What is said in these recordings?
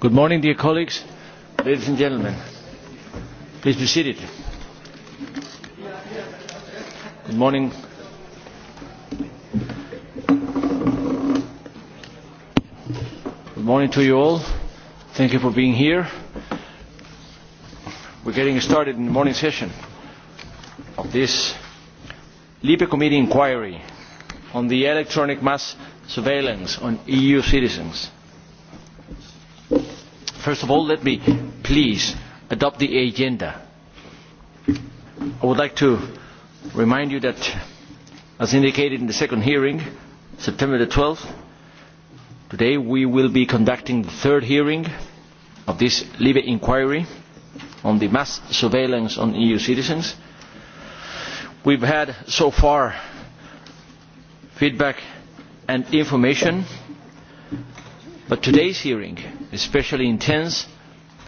Good morning, dear colleagues, ladies and gentlemen. Please be seated. Good morning. Good morning to you all. Thank you for being here. We're getting started in the morning session of this LIPE Committee inquiry on the electronic mass surveillance on EU citizens. First of all, let me please adopt the agenda. I would like to remind you that, as indicated in the second hearing, September the 12th, today we will be conducting the third hearing of this Libe inquiry on the mass surveillance on EU citizens. We've had so far feedback and information But today's hearing is especially intense.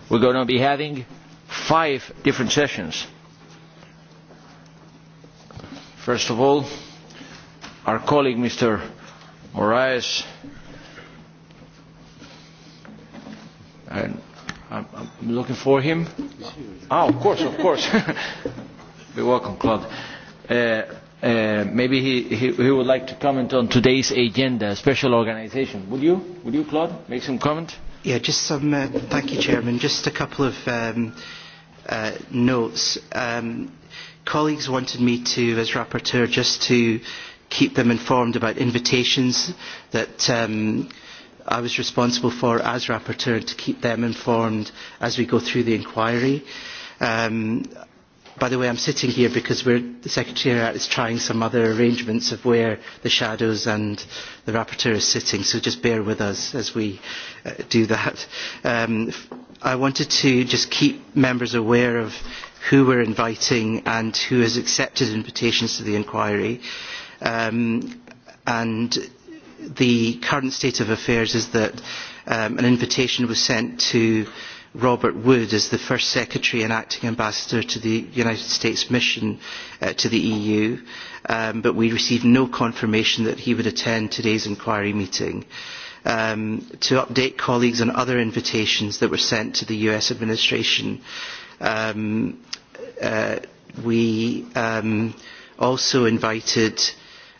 We're going to be having five different sessions. First of all, our colleague Mr. Moraes, and I'm, I'm looking for him. oh, of course, of course. You're welcome, Claude. Uh, Uh, maybe he, he, he would like to comment on today's agenda, special organization. Would you, would you Claude, make some comment? Yeah, just some, uh, thank you, Chairman. Just a couple of um, uh, notes. Um, colleagues wanted me to, as rapporteur, just to keep them informed about invitations that um, I was responsible for as rapporteur to keep them informed as we go through the inquiry. Um, By the way, I'm sitting here because we're, the Secretariat is trying some other arrangements of where the shadows and the rapporteur is sitting, so just bear with us as we uh, do that. Um, I wanted to just keep members aware of who we're inviting and who has accepted invitations to the inquiry. Um, and the current state of affairs is that um, an invitation was sent to Robert Wood as the first secretary and acting ambassador to the United States mission uh, to the EU, um, but we received no confirmation that he would attend today's inquiry meeting. Um, to update colleagues on other invitations that were sent to the US administration, um, uh, we um, also invited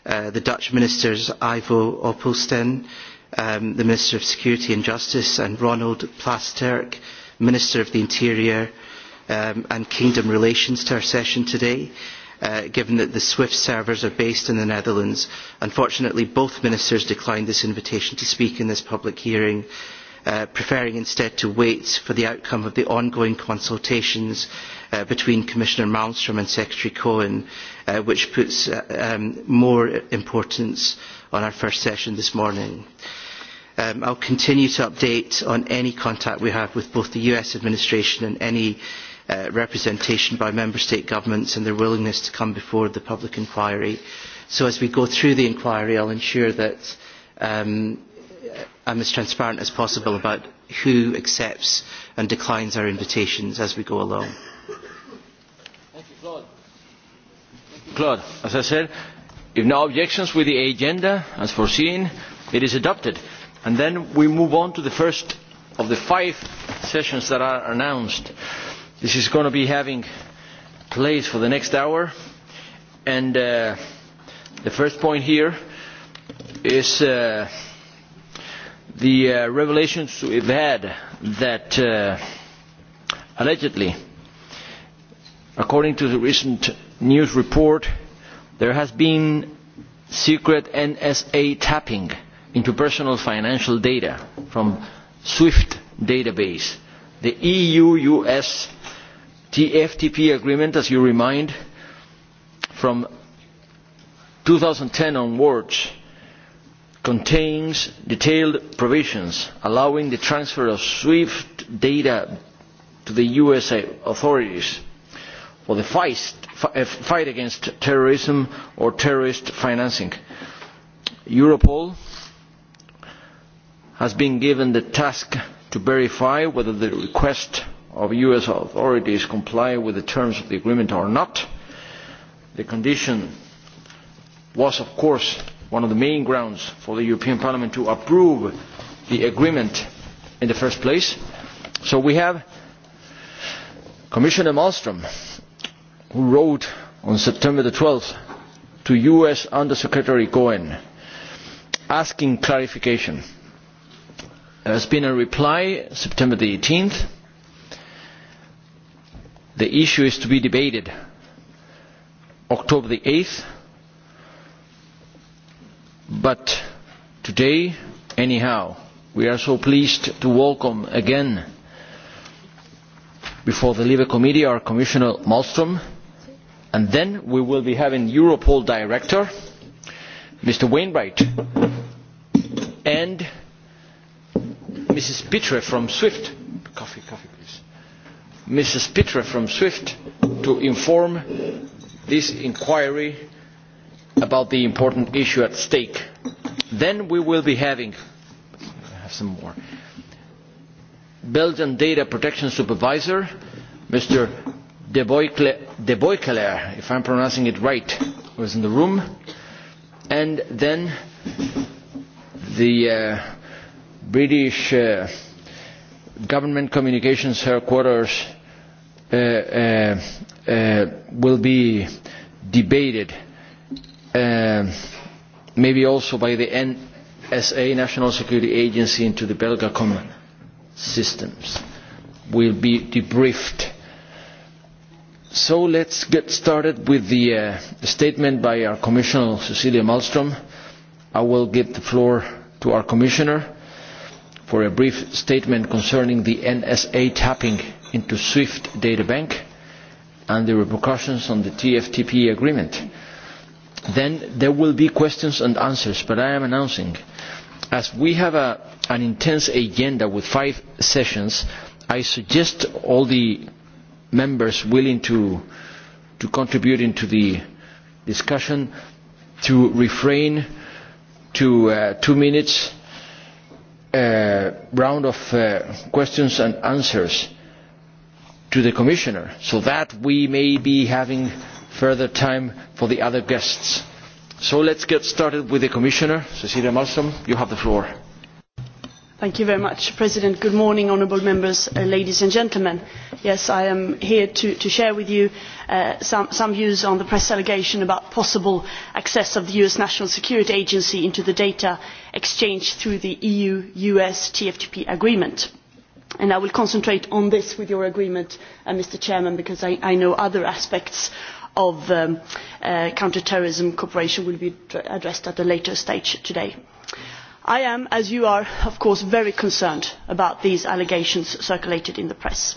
uh, the Dutch ministers Ivo Opelsten, um, the Minister of Security and Justice, and Ronald Plasterk, Minister of the Interior um, and Kingdom Relations to our session today. Uh, given that the SWIFT servers are based in the Netherlands. Unfortunately, both ministers declined this invitation to speak in this public hearing, uh, preferring instead to wait for the outcome of the ongoing consultations uh, between Commissioner Malmstrom and Secretary Cohen, uh, which puts uh, um, more importance on our first session this morning. Uh, Um, I'll continue to update on any contact we have with both the US administration and any uh, representation by member state governments and their willingness to come before the public inquiry. So as we go through the inquiry, I'll ensure that um, I'm as transparent as possible about who accepts and declines our invitations as we go along. Thank you, Claude. Thank you. Claude, as I said, if no objections with the agenda as foreseen, it is adopted. And then we move on to the first of the five sessions that are announced. This is going to be having place for the next hour. And uh, the first point here is uh, the uh, revelations we've had that uh, allegedly, according to the recent news report, there has been secret NSA tapping into personal financial data from SWIFT database. The EU-US TFTP agreement, as you remind, from 2010 onwards contains detailed provisions allowing the transfer of SWIFT data to the US authorities for the uh, fight against terrorism or terrorist financing. Europol has been given the task to verify whether the request of U.S. authorities comply with the terms of the agreement or not. The condition was, of course, one of the main grounds for the European Parliament to approve the agreement in the first place. So we have Commissioner Malmström, who wrote on September the 12th to U.S. Undersecretary Cohen, asking clarification There has been a reply, September the 18th. The issue is to be debated October the 8th. But today, anyhow, we are so pleased to welcome again before the Libre Committee our Commissioner Malmström. And then we will be having Europol Director, Mr. Wainwright, and Mrs. Pitre from SWIFT, coffee, coffee please, Mrs. Pitre from SWIFT to inform this inquiry about the important issue at stake. Then we will be having, have some more, Belgian Data Protection Supervisor, Mr. De Boycler, if I'm pronouncing it right, was in the room. And then the uh, British uh, government communications headquarters uh, uh, uh, will be debated uh, maybe also by the NSA, National Security Agency, into the Belgacom systems. Will be debriefed. So let's get started with the uh, statement by our Commissioner Cecilia Malmström. I will give the floor to our Commissioner for a brief statement concerning the NSA tapping into SWIFT data bank and the repercussions on the TFTP agreement. Then there will be questions and answers, but I am announcing, as we have a, an intense agenda with five sessions, I suggest all the members willing to, to contribute into the discussion to refrain to uh, two minutes uh, round of uh, questions and answers to the Commissioner so that we may be having further time for the other guests. So let's get started with the Commissioner. Cecilia Malmström, you have the floor. Thank you very much, President. Good morning, honourable members, uh, ladies and gentlemen. Yes, I am here to, to share with you uh, some, some views on the press allegation about possible access of the US National Security Agency into the data exchange through the EU-US TFTP agreement. And I will concentrate on this with your agreement, uh, Mr. Chairman, because I, I know other aspects of um, uh, counterterrorism cooperation will be addressed at a later stage today i am as you are of course very concerned about these allegations circulated in the press.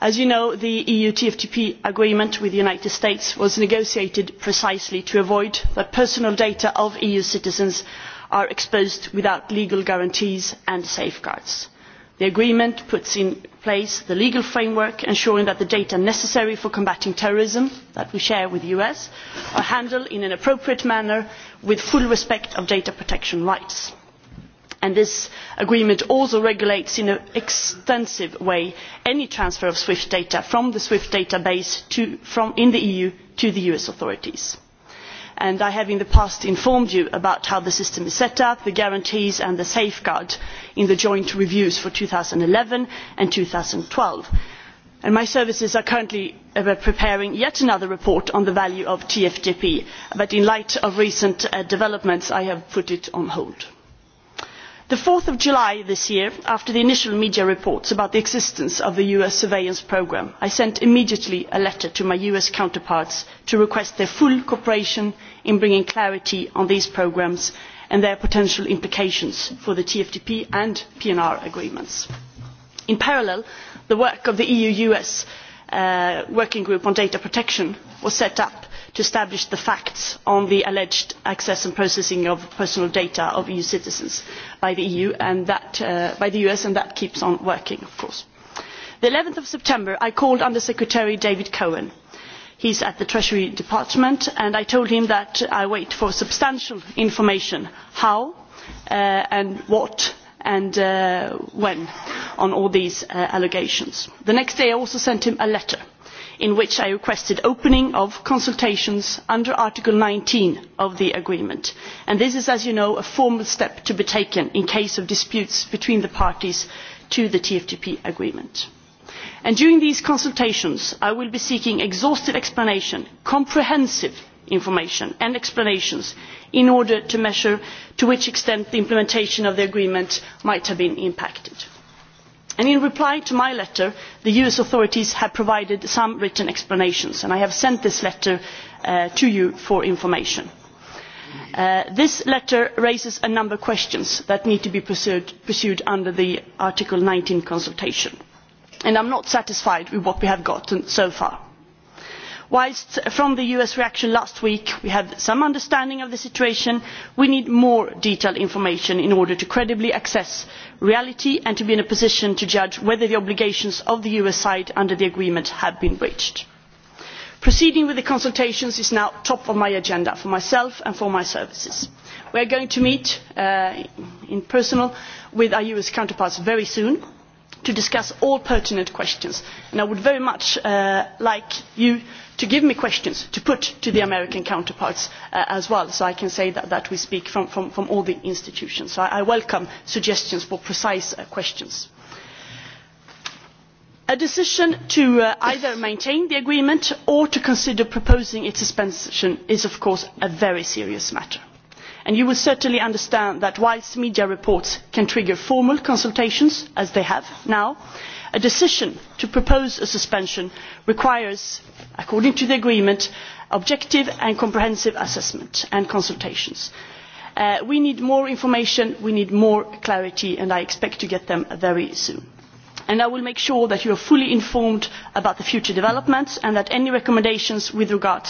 as you know the eu tftp agreement with the united states was negotiated precisely to avoid the personal data of eu citizens are exposed without legal guarantees and safeguards. the agreement puts in place the legal framework ensuring that the data necessary for combating terrorism that we share with the us are handled in an appropriate manner with full respect of data protection rights and this agreement also regulates in an extensive way any transfer of swift data from the swift database in the eu to the us authorities. i have in the past informed you about how the system is set up the guarantees and the safeguard in the joint reviews for two thousand and eleven and two thousand and twelve and my services are currently uh, preparing yet another report on the value of tftp but in light of recent uh, developments i have put it on hold. The 4 of July this year, after the initial media reports about the existence of the US surveillance programme, I sent immediately a letter to my US counterparts to request their full cooperation in bringing clarity on these programmes and their potential implications for the TFTP and PNR agreements. In parallel, the work of the EU-US uh, Working Group on Data Protection was set up to establish the facts on the alleged access and processing of personal data of EU citizens by the, EU and that, uh, by the US and that keeps on working, of course. The 11th of September, I called Under Secretary David Cohen. He is at the Treasury Department and I told him that I wait for substantial information, how uh, and what and uh, when on all these uh, allegations. The next day I also sent him a letter in which I requested opening of consultations under Article nineteen of the agreement. And this is, as you know, a formal step to be taken in case of disputes between the parties to the TFTP agreement. during these consultations, I will be seeking exhaustive explanation, comprehensive information and explanations in order to measure to which extent the implementation of the agreement might have been impacted in reply to my letter the us authorities have provided some written explanations and i have sent this letter uh, to you for information. Uh, this letter raises a number of questions that need to be pursued, pursued under the article nineteen consultation and i am not satisfied with what we have gotten so far whilst from the us reaction last week we have some understanding of the situation we need more detailed information in order to credibly assess reality and to be in a position to judge whether the obligations of the us side under the agreement have been breached. proceeding with the consultations is now top of my agenda for myself and for my services. we are going to meet uh, in person with our us counterparts very soon to discuss all pertinent questions and i would very much uh, like you to give me questions to put to the American counterparts uh, as well, so I can say that, that we speak from, from, from all the institutions. So I, I welcome suggestions for precise uh, questions. A decision to uh, either maintain the agreement or to consider proposing its suspension is of course a very serious matter. And you will certainly understand that whilst media reports can trigger formal consultations, as they have now, uh, a decision to propose a suspension requires according to the agreement objective and comprehensive assessment and consultations. Uh, we need more information we need more clarity and i expect to get them very soon. i will make sure that you are fully informed about the future developments and that any recommendations with regard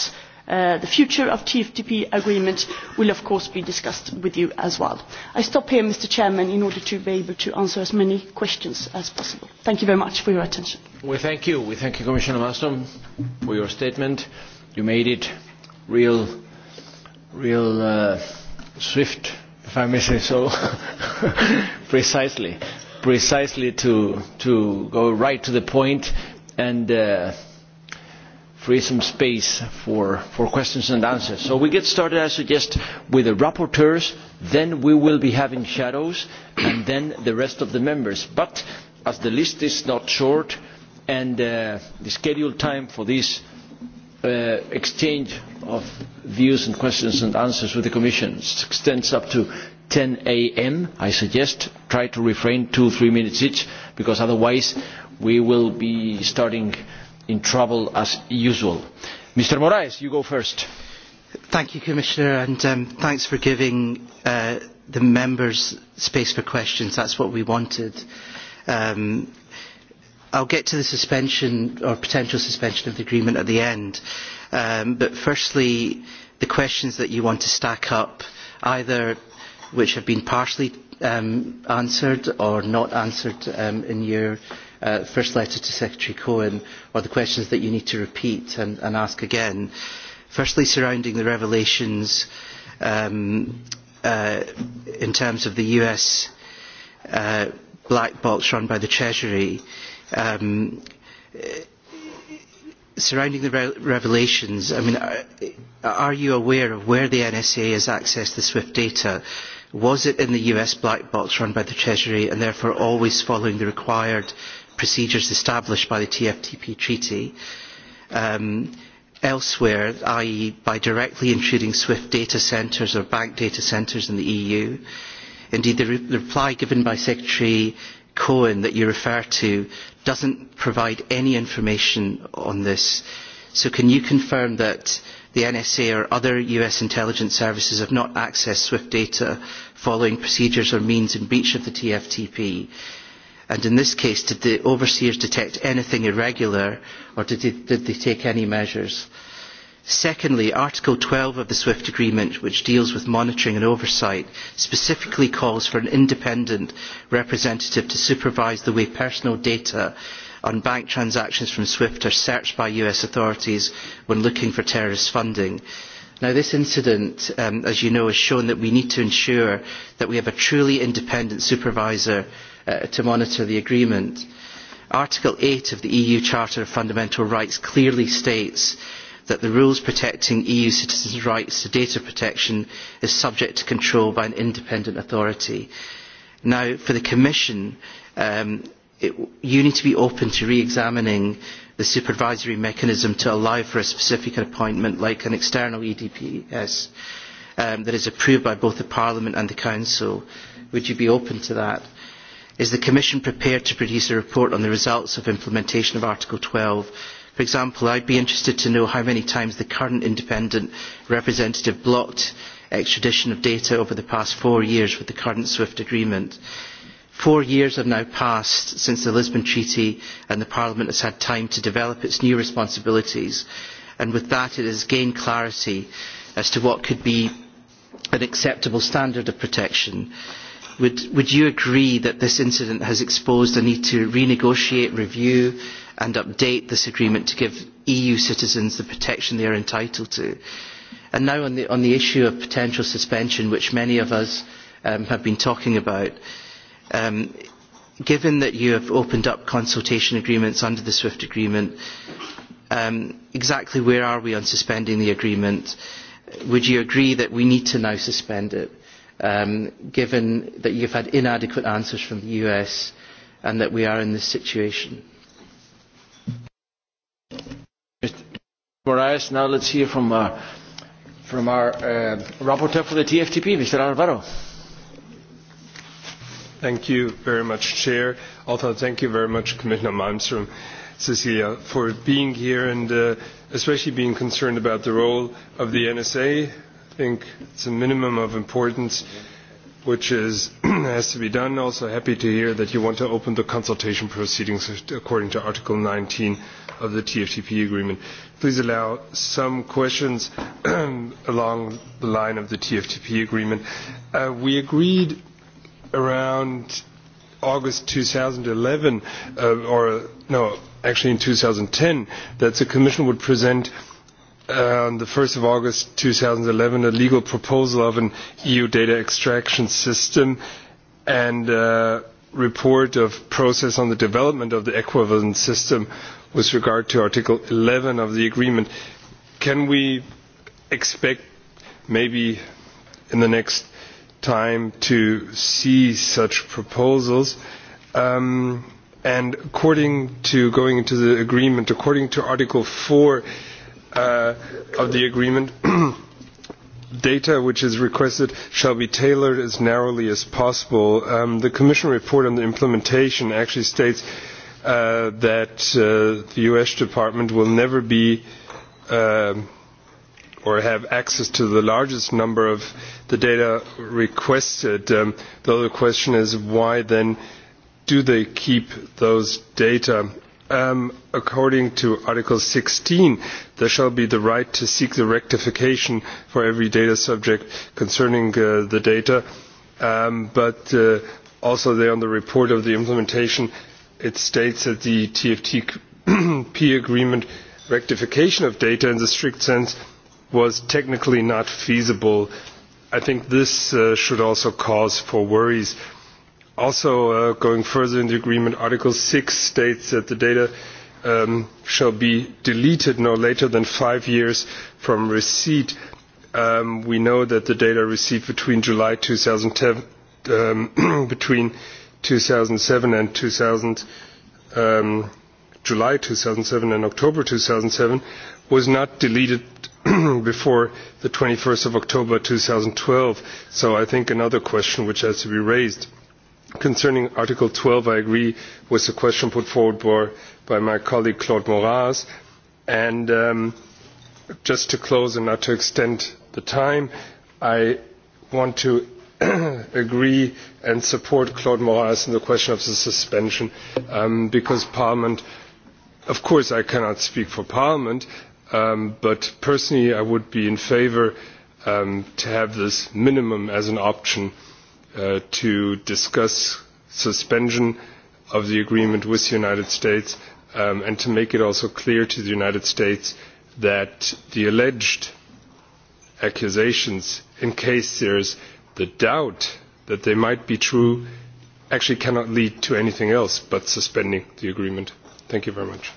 Uh, the future of TFTP agreement will of course be discussed with you as well. I stop here, Mr. Chairman, in order to be able to answer as many questions as possible. Thank you very much for your attention. We thank you. We thank you, Commissioner Malmström, for your statement. You made it real, real uh, swift, if I may say so, precisely, precisely to, to go right to the point and uh, free some space for, for questions and answers. So we get started, I suggest, with the rapporteurs, then we will be having shadows, and then the rest of the members. But as the list is not short, and uh, the scheduled time for this uh, exchange of views and questions and answers with the Commission extends up to 10 a.m. I suggest try to refrain two, three minutes each, because otherwise we will be starting in trouble as usual. Mr. Moraes, you go first. Thank you, Commissioner, and um, thanks for giving uh, the members space for questions. That's what we wanted. Um, I'll get to the suspension or potential suspension of the agreement at the end. Um, but firstly, the questions that you want to stack up, either which have been partially um, answered or not answered um, in your uh, first letter to Secretary Cohen or the questions that you need to repeat and, and ask again. Firstly, surrounding the revelations um, uh, in terms of the US uh, black box run by the Treasury, um, surrounding the re revelations, I mean, are, uh, are you aware of where the NSA has accessed the SWIFT data? Was it in the US black box run by the Treasury and therefore always following the required procedures established by the TFTP Treaty um, elsewhere, i.e. by directly intruding SWIFT data centres or bank data centres in the EU. Indeed, the, re the reply given by Secretary Cohen that you refer to doesn't provide any information on this. So can you confirm that the NSA or other US intelligence services have not accessed SWIFT data following procedures or means in breach of the TFTP? And in this case, did the overseers detect anything irregular or did they, did they take any measures? Secondly, Article 12 of the SWIFT agreement, which deals with monitoring and oversight, specifically calls for an independent representative to supervise the way personal data on bank transactions from SWIFT are searched by US authorities when looking for terrorist funding. Now, this incident, um, as you know, has shown that we need to ensure that we have a truly independent supervisor Uh, to monitor the agreement. Article 8 of the EU Charter of Fundamental Rights clearly states that the rules protecting EU citizens' rights to data protection is subject to control by an independent authority. Now, for the Commission, um, it, you need to be open to re-examining the supervisory mechanism to allow for a specific appointment like an external EDPS um, that is approved by both the Parliament and the Council. Would you be open to that? Is the Commission prepared to produce a report on the results of implementation of Article 12? For example, I'd be interested to know how many times the current independent representative blocked extradition of data over the past four years with the current SWIFT agreement. Four years have now passed since the Lisbon Treaty and the Parliament has had time to develop its new responsibilities and with that it has gained clarity as to what could be an acceptable standard of protection. Uh, Would, would you agree that this incident has exposed a need to renegotiate, review and update this agreement to give EU citizens the protection they are entitled to? And now on the, on the issue of potential suspension, which many of us um, have been talking about, um, given that you have opened up consultation agreements under the SWIFT agreement, um, exactly where are we on suspending the agreement? Would you agree that we need to now suspend it? um, given that you've had inadequate answers from the US and that we are in this situation. Mr. Moraes, now let's hear from uh, from our uh, rapporteur for the TFTP, Mr. Alvaro. Thank you very much, Chair. Also, thank you very much, Commissioner Malmström. Cecilia, for being here and uh, especially being concerned about the role of the NSA think it's a minimum of importance which is has to be done. Also happy to hear that you want to open the consultation proceedings according to Article 19 of the TFTP agreement. Please allow some questions along the line of the TFTP agreement. Uh, we agreed around August 2011, uh, or no, actually in 2010, that the Commission would present on um, the 1st of August 2011 a legal proposal of an EU data extraction system and a uh, report of process on the development of the equivalent system with regard to Article 11 of the agreement. Can we expect maybe in the next time to see such proposals? Um, and according to going into the agreement, according to Article 4, uh, of the agreement. data which is requested shall be tailored as narrowly as possible. Um, the Commission report on the implementation actually states uh, that uh, the U.S. Department will never be uh, or have access to the largest number of the data requested. Um, the other question is why then do they keep those data? Um, according to Article 16, there shall be the right to seek the rectification for every data subject concerning uh, the data. Um, but uh, also there on the report of the implementation, it states that the TFTP agreement rectification of data in the strict sense was technically not feasible. I think this uh, should also cause for worries Also, uh, going further in the agreement, Article 6 states that the data um, shall be deleted no later than five years from receipt. Um, we know that the data received between July 2010, um, between 2007 and 2000, um, July 2007 and October 2007 was not deleted before the 21st of October 2012. So I think another question which has to be raised – Concerning Article 12, I agree with the question put forward by, by my colleague Claude Moraz. And um, just to close and not to extend the time, I want to agree and support Claude Moraes in the question of the suspension um, because Parliament, of course I cannot speak for Parliament, um, but personally I would be in favor um, to have this minimum as an option Uh, to discuss suspension of the agreement with the United States um, and to make it also clear to the United States that the alleged accusations, in case there's the doubt that they might be true, actually cannot lead to anything else but suspending the agreement. Thank you very much.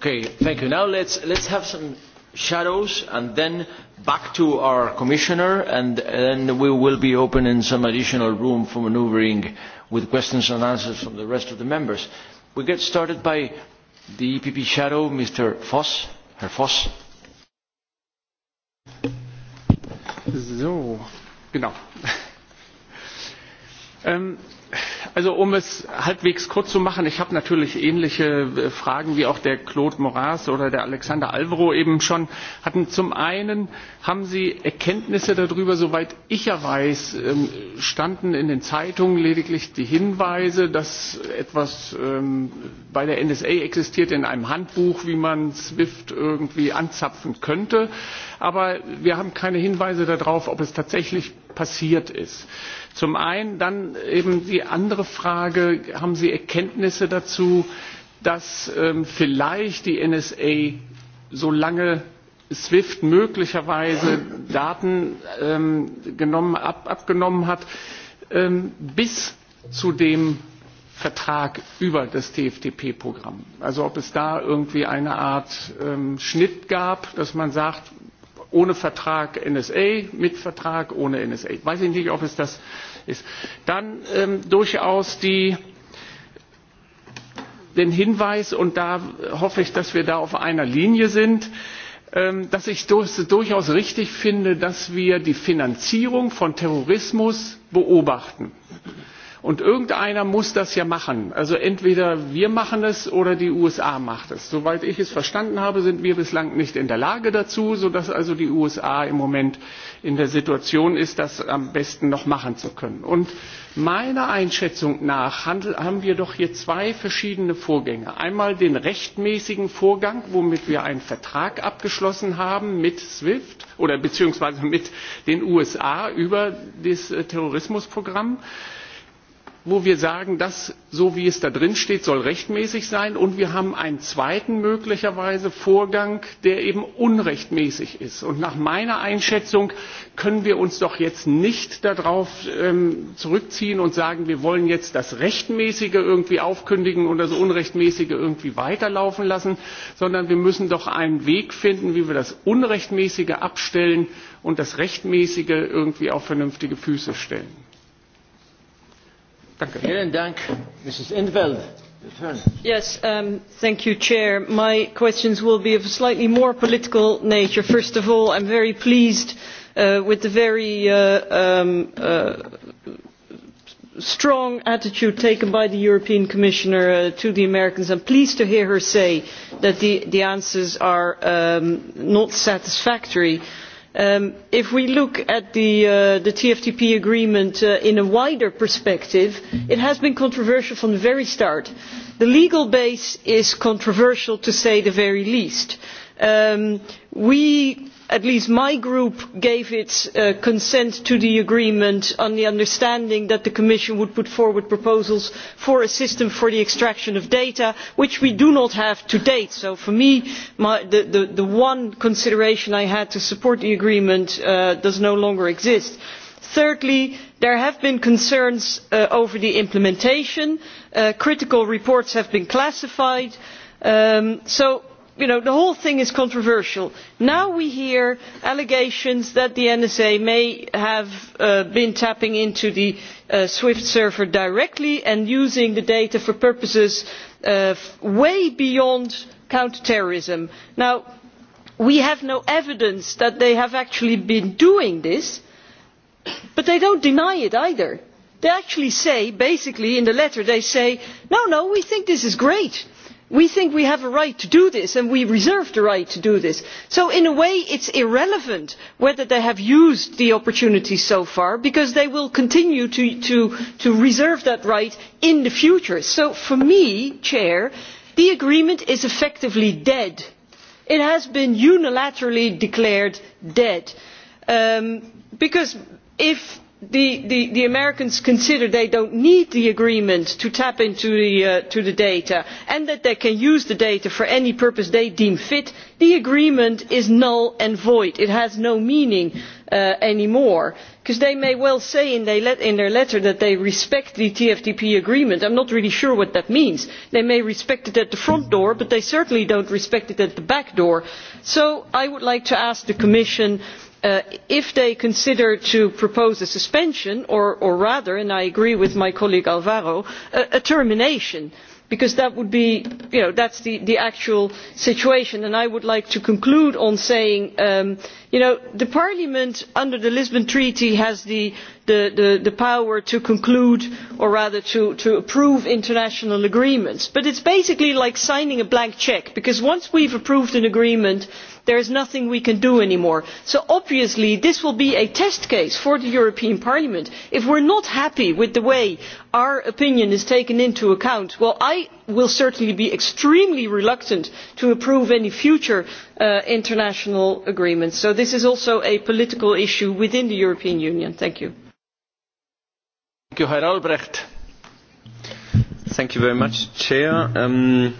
Okay, thank you. Now let's, let's have some shadows and then back to our commissioner and then we will be opening some additional room for manoeuvring with questions and answers from the rest of the members. We get started by the EPP shadow, Mr. Foss, Herr Foss. So, genau. Ähm, also um es halbwegs kurz zu machen, ich habe natürlich ähnliche äh, Fragen wie auch der Claude Moraes oder der Alexander Alvaro eben schon hatten. Zum einen haben Sie Erkenntnisse darüber, soweit ich ja weiß, ähm, standen in den Zeitungen lediglich die Hinweise, dass etwas ähm, bei der NSA existiert in einem Handbuch, wie man SWIFT irgendwie anzapfen könnte. Aber wir haben keine Hinweise darauf, ob es tatsächlich passiert ist. Zum einen dann eben die andere Frage, haben Sie Erkenntnisse dazu, dass ähm, vielleicht die NSA, solange SWIFT möglicherweise Daten ähm, genommen, ab, abgenommen hat, ähm, bis zu dem Vertrag über das TFTP-Programm. Also ob es da irgendwie eine Art ähm, Schnitt gab, dass man sagt, ohne Vertrag NSA, mit Vertrag ohne NSA. Weiß ich nicht, ob es das ist. Dann ähm, durchaus die, den Hinweis, und da hoffe ich, dass wir da auf einer Linie sind, ähm, dass ich durch, durchaus richtig finde, dass wir die Finanzierung von Terrorismus beobachten. Und irgendeiner muss das ja machen. Also entweder wir machen es oder die USA macht es. Soweit ich es verstanden habe, sind wir bislang nicht in der Lage dazu, sodass also die USA im Moment in der Situation ist, das am besten noch machen zu können. Und meiner Einschätzung nach haben wir doch hier zwei verschiedene Vorgänge. Einmal den rechtmäßigen Vorgang, womit wir einen Vertrag abgeschlossen haben mit SWIFT oder beziehungsweise mit den USA über das äh, Terrorismusprogramm wo wir sagen, das, so wie es da drin steht, soll rechtmäßig sein. Und wir haben einen zweiten möglicherweise Vorgang, der eben unrechtmäßig ist. Und nach meiner Einschätzung können wir uns doch jetzt nicht darauf ähm, zurückziehen und sagen, wir wollen jetzt das Rechtmäßige irgendwie aufkündigen und das Unrechtmäßige irgendwie weiterlaufen lassen, sondern wir müssen doch einen Weg finden, wie wir das Unrechtmäßige abstellen und das Rechtmäßige irgendwie auf vernünftige Füße stellen you. Vielen Dank, Mrs. Inveld. Yes, um, thank you, Chair. My questions will be of a slightly more political nature. First of all, I'm very pleased uh, with the very uh, um, uh, strong attitude taken by the European Commissioner uh, to the Americans. I'm pleased to hear her say that the, the answers are um, not satisfactory. Uh, Um, if we look at the, uh, the TFTP agreement uh, in a wider perspective, it has been controversial from the very start. The legal base is controversial to say the very least. Um, we at least my group gave its uh, consent to the agreement on the understanding that the commission would put forward proposals for a system for the extraction of data which we do not have to date so for me my, the, the, the one consideration i had to support the agreement uh, does no longer exist. thirdly there have been concerns uh, over the implementation uh, critical reports have been classified um, so you know, the whole thing is controversial. Now we hear allegations that the NSA may have uh, been tapping into the uh, SWIFT server directly and using the data for purposes uh, way beyond counterterrorism. Now, we have no evidence that they have actually been doing this, but they don't deny it either. They actually say, basically in the letter, they say, no, no, we think this is great we think we have a right to do this and we reserve the right to do this so in a way it is irrelevant whether they have used the opportunity so far because they will continue to, reserve that right in the future. so for me chair, the agreement is effectively dead. it has been unilaterally declared dead um, because if The, the, the, Americans consider they do not need the agreement to tap into the, uh, the, data and that they can use the data for any purpose they deem fit, the agreement is null and void. It has no meaning uh, anymore. Because they may well say in, in, their letter that they respect the TFTP agreement. I am not really sure what that means. They may respect it at the front door, but they certainly do not respect it at the back door. So I would like to ask the Commission uh, Uh, if they consider to propose a suspension or, rather and i agree with my colleague alvaro a, termination because that would be that is the, actual situation i would like to conclude on saying that um, the parliament under the lisbon treaty has the, power to conclude or rather to, approve international agreements but it is basically like signing a blank cheque because once we have approved an agreement there is nothing we can do anymore. so obviously this will be a test case for the european parliament. if we are not happy with the way our opinion is taken into account well i will certainly be extremely reluctant to approve any future uh, international agreements. so this is also a political issue within the european union. thank you. Thank you very much, Chair. Um,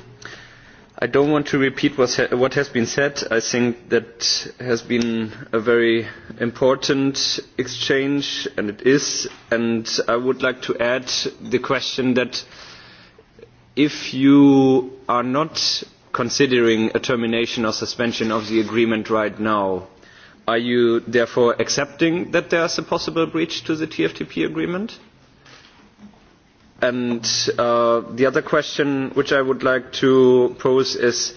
I don't want to repeat what has been said. I think that has been a very important exchange, and it is. And I would like to add the question that if you are not considering a termination or suspension of the agreement right now, are you therefore accepting that there is a possible breach to the TFTP agreement? And uh, the other question which I would like to pose is,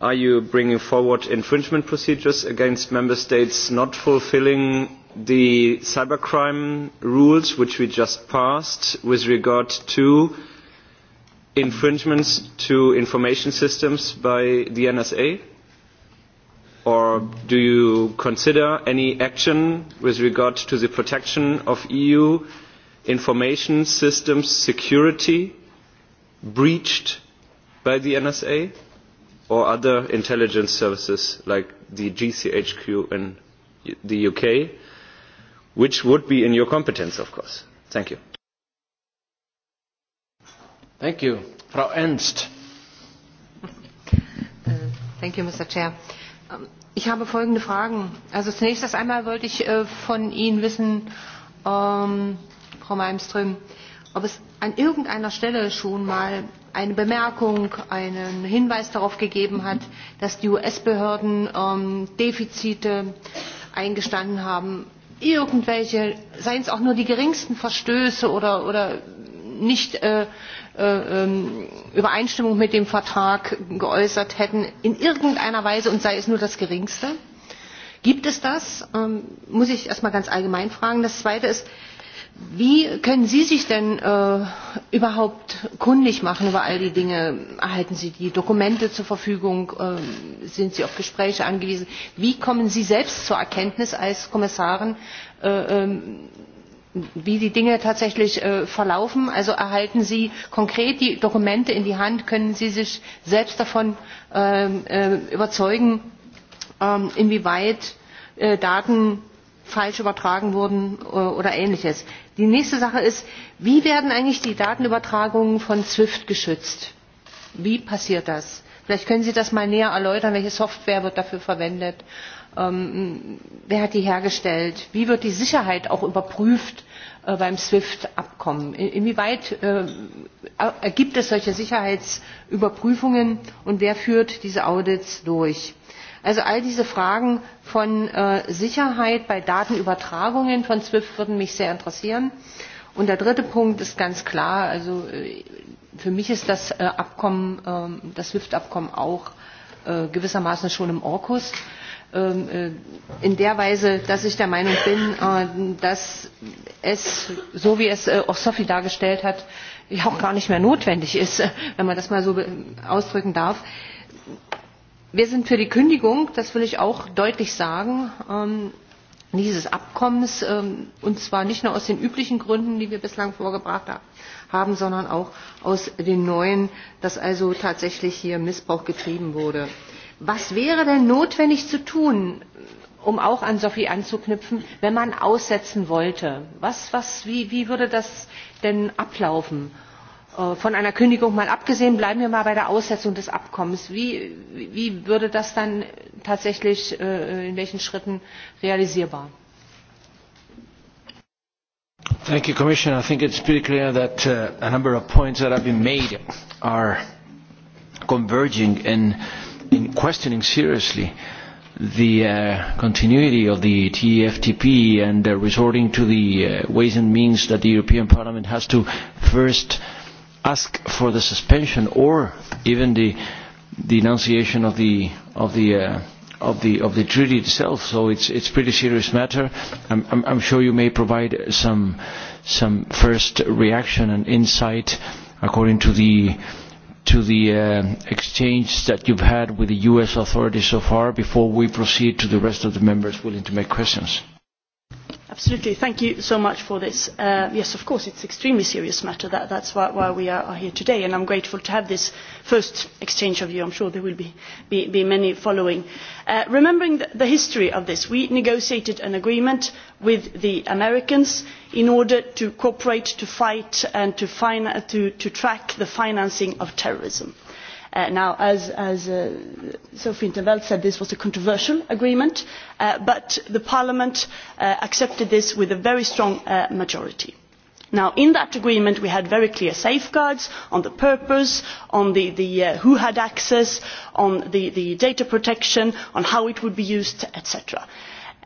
are you bringing forward infringement procedures against member states not fulfilling the cybercrime rules which we just passed with regard to infringements to information systems by the NSA? Or do you consider any action with regard to the protection of EU information systems security breached by the NSA or other intelligence services like the GCHQ in the UK, which would be in your competence, of course. Thank you. Thank you. Frau Ernst. Äh, thank you, Mr. Chair. Ähm, ich habe folgende Fragen. Also zunächst einmal wollte ich äh, von Ihnen wissen, ähm, Frau Malmström, ob es an irgendeiner Stelle schon mal eine Bemerkung, einen Hinweis darauf gegeben hat, dass die US-Behörden ähm, Defizite eingestanden haben, irgendwelche, seien es auch nur die geringsten Verstöße oder, oder nicht äh, äh, ähm, Übereinstimmung mit dem Vertrag geäußert hätten, in irgendeiner Weise und sei es nur das Geringste? Gibt es das? Ähm, muss ich erstmal ganz allgemein fragen. Das Zweite ist, Wie können Sie sich denn äh, überhaupt kundig machen über all die Dinge? Erhalten Sie die Dokumente zur Verfügung? Äh, sind Sie auf Gespräche angewiesen? Wie kommen Sie selbst zur Erkenntnis als Kommissarin, äh, äh, wie die Dinge tatsächlich äh, verlaufen? Also erhalten Sie konkret die Dokumente in die Hand? Können Sie sich selbst davon ähm, äh, überzeugen, äh, inwieweit äh, Daten falsch übertragen wurden äh, oder ähnliches. Die nächste Sache ist, wie werden eigentlich die Datenübertragungen von SWIFT geschützt? Wie passiert das? Vielleicht können Sie das mal näher erläutern, welche Software wird dafür verwendet, ähm, wer hat die hergestellt, wie wird die Sicherheit auch überprüft äh, beim SWIFT-Abkommen, inwieweit äh, ergibt es solche Sicherheitsüberprüfungen und wer führt diese Audits durch? Also all diese Fragen von äh, Sicherheit bei Datenübertragungen von SWIFT würden mich sehr interessieren. Und der dritte Punkt ist ganz klar, also äh, für mich ist das äh, Abkommen, äh, das SWIFT-Abkommen auch äh, gewissermaßen schon im Orkus. Ähm, äh, in der Weise, dass ich der Meinung bin, äh, dass es, so wie es äh, auch Sophie dargestellt hat, ja auch gar nicht mehr notwendig ist, äh, wenn man das mal so ausdrücken darf. Wir sind für die Kündigung, das will ich auch deutlich sagen, ähm, dieses Abkommens, ähm, und zwar nicht nur aus den üblichen Gründen, die wir bislang vorgebracht haben, sondern auch aus den neuen, dass also tatsächlich hier Missbrauch getrieben wurde. Was wäre denn notwendig zu tun, um auch an Sophie anzuknüpfen, wenn man aussetzen wollte? Was, was, wie, wie würde das denn ablaufen? Äh, von einer Kündigung mal abgesehen, bleiben wir mal bei der Aussetzung des Abkommens. Wie, wie würde das dann tatsächlich, äh, in welchen Schritten realisierbar? Thank you, Commissioner. I think it's pretty clear that uh, a number of points that have been made are converging in, in questioning seriously the uh, continuity of the TFTP and uh, resorting to the uh, ways and means that the European Parliament has to first uh, ask for the suspension or even the denunciation of the of the uh, of the of the treaty itself. So it's it's pretty serious matter. I'm, I'm, I'm sure you may provide some some first reaction and insight according to the to the uh, exchange that you've had with the U.S. authorities so far before we proceed to the rest of the members willing to make questions. Absolutely. Thank you so much for this. Uh, yes, of course, it's an extremely serious matter. That, that's why, why we are, are here today, and I'm grateful to have this first exchange of you. I'm sure there will be, be, be many following. Uh, remembering the, the history of this, we negotiated an agreement with the Americans in order to cooperate, to fight, and to, fin to, to track the financing of terrorism Uh, now, as, as uh, Sophie Intervelt said, this was a controversial agreement, uh, but the Parliament uh, accepted this with a very strong uh, majority. Now, in that agreement, we had very clear safeguards on the purpose, on the, the, uh, who had access, on the, the data protection, on how it would be used, etc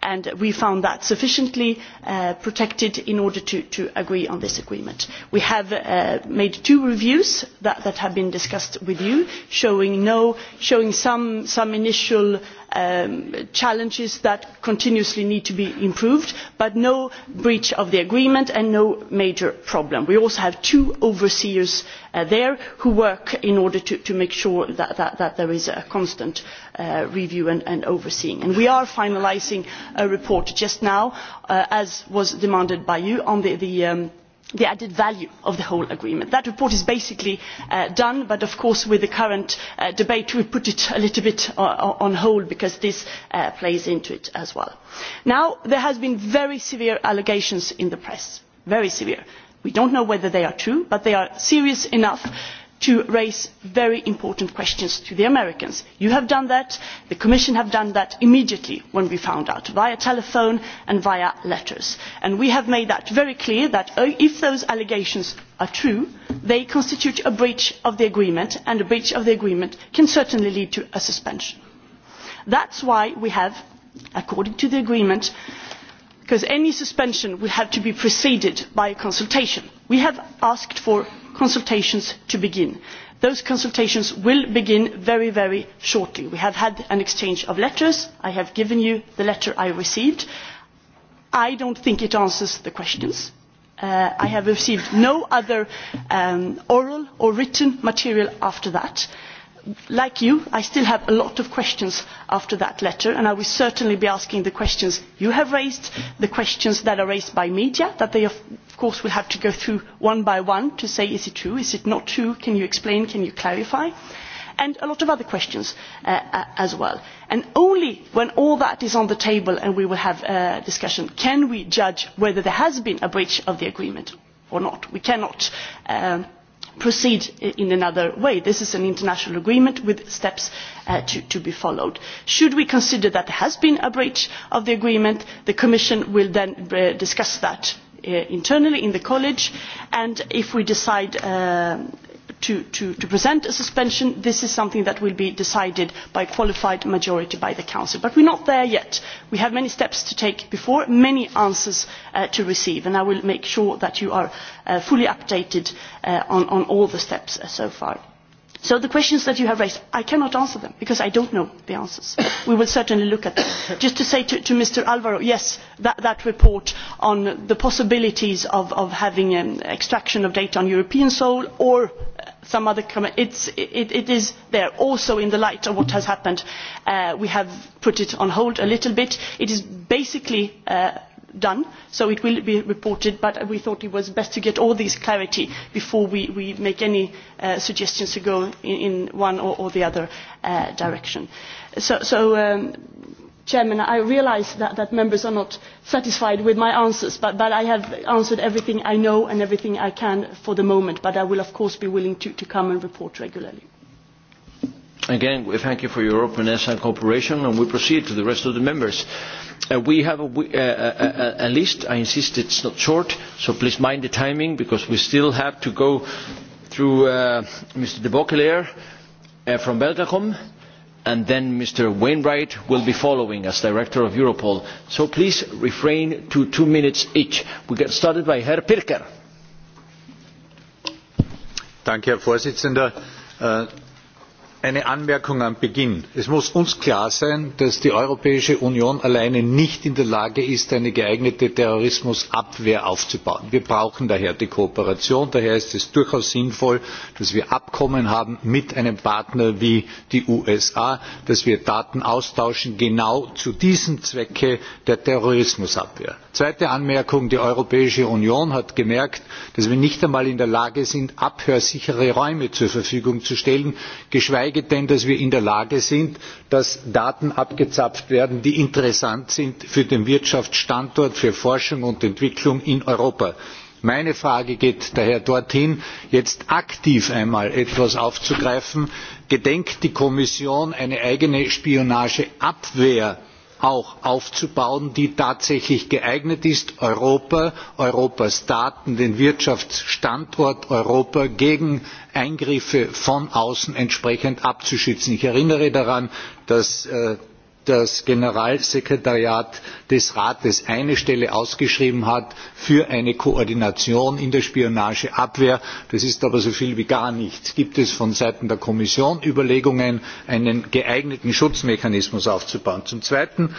and we found that sufficiently uh, protected in order to, to agree on this agreement. We have uh, made two reviews that, that have been discussed with you, showing, no, showing some, some initial uh, Um, challenges that continuously need to be improved but no breach of the agreement and no major problem. we also have two overseers uh, there who work in order to, make sure that, there is a constant uh, review and, overseeing. we are finalising a report just now uh, as was demanded by you on the, um, the added value of the whole agreement. That report is basically uh, done, but of course with the current uh, debate we put it a little bit uh, on hold because this uh, plays into it as well. Now, there have been very severe allegations in the press, very severe. We do not know whether they are true, but they are serious enough to raise very important questions to the americans. you have done that the commission has done that immediately when we found out via telephone and via letters and we have made it very clear that oh, if those allegations are true they constitute a breach of the agreement and a breach of the agreement can certainly lead to a suspension. that is why we have according to the agreement because any suspension would have to be preceded by a consultation we have asked for consultations to begin. Those consultations will begin very, very shortly. We have had an exchange of letters. I have given you the letter I received. I do not think it answers the questions. Uh, I have received no other um, oral or written material after that. Uh, like you, I still have a lot of questions after that letter, and I will certainly be asking the questions you have raised, the questions that are raised by media, that they of course will have to go through one by one to say is it true, is it not true, can you explain, can you clarify, and a lot of other questions uh, uh as well. And only when all that is on the table and we will have a discussion can we judge whether there has been a breach of the agreement or not. We cannot... Um, proceed in another way. This is an international agreement with steps uh, to, to be followed. Should we consider that there has been a breach of the agreement, the Commission will then uh, discuss that uh, internally in the college and if we decide uh, to, to, to present a suspension. This is something that will be decided by a qualified majority by the Council. But we are not there yet. We have many steps to take before, many answers uh, to receive, and I will make sure that you are uh, fully updated uh, on, on all the steps uh, so far. So the questions that you have raised, I cannot answer them because I don't know the answers. We will certainly look at them. Just to say to, to Mr. Alvaro, yes, that, that report on the possibilities of, of having an extraction of data on European soil or some other comment. it, it is there also in the light of what has happened. Uh, we have put it on hold a little bit. It is basically uh, done, so it will be reported, but we thought it was best to get all this clarity before we, we make any uh, suggestions to go in, in one or, the other uh, direction. So, um, Chairman, I realize that, that members are not satisfied with my answers, but, but I have answered everything I know and everything I can for the moment, but I will of course be willing to, to come and report regularly. Again, we thank you for your openness and cooperation, and we proceed to the rest of the members. Uh, we have a, uh, a, uh, uh, uh, a list, I insist it's not short, so please mind the timing, because we still have to go through uh, Mr. de Bocquelaire uh, from Belgacom and then Mr. Wainwright will be following as Director of Europol. So please refrain to two minutes each. We get started by Herr Pirker. Danke, Herr Vorsitzender. Äh, eine Anmerkung am Beginn. Es muss uns klar sein, dass die Europäische Union alleine nicht in der Lage ist, eine geeignete Terrorismusabwehr aufzubauen. Wir brauchen daher die Kooperation. Daher ist es durchaus sinnvoll, dass wir Abkommen haben mit einem Partner wie die USA, dass wir Daten austauschen, genau zu diesem Zwecke der Terrorismusabwehr. Zweite Anmerkung. Die Europäische Union hat gemerkt, dass wir nicht einmal in der Lage sind, abhörsichere Räume zur Verfügung zu stellen, geschweige geschweige denn, dass wir in der Lage sind, dass Daten abgezapft werden, die interessant sind für den Wirtschaftsstandort, für Forschung und Entwicklung in Europa. Meine Frage geht daher dorthin, jetzt aktiv einmal etwas aufzugreifen. Gedenkt die Kommission eine eigene Spionageabwehr auch aufzubauen, die tatsächlich geeignet ist, Europa, Europas Staaten, den Wirtschaftsstandort Europa gegen Eingriffe von außen entsprechend abzuschützen. Ich erinnere daran, dass äh, das Generalsekretariat des Rates eine Stelle ausgeschrieben hat für eine Koordination in der Spionageabwehr. Das ist aber so viel wie gar nichts. Gibt es von Seiten der Kommission Überlegungen, einen geeigneten Schutzmechanismus aufzubauen? Zum Zweiten,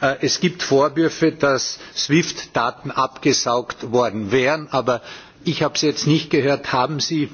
äh, es gibt Vorwürfe, dass SWIFT-Daten abgesaugt worden wären, aber ich habe es jetzt nicht gehört. Haben Sie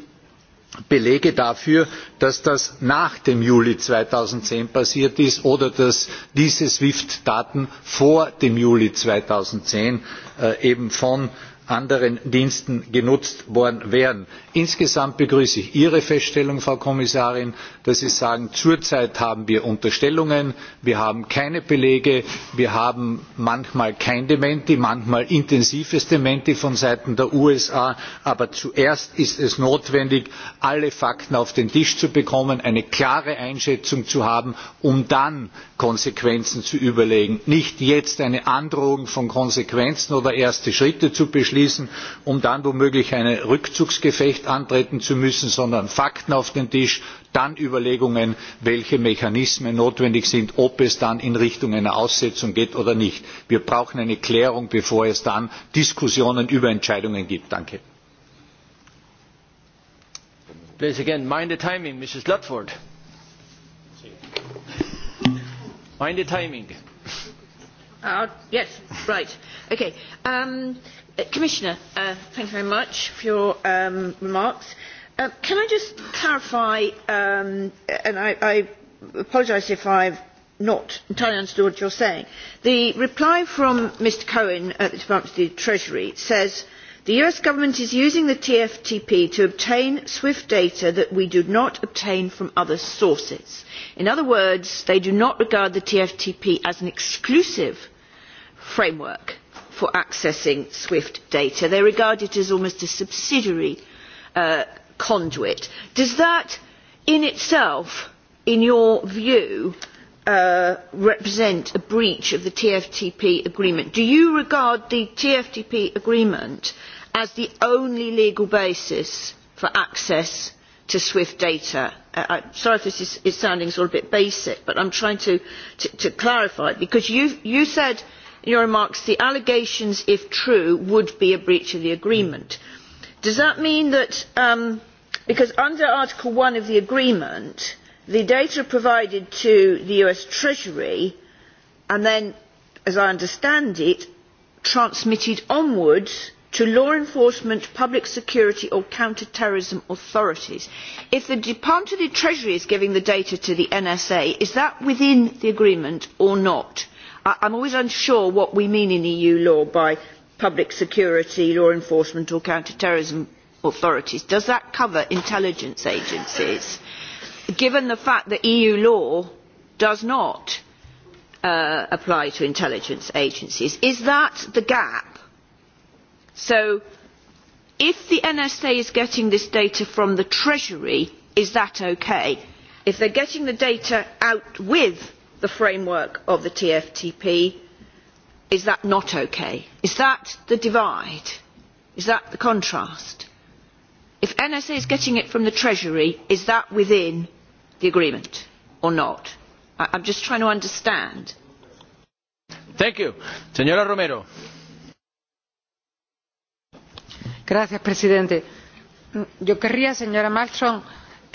Belege dafür, dass das nach dem Juli 2010 passiert ist oder dass diese SWIFT-Daten vor dem Juli 2010 äh, eben von anderen Diensten genutzt worden wären. Insgesamt begrüße ich Ihre Feststellung, Frau Kommissarin, dass Sie sagen, zurzeit haben wir Unterstellungen, wir haben keine Belege, wir haben manchmal kein Dementi, manchmal intensives Dementi von Seiten der USA, aber zuerst ist es notwendig, alle Fakten auf den Tisch zu bekommen, eine klare Einschätzung zu haben, um dann Konsequenzen zu überlegen. Nicht jetzt eine Androhung von Konsequenzen oder erste Schritte zu beschließen, um dann womöglich eine Rückzugsgefecht nicht antreten zu müssen, sondern Fakten auf den Tisch, dann Überlegungen, welche Mechanismen notwendig sind, ob es dann in Richtung einer Aussetzung geht oder nicht. Wir brauchen eine Klärung, bevor es dann Diskussionen über Entscheidungen gibt. Uh, Commissioner, uh, thank you very much for your um, remarks. uh, can I just clarify, um, and I, I apologise if I've not entirely understood what you're saying. The reply from Mr Cohen at the Department of the Treasury says the US government is using the TFTP to obtain SWIFT data that we do not obtain from other sources. In other words, they do not regard the TFTP as an exclusive framework for accessing SWIFT data. They regard it as almost a subsidiary uh, conduit. Does that in itself, in your view, uh, represent a breach of the TFTP agreement? Do you regard the TFTP agreement as the only legal basis for access to SWIFT data? Uh, I'm sorry if this is, is sounding sort of a bit basic, but I'm trying to, to, to clarify, because you, you said in your remarks the allegations if true would be a breach of the agreement. does that mean that um, because under article one of the agreement the data are provided to the us treasury and then as i understand it transmitted onwards to law enforcement, public security or counter-terrorism authorities. If the Department of the Treasury is giving the data to the NSA, is that within the agreement or not? I, am always unsure what we mean in EU law by public security, law enforcement or counter-terrorism authorities. Does that cover intelligence agencies? Given the fact that EU law does not uh, apply to intelligence agencies, is that the gap? So if the NSA is getting this data from the Treasury, is that okay? If they're getting the data out with the framework of the TFTP, is that not okay? Is that the divide? Is that the contrast? If NSA is getting it from the Treasury, is that within the agreement or not? I I'm just trying to understand. Thank you. Señora Romero. Gracias, presidente. Yo querría, señora Malmström,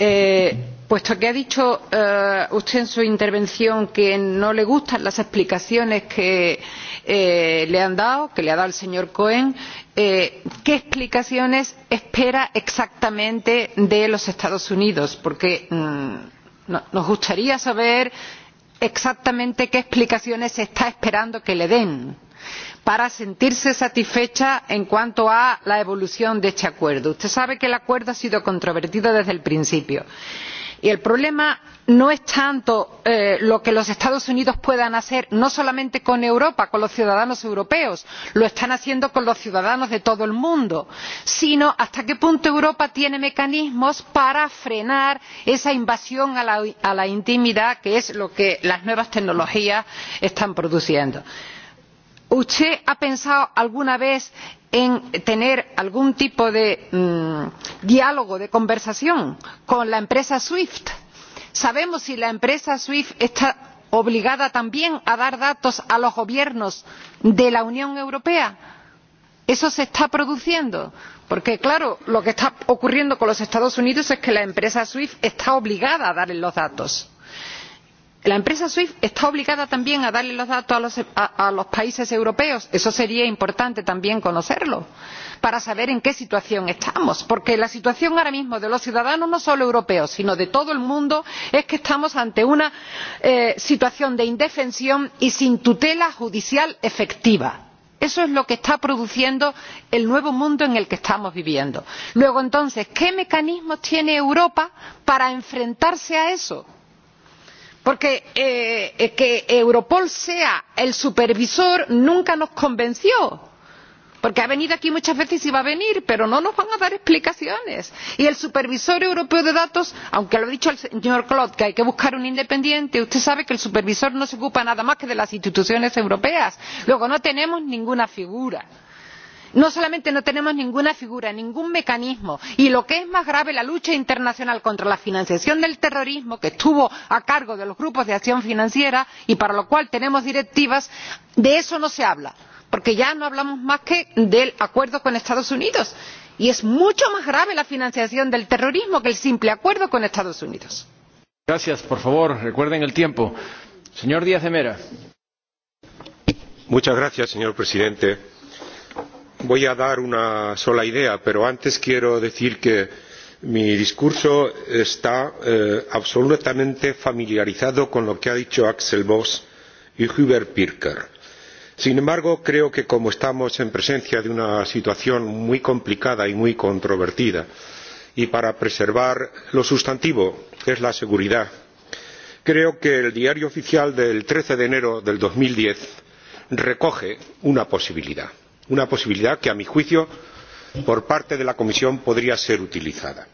Eh, puesto que ha dicho eh, usted en su intervención que no le gustan las explicaciones que eh, le han dado, que le ha dado el señor Cohen, eh, ¿qué explicaciones espera exactamente de los Estados Unidos? Porque mm, no, nos gustaría saber exactamente qué explicaciones está esperando que le den. Eh, para sentirse satisfecha en cuanto a la evolución de este acuerdo. Usted sabe que el acuerdo ha sido controvertido desde el principio. Y el problema no es tanto eh, lo que los Estados Unidos puedan hacer, no solamente con Europa, con los ciudadanos europeos, lo están haciendo con los ciudadanos de todo el mundo, sino hasta qué punto Europa tiene mecanismos para frenar esa invasión a la, a la intimidad, que es lo que las nuevas tecnologías están produciendo. Eh, usted ha pensado alguna vez en tener algún tipo de mmm, diálogo de conversación con la empresa swift? sabemos si la empresa swift está obligada también a dar datos a los gobiernos de la unión europea? eso se está produciendo porque claro lo que está ocurriendo con los estados unidos es que la empresa swift está obligada a dar los datos la empresa swift está obligada también a darle los datos a los, a, a los países europeos eso sería importante también conocerlo para saber en qué situación estamos porque la situación ahora mismo de los ciudadanos no solo europeos sino de todo el mundo es que estamos ante una eh, situación de indefensión y sin tutela judicial efectiva. Eso es lo que está produciendo el nuevo mundo en el que estamos viviendo. Luego, entonces, ¿qué mecanismos tiene Europa para enfrentarse a eso? Porque eh, eh, que Europol sea el supervisor nunca nos convenció. Porque ha venido aquí muchas veces y va a venir, pero no nos van a dar explicaciones. Y el supervisor europeo de datos, aunque lo ha dicho el señor Claude, que hay que buscar un independiente, usted sabe que el supervisor no se ocupa nada más que de las instituciones europeas. Luego, no tenemos ninguna figura. Eh, no solamente no tenemos ninguna figura ningún mecanismo y lo que es más grave la lucha internacional contra la financiación del terrorismo que estuvo a cargo de los grupos de acción financiera y para lo cual tenemos directivas de eso no se habla porque ya no hablamos más que del acuerdo con los estados unidos y es mucho más grave la financiación del terrorismo que el simple acuerdo con los estados unidos. Gracias, por favor, recuerden el tiempo. Señor Díaz de Mera. Muchas gracias, señor presidente voy a dar una sola idea, pero antes quiero decir que mi discurso está eh, absolutamente familiarizado con lo que ha dicho Axel Voss y Hubert Pirker. Sin embargo, creo que como estamos en presencia de una situación muy complicada y muy controvertida, y para preservar lo sustantivo, que es la seguridad, creo que el diario oficial del 13 de enero del 2010 recoge una posibilidad una posibilidad que a mi juicio por parte de la comisión podría ser utilizada.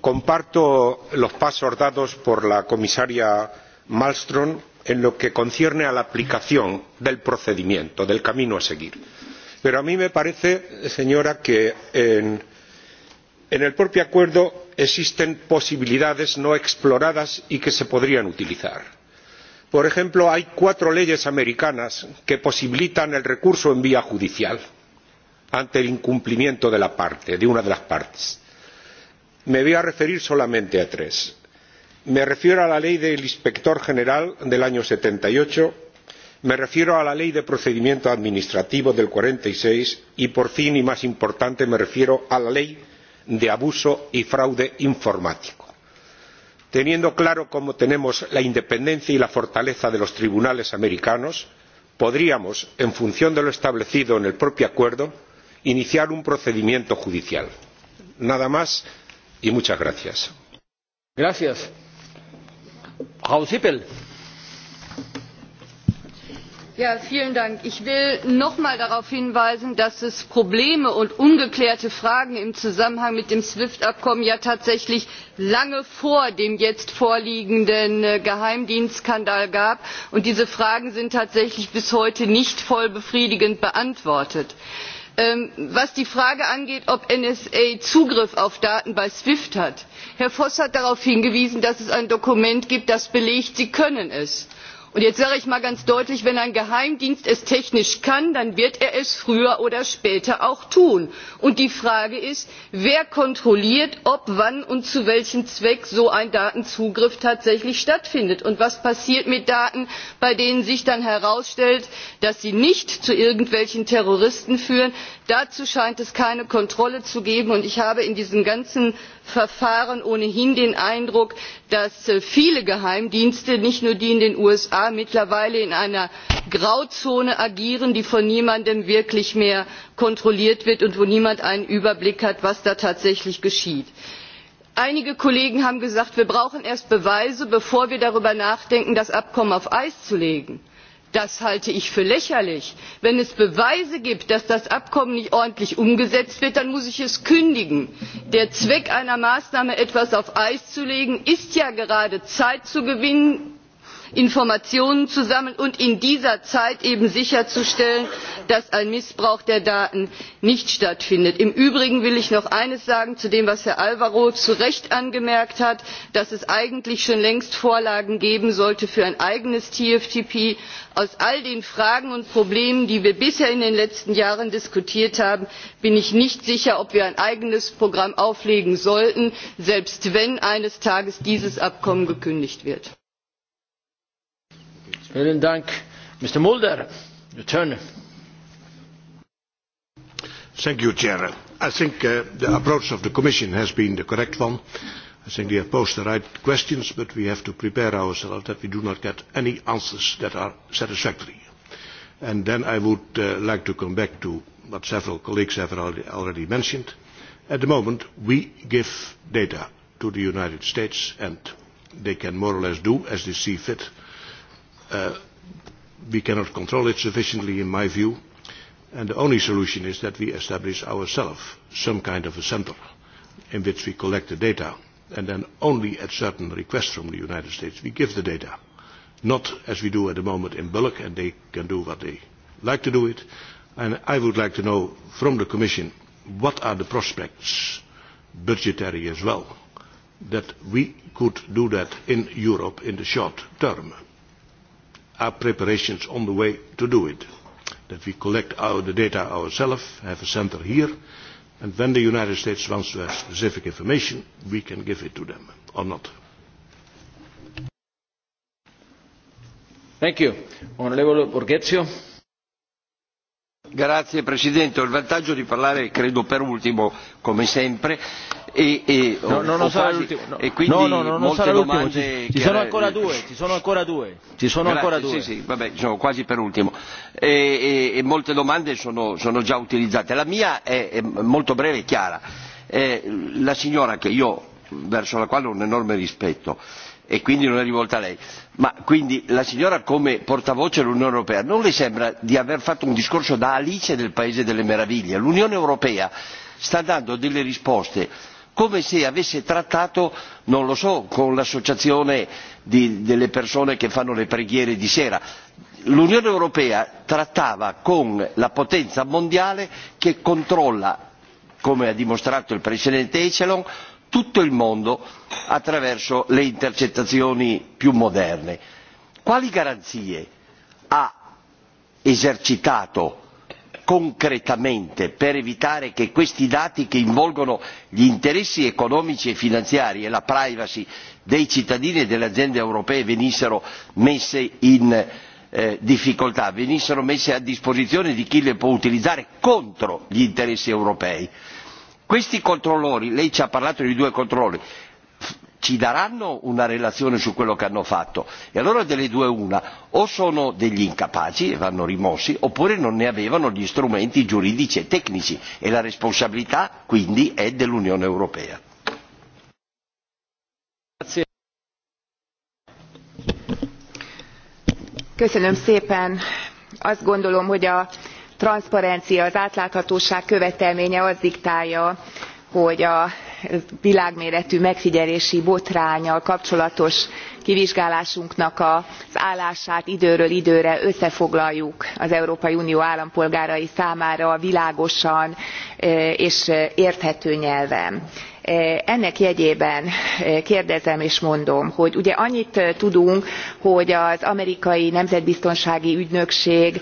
comparto los pasos dados por la comisaria malmstrm en lo que concierne a la aplicación del procedimiento del camino a seguir pero a mí me parece señora que en, en el propio acuerdo existen posibilidades no exploradas y que se podrían utilizar Por ejemplo, hay cuatro leyes americanas que posibilitan el recurso en vía judicial ante el incumplimiento de, la parte, de una de las partes. Me voy a referir solamente a tres. Me refiero a la ley del inspector general del año setenta y ocho, me refiero a la ley de procedimiento administrativo del cuarenta y seis y, por fin y más importante, me refiero a la ley de abuso y fraude informático teniendo claro cómo tenemos la independencia y la fortaleza de los tribunales americanos podríamos en función de lo establecido en el propio acuerdo iniciar un procedimiento judicial. nada más y muchas gracias. gracias. Ja, vielen Dank. Ich will noch mal darauf hinweisen, dass es Probleme und ungeklärte Fragen im Zusammenhang mit dem SWIFT-Abkommen ja tatsächlich lange vor dem jetzt vorliegenden äh, Geheimdienstskandal gab. Und diese Fragen sind tatsächlich bis heute nicht voll befriedigend beantwortet ähm, was die frage angeht ob nsa zugriff auf daten bei swift hat herr voss hat darauf hingewiesen dass es ein dokument gibt das belegt sie können es. Und jetzt sage ich mal ganz deutlich, wenn ein Geheimdienst es technisch kann, dann wird er es früher oder später auch tun. Und die Frage ist, wer kontrolliert, ob, wann und zu welchem Zweck so ein Datenzugriff tatsächlich stattfindet? Und was passiert mit Daten, bei denen sich dann herausstellt, dass sie nicht zu irgendwelchen Terroristen führen? Dazu scheint es keine Kontrolle zu geben. Und ich habe in diesem ganzen verfahren ohnehin den eindruck dass äh, viele geheimdienste nicht nur die in den usa mittlerweile in einer grauzone agieren die von niemandem wirklich mehr kontrolliert wird und wo niemand einen überblick hat was da tatsächlich geschieht einige kollegen haben gesagt wir brauchen erst beweise bevor wir darüber nachdenken das abkommen auf eis zu legen. Das halte ich für lächerlich. Wenn es Beweise gibt, dass das Abkommen nicht ordentlich umgesetzt wird, dann muss ich es kündigen. Der Zweck einer Maßnahme, etwas auf Eis zu legen, ist ja gerade Zeit zu gewinnen, informationen zu sammeln und in dieser zeit eben sicherzustellen dass ein missbrauch der daten nicht stattfindet. im übrigen will ich noch eines sagen zu dem was herr alvaro zu recht angemerkt hat dass es eigentlich schon längst vorlagen geben sollte für ein eigenes tftp. aus all den fragen und problemen die wir bisher in den letzten jahren diskutiert haben bin ich nicht sicher ob wir ein eigenes programm auflegen sollten selbst wenn eines tages dieses abkommen gekündigt wird. Vielen Dank. Mr. Mulder, your turn. Thank you, Chair. I think uh, the approach of the Commission has been the correct one. I think they have posed the right questions, but we have to prepare ourselves that we do not get any answers that are satisfactory. And then I would uh, like to come back to what several colleagues have already mentioned. At the moment, we give data to the United States, and they can more or less do as they see fit Uh, we cannot control it sufficiently, in my view, and the only solution is that we establish ourselves some kind of a center in which we collect the data, and then only at certain requests from the United States we give the data, not as we do at the moment in bulk, and they can do what they like to do it. And I would like to know from the Commission what are the prospects, budgetary as well, that we could do that in Europe in the short term are preparations on the way to do it. That we collect our, the data ourselves, have a center here, and when the United States wants to have specific information, we can give it to them or not. Thank you. Honorable Borghezio. Grazie Presidente, ho il vantaggio di parlare credo per ultimo come sempre e, e, no, non ho sarà quasi, no. e quindi no, no, no, non sarà domande ci, ci sono ancora due, ci sono ancora due, ci sono Grazie, ancora due. Sì, sì, vabbè, sono quasi per ultimo e, e, e molte domande sono, sono già utilizzate. La mia è, è molto breve e chiara. Eh, la signora che io, verso la quale ho un enorme rispetto, eh, e quindi non è rivolta a lei. Ma quindi la signora come portavoce dell'Unione Europea non le sembra di aver fatto un discorso da Alice del Paese delle Meraviglie? L'Unione Europea sta dando delle risposte come se avesse trattato, non lo so, con l'associazione delle persone che fanno le preghiere di sera. L'Unione Europea trattava con la potenza mondiale che controlla, come ha dimostrato il Presidente Echelon, tutto il mondo attraverso le intercettazioni più moderne. Quali garanzie ha esercitato concretamente per evitare che questi dati che involgono gli interessi economici e finanziari e la privacy dei cittadini e delle aziende europee venissero messe in eh, difficoltà, venissero messe a disposizione di chi le può utilizzare contro gli interessi europei. Questi controllori, lei ci ha parlato di due controllori, ci daranno una relazione su quello che hanno fatto e allora delle due una o sono degli incapaci e vanno rimossi oppure non ne avevano gli strumenti giuridici e tecnici e la responsabilità quindi è dell'Unione Europea. Grazie. Köszönöm szépen. Azt gondolom, hogy a transzparencia az átláthatóság követelménye azt diktálja hogy a világméretű megfigyelési botránnyal kapcsolatos kivizsgálásunknak az állását időről időre összefoglaljuk az európai unió állampolgárai számára világosan eh, és eh, érthető nyelven Eh, ennek jegyében eh, kérdezem és mondom hogy ugye annyit eh, tudunk hogy az amerikai nemzetbiztonsági ügynökség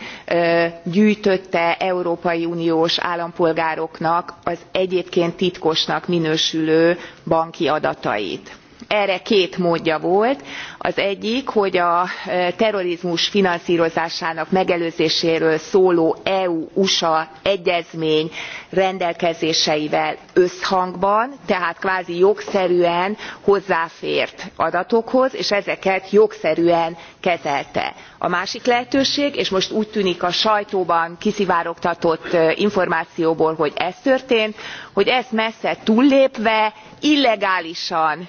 gyűjtötte európai uniós állampolgároknak az egyébként titkosnak minősülő banki adatait erre két módja volt az egyik hogy a terrorizmus finanszrozásának megelőzéséről szóló eu usa egyezmény rendelkezéseivel összhangban tehát kvázi jogszerűen hozzáfért adatokhoz és ezeket jogszerűen kezelte. a másik lehetőség és most úgy tűnik a sajtóban kiszivárogtatott információból hogy ez történt hogy ezt messze túllépve illegálisan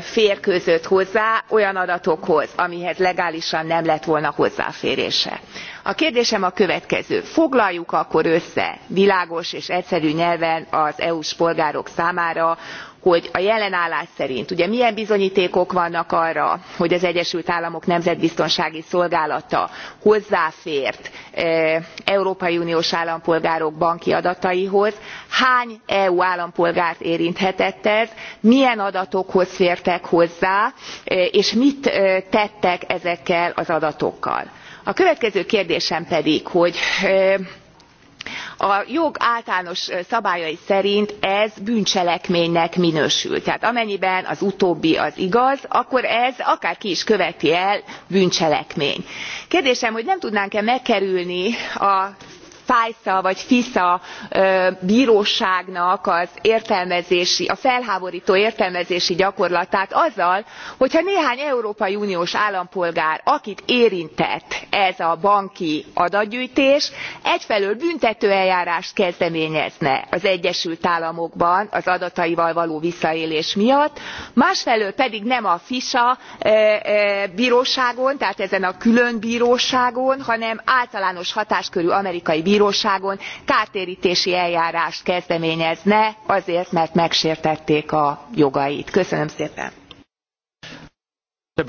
férkőzött hozzá olyan adatokhoz amihez legálisan nem lett volna hozzáférése a kérdésem a következő foglaljuk akkor össze világos és egyszerű nyelven az eu s polgárok számára hogy a jelen állás szerint ugye milyen bizonytékok vannak arra hogy az egyesült államok nemzetbiztonsági szolgálata hozzáfért e, európai uniós állampolgárok banki adataihoz hány eu állampolgárt érinthetett ez milyen adatokhoz fértek hozzá e, és mit e, tettek ezekkel az adatokkal? a következő kérdésem pedig hogy a jog általános szabályai szerint ez bűncselekménynek minősül tehát amennyiben az utóbbi az igaz akkor ez akárki is követi el bűncselekmény. kérdésem hogy nem tudnánk e megkerülni a fajsza vagy fisza bróságnak az értelmezési a felhábortó értelmezési gyakorlatát azzal hogyha néhány európai uniós állampolgár akit érintett ez a banki adatgyűjtés egyfelől büntetőeljárást kezdeményezne az egyesült államokban az adataival való visszaélés miatt másfelől pedig nem a fisa bróságon tehát ezen a külön bróságon hanem általános hatáskörű amerikai bróságon kártértési eljárást kezdeményezne azért mert megsértették a jogait. köszönöm szépen. The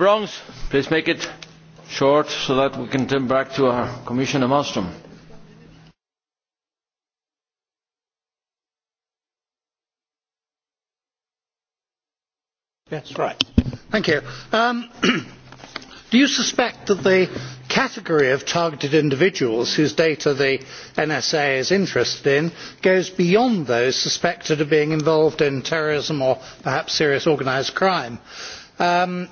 That's right. Thank you. Um, Do you suspect that the category of targeted individuals whose data the NSA is interested in goes beyond those suspected of being involved in terrorism or perhaps serious organised crime? Um,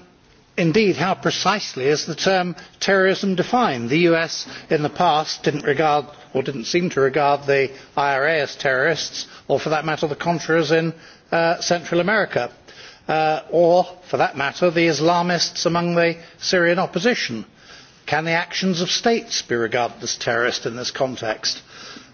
indeed, how precisely is the term terrorism defined? The US in the past not regard or not seem to regard the IRA as terrorists, or for that matter the Contras in uh, Central America. Uh, or, for that matter, the Islamists among the Syrian opposition? Can the actions of states be regarded as terrorist in this context?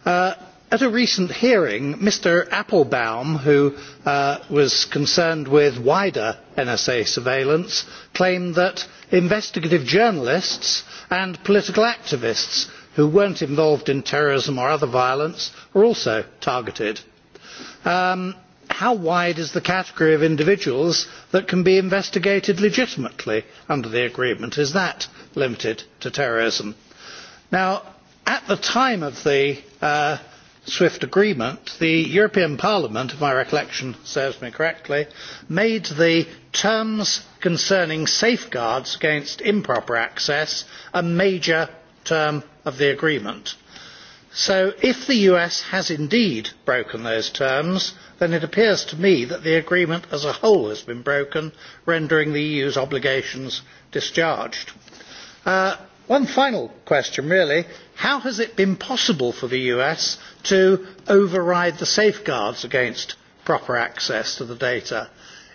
Uh, at a recent hearing, Mr. Applebaum, who uh, was concerned with wider NSA surveillance, claimed that investigative journalists and political activists who were not involved in terrorism or other violence were also targeted. Um, how wide is the category of individuals that can be investigated legitimately under the agreement? Is that limited to terrorism? Now, at the time of the uh, SWIFT agreement, the European Parliament, if my recollection serves me correctly, made the terms concerning safeguards against improper access a major term of the agreement. So if the US has indeed broken those terms, then it appears to me that the agreement as a whole has been broken, rendering the EU's obligations discharged. Uh, one final question, really. How has it been possible for the US to override the safeguards against proper access to the data?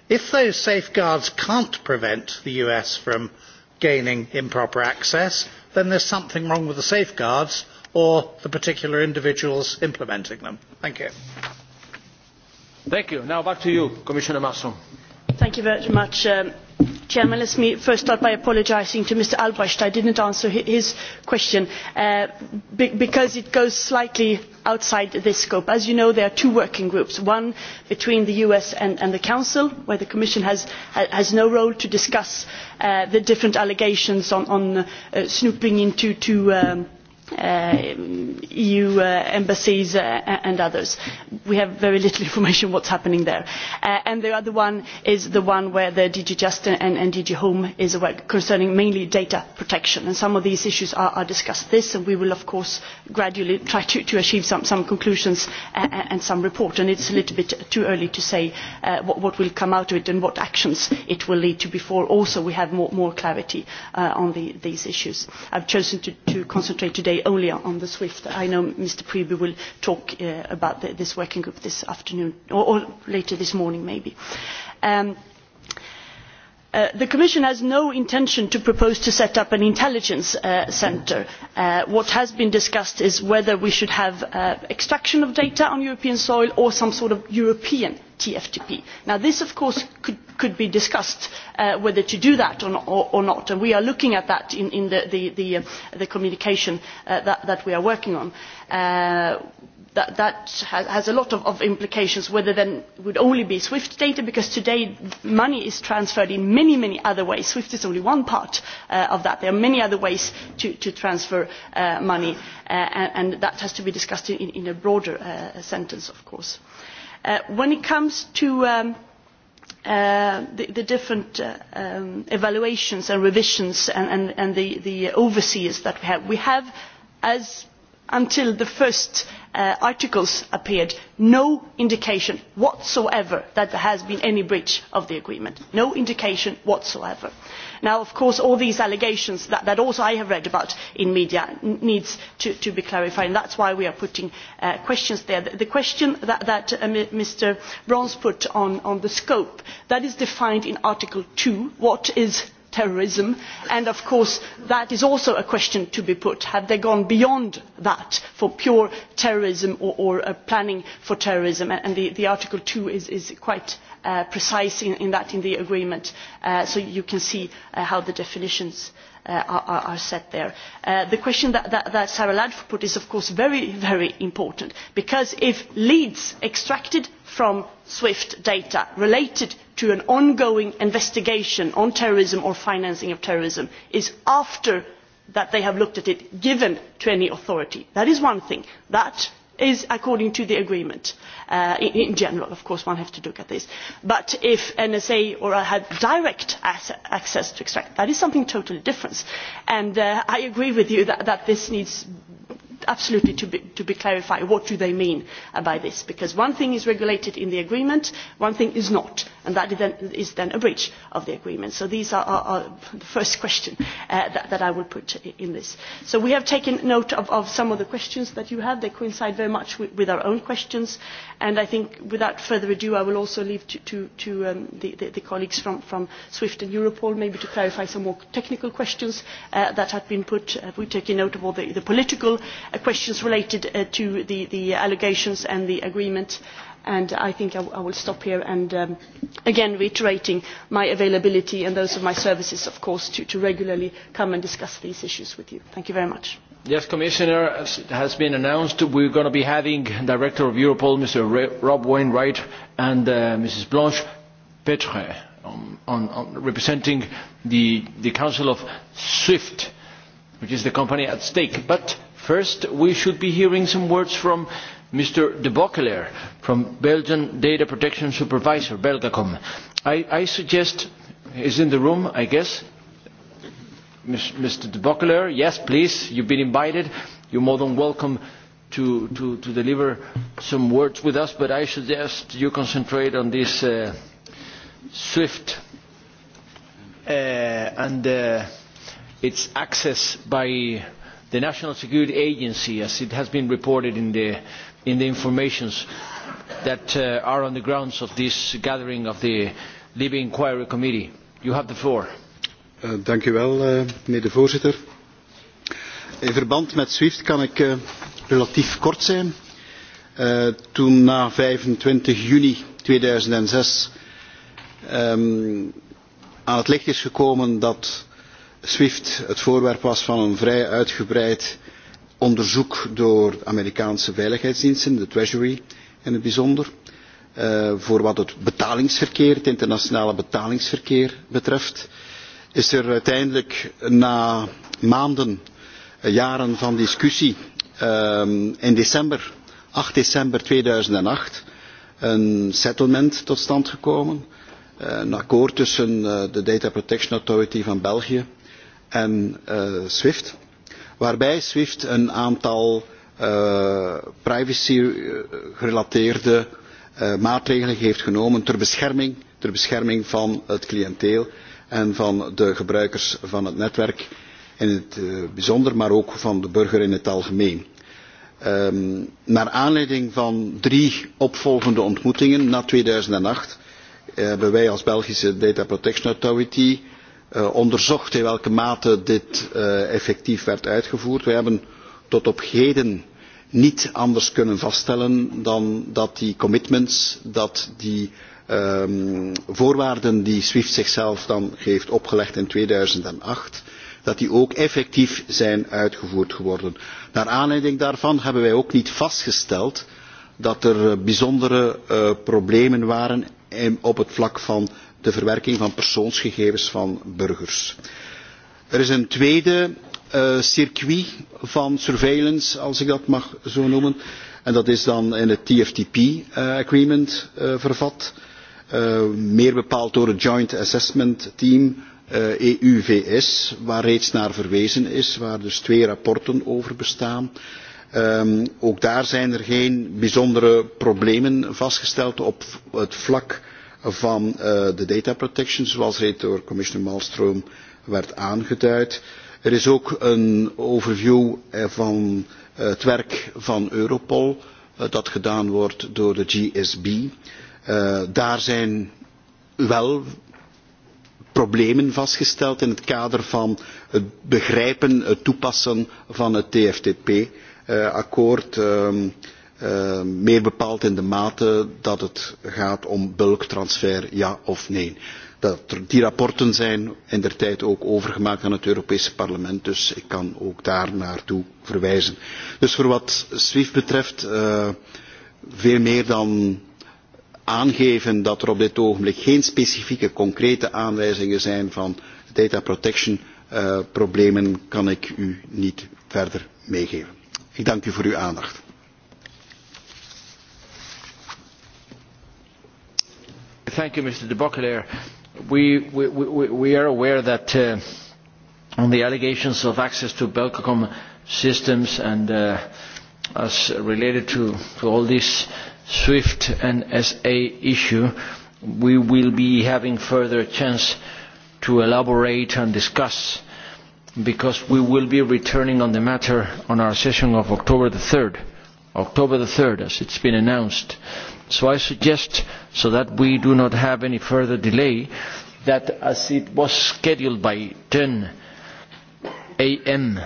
If those safeguards can't prevent the US from gaining improper access, then there's something wrong with the safeguards or the particular individuals implementing them. Thank you. Thank you. Now back to you, Commissioner Masson. Thank you very much. Um, Chairman, let me first start by apologising to Mr. Albrecht. I didn't answer his question uh, be because it goes slightly outside this scope. As you know, there are two working groups, one between the US and, and the Council, where the Commission has, has no role to discuss uh, the different allegations on, on uh, snooping into two... um, uh, EU uh, embassies uh, and others. We have very little information what's happening there. Uh, and the other one is the one where the DG Just and, and DG Home is aware concerning mainly data protection. And some of these issues are, are discussed this, and we will of course gradually try to, to achieve some, some conclusions and, uh, uh, and some report. And it's a little bit too early to say uh, what, what will come out of it and what actions it will lead to before also we have more, more clarity uh, on the, these issues. I've chosen to, to concentrate today today only on the SWIFT. I know Mr. Priebe will talk uh, about the, this working group this afternoon, or, or later this morning maybe. Um, Uh, the commission has no intention of proposing to set up an intelligence uh, centre. Uh, what has been discussed is whether we should have extraction of data on european soil or some sort of european tftp. Now, this of course could, be discussed whether to do that or, not and we are looking at that in, the, communication that, that we are working on that, has, has a lot of, implications whether then would only be SWIFT data because today money is transferred in many, many other ways. SWIFT is only one part uh, of that. There are many other ways to, transfer uh, money uh, and, that has to be discussed in, a broader sense sentence, of course. when it comes to um, the, different um, evaluations and revisions and, the, overseers that we have. We have, as until the first uh, articles appeared no indication whatsoever that there has been any breach of the agreement no indication whatsoever. now of course all these allegations that, also i have read about in the media need to, be clarified and that is why we are putting uh, questions there. the, question that, uh, mr brons put on, on the scope that is defined in article two what is terrorism and of course that is also a question to be put have they gone beyond that for pure terrorism or, uh, planning for terrorism and article two is, quite uh, precise in, that in the agreement uh, so you can see how the definitions are, set there. the question that, Sarah ludford put is of course very, very important because if leads extracted from swift data related to an ongoing investigation on terrorism or financing of terrorism is after that they have looked at it given to any authority. that is one thing. that is according to the agreement uh, in, general of course one has to look at this but if the nsa or i had direct access to extract that is something totally different and uh, i agree with you that, that this needs absolutely to be, to be clarified what do they mean by this because one thing is regulated in the agreement one thing is not and that is then, is then a breach of the agreement so these are, are, are the first question uh, that, that I would put in this so we have taken note of, of some of the questions that you have they coincide very much with, with our own questions and I think without further ado I will also leave to, to, to um, the, the, the colleagues from, from SWIFT and Europol maybe to clarify some more technical questions uh, that have been put uh, we've taken note of all the, the political Uh, questions related uh, to the, the allegations and the agreement and I think I, I will stop here and um, again reiterating my availability and those of my services, of course, to, to regularly come and discuss these issues with you. Thank you very much. Yes, Commissioner, as it has been announced, we're going to be having Director of Europol, Mr. Re Rob Wainwright, and uh, Mrs. Blanche Petre on, um, on, on representing the, the Council of SWIFT, which is the company at stake. But First, we should be hearing some words from Mr. de Bockeler from Belgian Data Protection Supervisor, Belgacom. I, I suggest, is in the room, I guess, Mr. de Bockeler, yes, please, you've been invited. You're more than welcome to, to, to deliver some words with us, but I suggest you concentrate on this uh, SWIFT uh, and uh, its access by the National Security Agency, as it has been reported in the, in the informations that uh, are on the grounds of this gathering of the Libyan Inquiry Committee. You have the floor. Uh, dank u wel, uh, meneer de voorzitter. In verband met SWIFT kan ik uh, relatief kort zijn. Uh, toen na 25 juni 2006 um, ehm, aan het licht is gekomen dat SWIFT het voorwerp was van een vrij uitgebreid onderzoek door de Amerikaanse veiligheidsdiensten, de Treasury in het bijzonder, uh, voor wat het betalingsverkeer, het internationale betalingsverkeer betreft, is er uiteindelijk na maanden, eh, jaren van discussie, uh, in december, 8 december 2008, een settlement tot stand gekomen. Eh, een akkoord tussen de Data Protection Authority van België en uh, SWIFT, waarbij SWIFT een aantal uh, privacy-gerelateerde uh, maatregelen heeft genomen ter bescherming, ter bescherming van het cliënteel en van de gebruikers van het netwerk in het uh, bijzonder, maar ook van de burger in het algemeen. Um, naar aanleiding van drie opvolgende ontmoetingen na 2008 hebben wij als Belgische Data Protection Authority uh, onderzocht in welke mate dit uh, effectief werd uitgevoerd. We hebben tot op heden niet anders kunnen vaststellen dan dat die commitments, dat die um, voorwaarden die SWIFT zichzelf dan heeft opgelegd in 2008, dat die ook effectief zijn uitgevoerd geworden. Naar aanleiding daarvan hebben wij ook niet vastgesteld dat er eh, bijzondere uh, problemen waren op het vlak van de verwerking van persoonsgegevens van burgers. Er is een tweede uh, circuit van surveillance, als ik dat mag zo noemen, en dat is dan in het TFTP-agreement eh, uh, eh, vervat, uh, meer bepaald door het Joint Assessment Team uh, EU-VS, waar reeds naar verwezen is, waar dus twee rapporten over bestaan. Um, ook daar zijn er geen bijzondere problemen vastgesteld op het vlak van uh, de data protection, zoals het door commissioner Malmström werd aangeduid. Er is ook een overview eh, van eh, het werk van Europol dat gedaan wordt door de GSB. Uh, daar zijn wel problemen vastgesteld in het kader van het begrijpen, het toepassen van het TFTP-akkoord. Uh, ehm, Eh, meer bepaald in de mate dat het gaat om bulktransfer, ja of nee. Dat, er, die rapporten zijn in der tijd ook overgemaakt aan het Europese parlement, dus ik kan ook daar naartoe verwijzen. Dus voor wat SWIFT betreft, uh, veel meer dan aangeven dat er op dit ogenblik geen specifieke concrete aanwijzingen zijn van data protection uh, problemen, kan ik u niet verder meegeven. Ik dank u voor uw aandacht. thank you, Mr. de Buccalaire. We, we, we, we are aware that uh, on the allegations of access to Belcom systems and uh, as related to, to all this SWIFT and SA issue, we will be having further chance to elaborate and discuss because we will be returning on the matter on our session of October the 3rd, October the 3rd as it's been announced So I suggest, so that we do not have any further delay, that as it was scheduled by 10 a.m.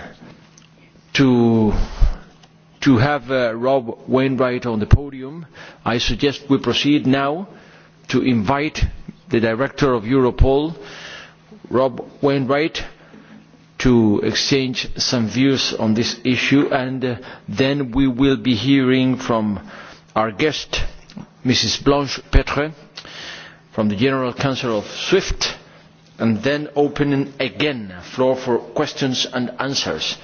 to to have uh, Rob Wainwright on the podium, I suggest we proceed now to invite the Director of Europol, Rob Wainwright, to exchange some views on this issue, and uh, then we will be hearing from our guest, Mrs. Blanche Petre from the General Council of SWIFT and then opening again floor for questions and answers.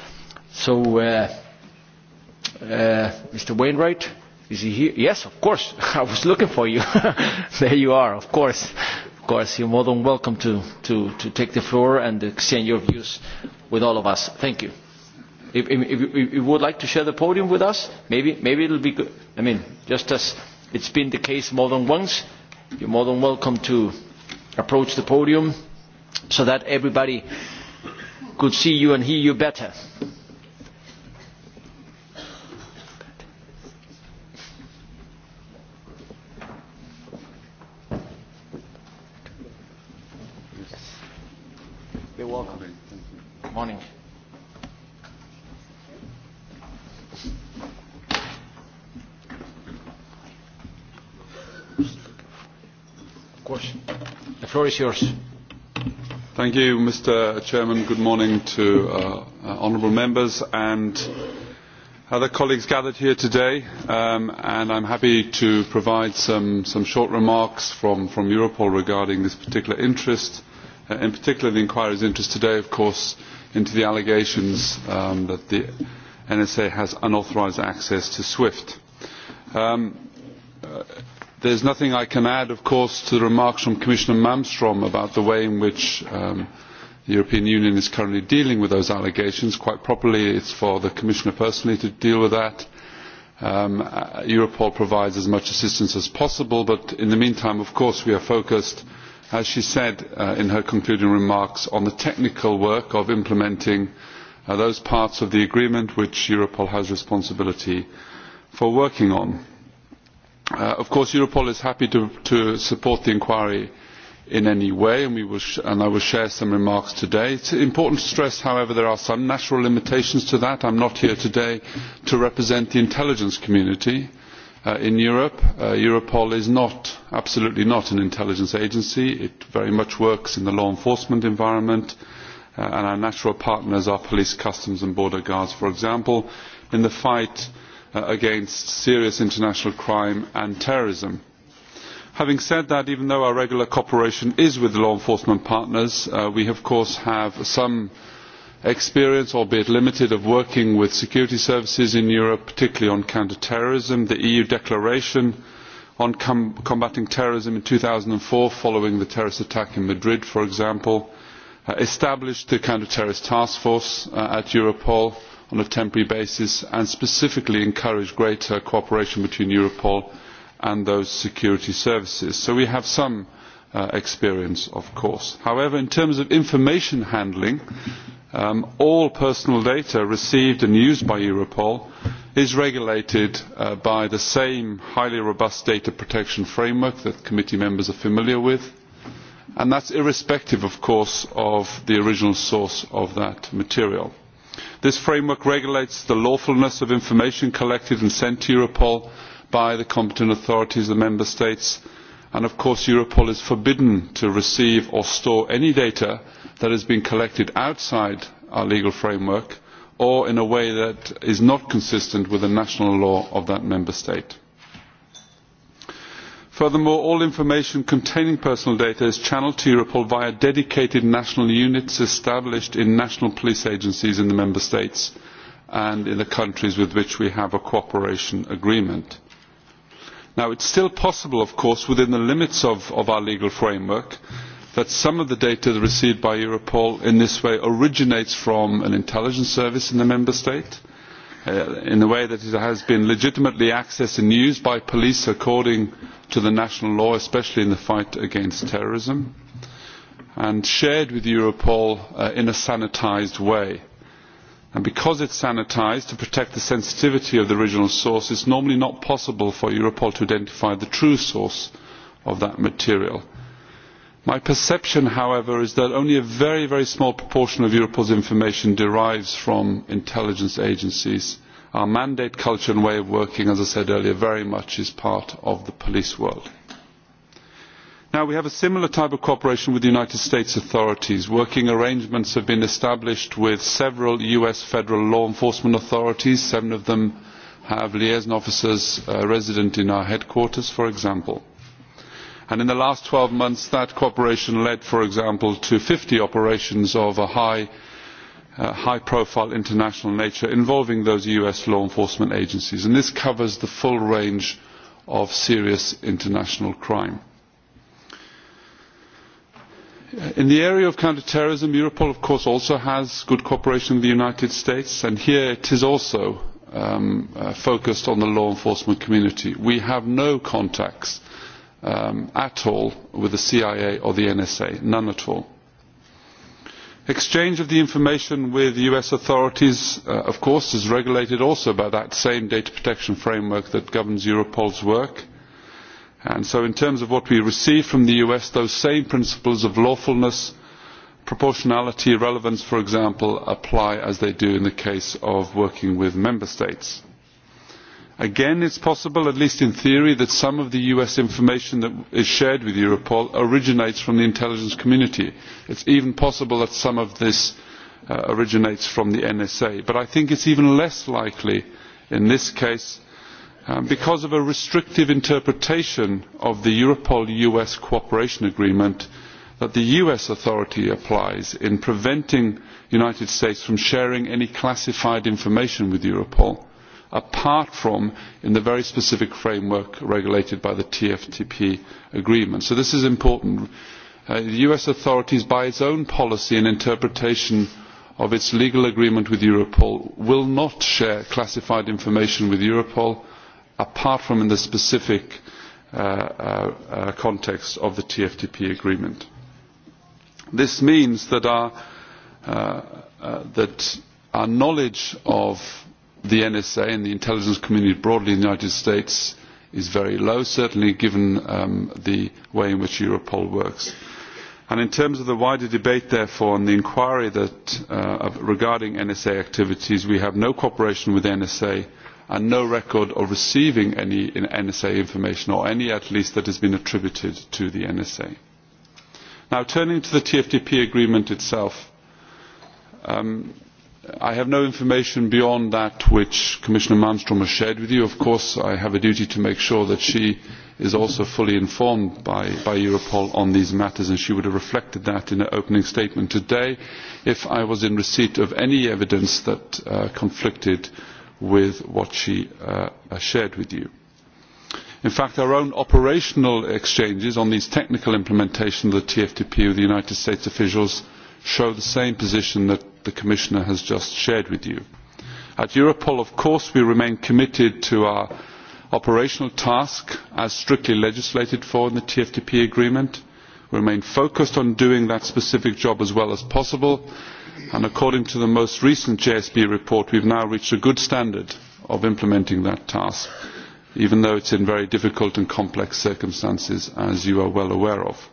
So, uh, uh, Mr. Wainwright, is he here? Yes, of course. I was looking for you. there you are, of course. Of course, you're more than welcome to, to, to take the floor and exchange your views with all of us. Thank you. If, if, if you would like to share the podium with us, maybe, maybe it'll be good. I mean, just as It's been the case more than once. You're more than welcome to approach the podium so that everybody could see you and hear you better. Good Morning. course. The floor is yours. Thank you, Mr. Chairman. Good morning to uh, uh, honourable members and other colleagues gathered here today. Um, and I'm happy to provide some, some short remarks from, from Europol regarding this particular interest, uh, in particular the inquiry's interest today, of course, into the allegations um, that the NSA has unauthorised access to SWIFT. Um, uh, There is nothing I can add, of course, to the remarks from Commissioner Malmstrom about the way in which um, the European Union is currently dealing with those allegations. Quite properly, it is for the Commissioner personally to deal with that. Um, uh, Europol provides as much assistance as possible, but in the meantime, of course, we are focused, as she said uh, in her concluding remarks, on the technical work of implementing uh, those parts of the agreement which Europol has responsibility for working on. Uh, of course, Europol is happy to, to support the inquiry in any way, and, we will sh and I will share some remarks today. It's important to stress, however, there are some natural limitations to that. I'm not here today to represent the intelligence community uh, in Europe. Uh, Europol is not, absolutely not an intelligence agency. It very much works in the law enforcement environment, uh, and our natural partners are police, customs and border guards, for example, in the fight Uh, against serious international crime and terrorism. Having said that, even though our regular cooperation is with law enforcement partners, uh, we of course have some experience, albeit limited, of working with security services in Europe, particularly on counter-terrorism. The EU declaration on com combating terrorism in two thousand four, following the terrorist attack in Madrid, for example, uh, established the counter-terrorist task force uh, at Europol, on a temporary basis and specifically encourage greater cooperation between Europol and those security services. So we have some uh, experience, of course. However, in terms of information handling, um, all personal data received and used by Europol is regulated uh, by the same highly robust data protection framework that committee members are familiar with, and that is irrespective, of course, of the original source of that material. This framework regulates the lawfulness of information collected and sent to Europol by the competent authorities of the Member States and of course Europol is forbidden to receive or store any data that has been collected outside our legal framework or in a way that is not consistent with the national law of that member state. Furthermore, all information containing personal data is channelled to Europol via dedicated national units established in national police agencies in the Member States and in the countries with which we have a cooperation agreement. Now, it's still possible, of course, within the limits of, of our legal framework, that some of the data received by Europol in this way originates from an intelligence service in the Member State – uh, in the way that it has been legitimately accessed and used by police according to the national law, especially in the fight against terrorism, and shared with Europol uh, in a sanitised way. And because it is sanitised to protect the sensitivity of the original source, it is normally not possible for Europol to identify the true source of that material. My perception, however, is that only a very, very small proportion of Europol's information derives from intelligence agencies. Our mandate culture and way of working, as I said earlier, very much is part of the police world. Now, we have a similar type of cooperation with the United States authorities. Working arrangements have been established with several US federal law enforcement authorities. Seven of them have liaison officers uh, resident in our headquarters, for example in the last twelve months that cooperation led for example to fifty operations of a high, uh, profile international nature involving those us law enforcement agencies and this covers the full range of serious international crime. In the area of counterterrorism, Europol, of course, also has good cooperation with the United States, and here it is also um, uh, focused on the law enforcement community. We have no contacts um, at all with the CIA or the NSA, none at all. Exchange of the information with US authorities, uh, of course, is regulated also by that same data protection framework that governs Europol's work. And so in terms of what we receive from the US, those same principles of lawfulness, proportionality, relevance, for example, apply as they do in the case of working with member states. Again, it is possible, at least in theory, that some of the US information that is shared with Europol originates from the intelligence community. It is even possible that some of this uh, originates from the NSA. But I think it is even less likely in this case um, because of a restrictive interpretation of the Europol-US cooperation agreement that the US authority applies in preventing the United States from sharing any classified information with Europol apart from in the very specific framework regulated by the TFTP agreement. So this is important. Uh, the US authorities, by its own policy and interpretation of its legal agreement with Europol, will not share classified information with Europol apart from in the specific uh, uh, uh context of the TFTP agreement. This means that our, uh, uh, that our knowledge of the NSA and the intelligence community broadly in the United States is very low, certainly given um, the way in which Europol works. And in terms of the wider debate, therefore, and the inquiry that, uh, regarding NSA activities, we have no cooperation with NSA and no record of receiving any NSA information, or any at least that has been attributed to the NSA. Now, turning to the TFTP agreement itself, um, I have no information beyond that which Commissioner Malmstrm has shared with you. Of course, I have a duty to make sure that she is also fully informed by, by Europol on these matters, and she would have reflected that in her opening statement today if I was in receipt of any evidence that uh, conflicted with what she uh, shared with you. In fact, our own operational exchanges on these technical implementations of the TFTP with the United States officials show the same position that the Commissioner has just shared with you. At Europol, of course, we remain committed to our operational task as strictly legislated for in the TFTP agreement. We remain focused on doing that specific job as well as possible and according to the most recent JSB report we have now reached a good standard of implementing that task even though it is in very difficult and complex circumstances as you are well aware of.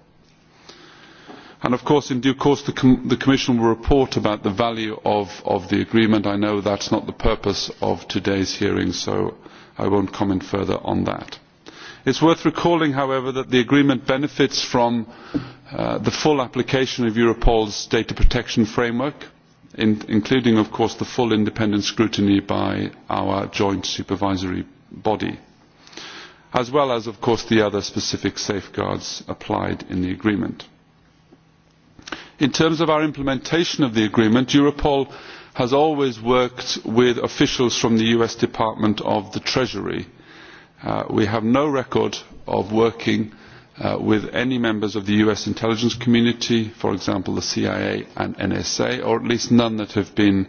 And of course, in due course, the, com the Commission will report about the value of, of the agreement. I know that's not the purpose of today's hearing, so I won't comment further on that. It's worth recalling, however, that the agreement benefits from uh, the full application of Europol's data protection framework, in, including, of course, the full independent scrutiny by our joint supervisory body, as well as, of course, the other specific safeguards applied in the agreement. In terms of our implementation of the agreement, Europol has always worked with officials from the US Department of the Treasury. Uh, we have no record of working uh, with any members of the US intelligence community, for example the CIA and NSA, or at least none that have been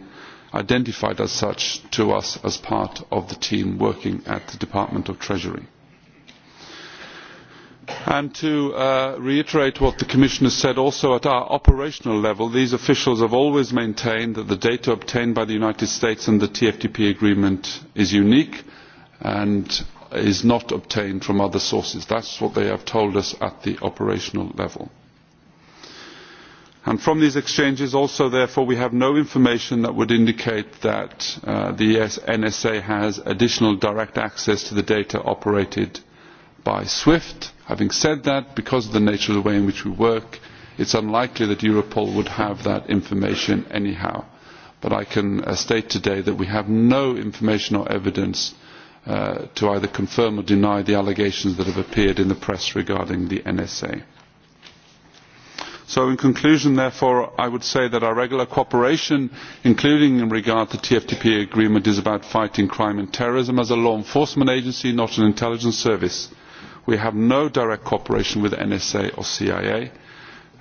identified as such to us as part of the team working at the Department of Treasury. And to uh, reiterate what the Commissioner said also at our operational level, these officials have always maintained that the data obtained by the United States and the TFTP agreement is unique and is not obtained from other sources. That's what they have told us at the operational level. And from these exchanges also, therefore, we have no information that would indicate that uh, the e NSA has additional direct access to the data operated by SWIFT Having said that, because of the nature of the way in which we work, it's unlikely that Europol would have that information anyhow. But I can uh, state today that we have no information or evidence uh, to either confirm or deny the allegations that have appeared in the press regarding the NSA. So in conclusion, therefore, I would say that our regular cooperation, including in regard to the TFTP agreement, is about fighting crime and terrorism as a law enforcement agency, not an intelligence service. We have no direct cooperation with NSA or CIA,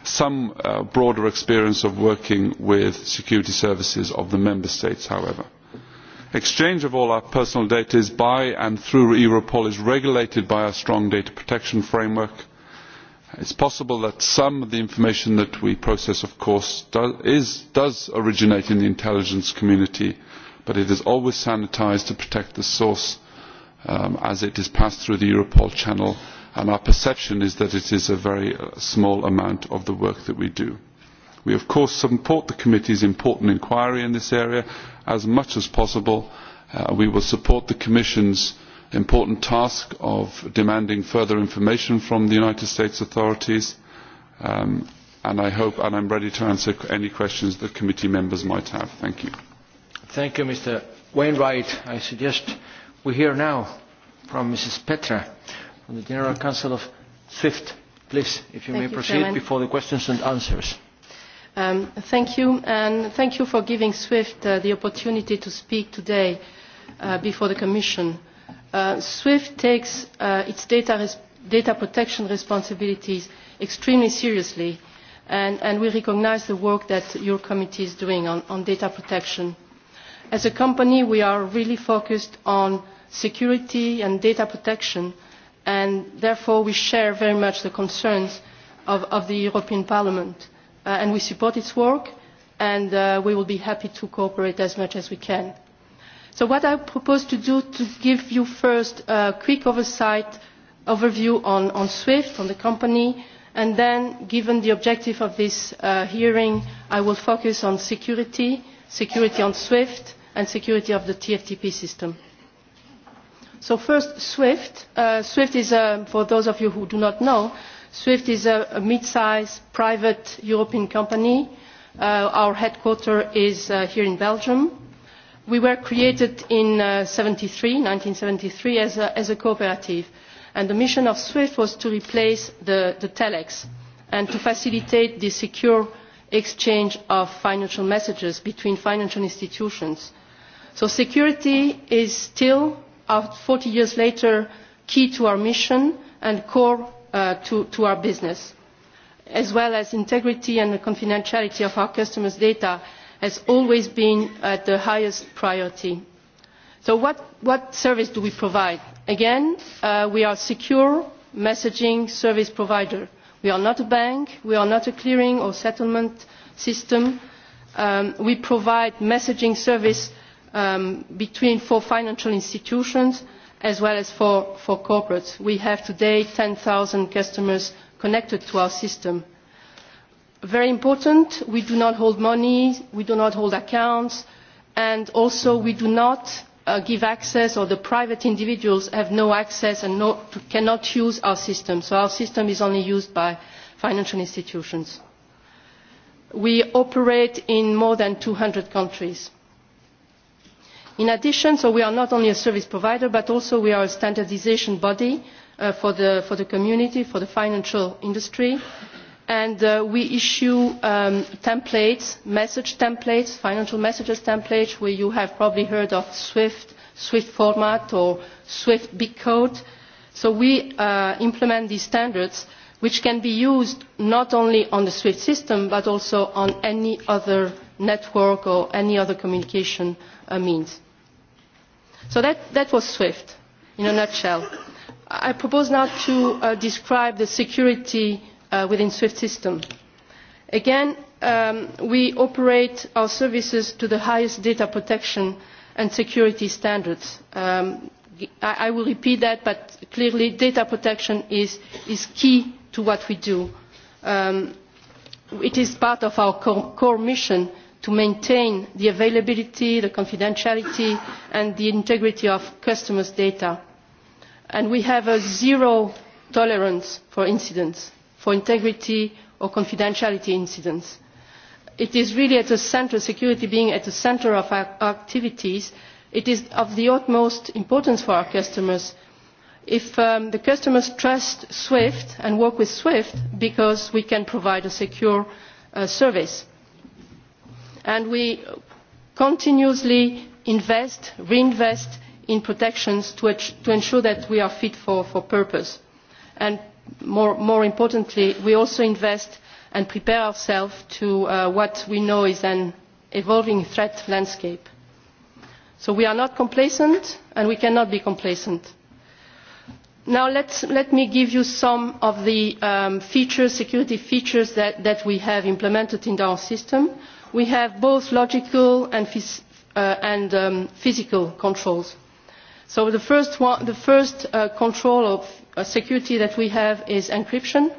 some uh, broader experience of working with security services of the member states, however. Exchange of all our personal data is by and through Europol is regulated by our strong data protection framework. It is possible that some of the information that we process, of course, do, is, does originate in the intelligence community, but it is always sanitised to protect the source um, as it is passed through the Europol channel and our perception is that it is a very uh, small amount of the work that we do. We of course support the committee's important inquiry in this area as much as possible. Uh, we will support the Commission's important task of demanding further information from the United States authorities um, and I hope and I'm ready to answer any questions that committee members might have. Thank you. Thank you, Mr. Wainwright. I suggest We hear now from Mrs. Petra from the General mm-hmm. Council of SWIFT. Please, if you thank may you, proceed Chairman. before the questions and answers. Um, thank you, and thank you for giving SWIFT uh, the opportunity to speak today uh, before the Commission. Uh, SWIFT takes uh, its data, res data protection responsibilities extremely seriously, and, and we recognize the work that your committee is doing on, on data protection. As a company, we are really focused on security and data protection and therefore we share very much the concerns of, of the European Parliament uh, and we support its work and uh, we will be happy to cooperate as much as we can. So what I propose to do to give you first a quick oversight overview on, on SWIFT, on the company, and then given the objective of this uh, hearing, I will focus on security, security on SWIFT, and security of the TFTP system. So first, SWIFT. Uh, SWIFT is, uh, for those of you who do not know, SWIFT is a, a mid-sized private European company. Uh, our headquarter is uh, here in Belgium. We were created in uh, 73, 1973 as a, as a cooperative. And the mission of SWIFT was to replace the, the telex and to facilitate the secure exchange of financial messages between financial institutions. So security is still 40 years later, key to our mission and core uh, to, to our business, as well as integrity and the confidentiality of our customers' data has always been at the highest priority. So what, what service do we provide? Again, uh, we are a secure messaging service provider. We are not a bank, we are not a clearing or settlement system. Um, we provide messaging service um, between for financial institutions as well as for, for corporates. We have today 10,000 customers connected to our system. Very important, we do not hold money, we do not hold accounts, and also we do not uh, give access or the private individuals have no access and no, cannot use our system. So our system is only used by financial institutions. We operate in more than 200 countries. In addition, so we are not only a service provider, but also we are a standardization body uh, for, the, for the community, for the financial industry, and uh, we issue um, templates, message templates, financial messages templates, where you have probably heard of SWIFT, SWIFT format, or SWIFT big code. So we uh, implement these standards, which can be used not only on the SWIFT system, but also on any other network or any other communication uh, means. So that, that was SWIFT in a nutshell. I propose now to uh, describe the security uh, within SWIFT system. Again, um, we operate our services to the highest data protection and security standards. Um, I, I will repeat that, but clearly data protection is, is key to what we do. Um, it is part of our core, core mission to maintain the availability, the confidentiality and the integrity of customers' data. And we have a zero tolerance for incidents, for integrity or confidentiality incidents. It is really at the centre, security being at the centre of our activities, it is of the utmost importance for our customers. If um, the customers trust SWIFT and work with SWIFT because we can provide a secure uh, service and we continuously invest, reinvest in protections to, to ensure that we are fit for, for purpose. And more, more importantly, we also invest and prepare ourselves to uh, what we know is an evolving threat landscape. So we are not complacent and we cannot be complacent. Now let's, let me give you some of the um, features, security features that, that we have implemented in our system we have both logical and, phys uh, and um, physical controls. So the first, one, the first uh, control of uh, security that we have is encryption.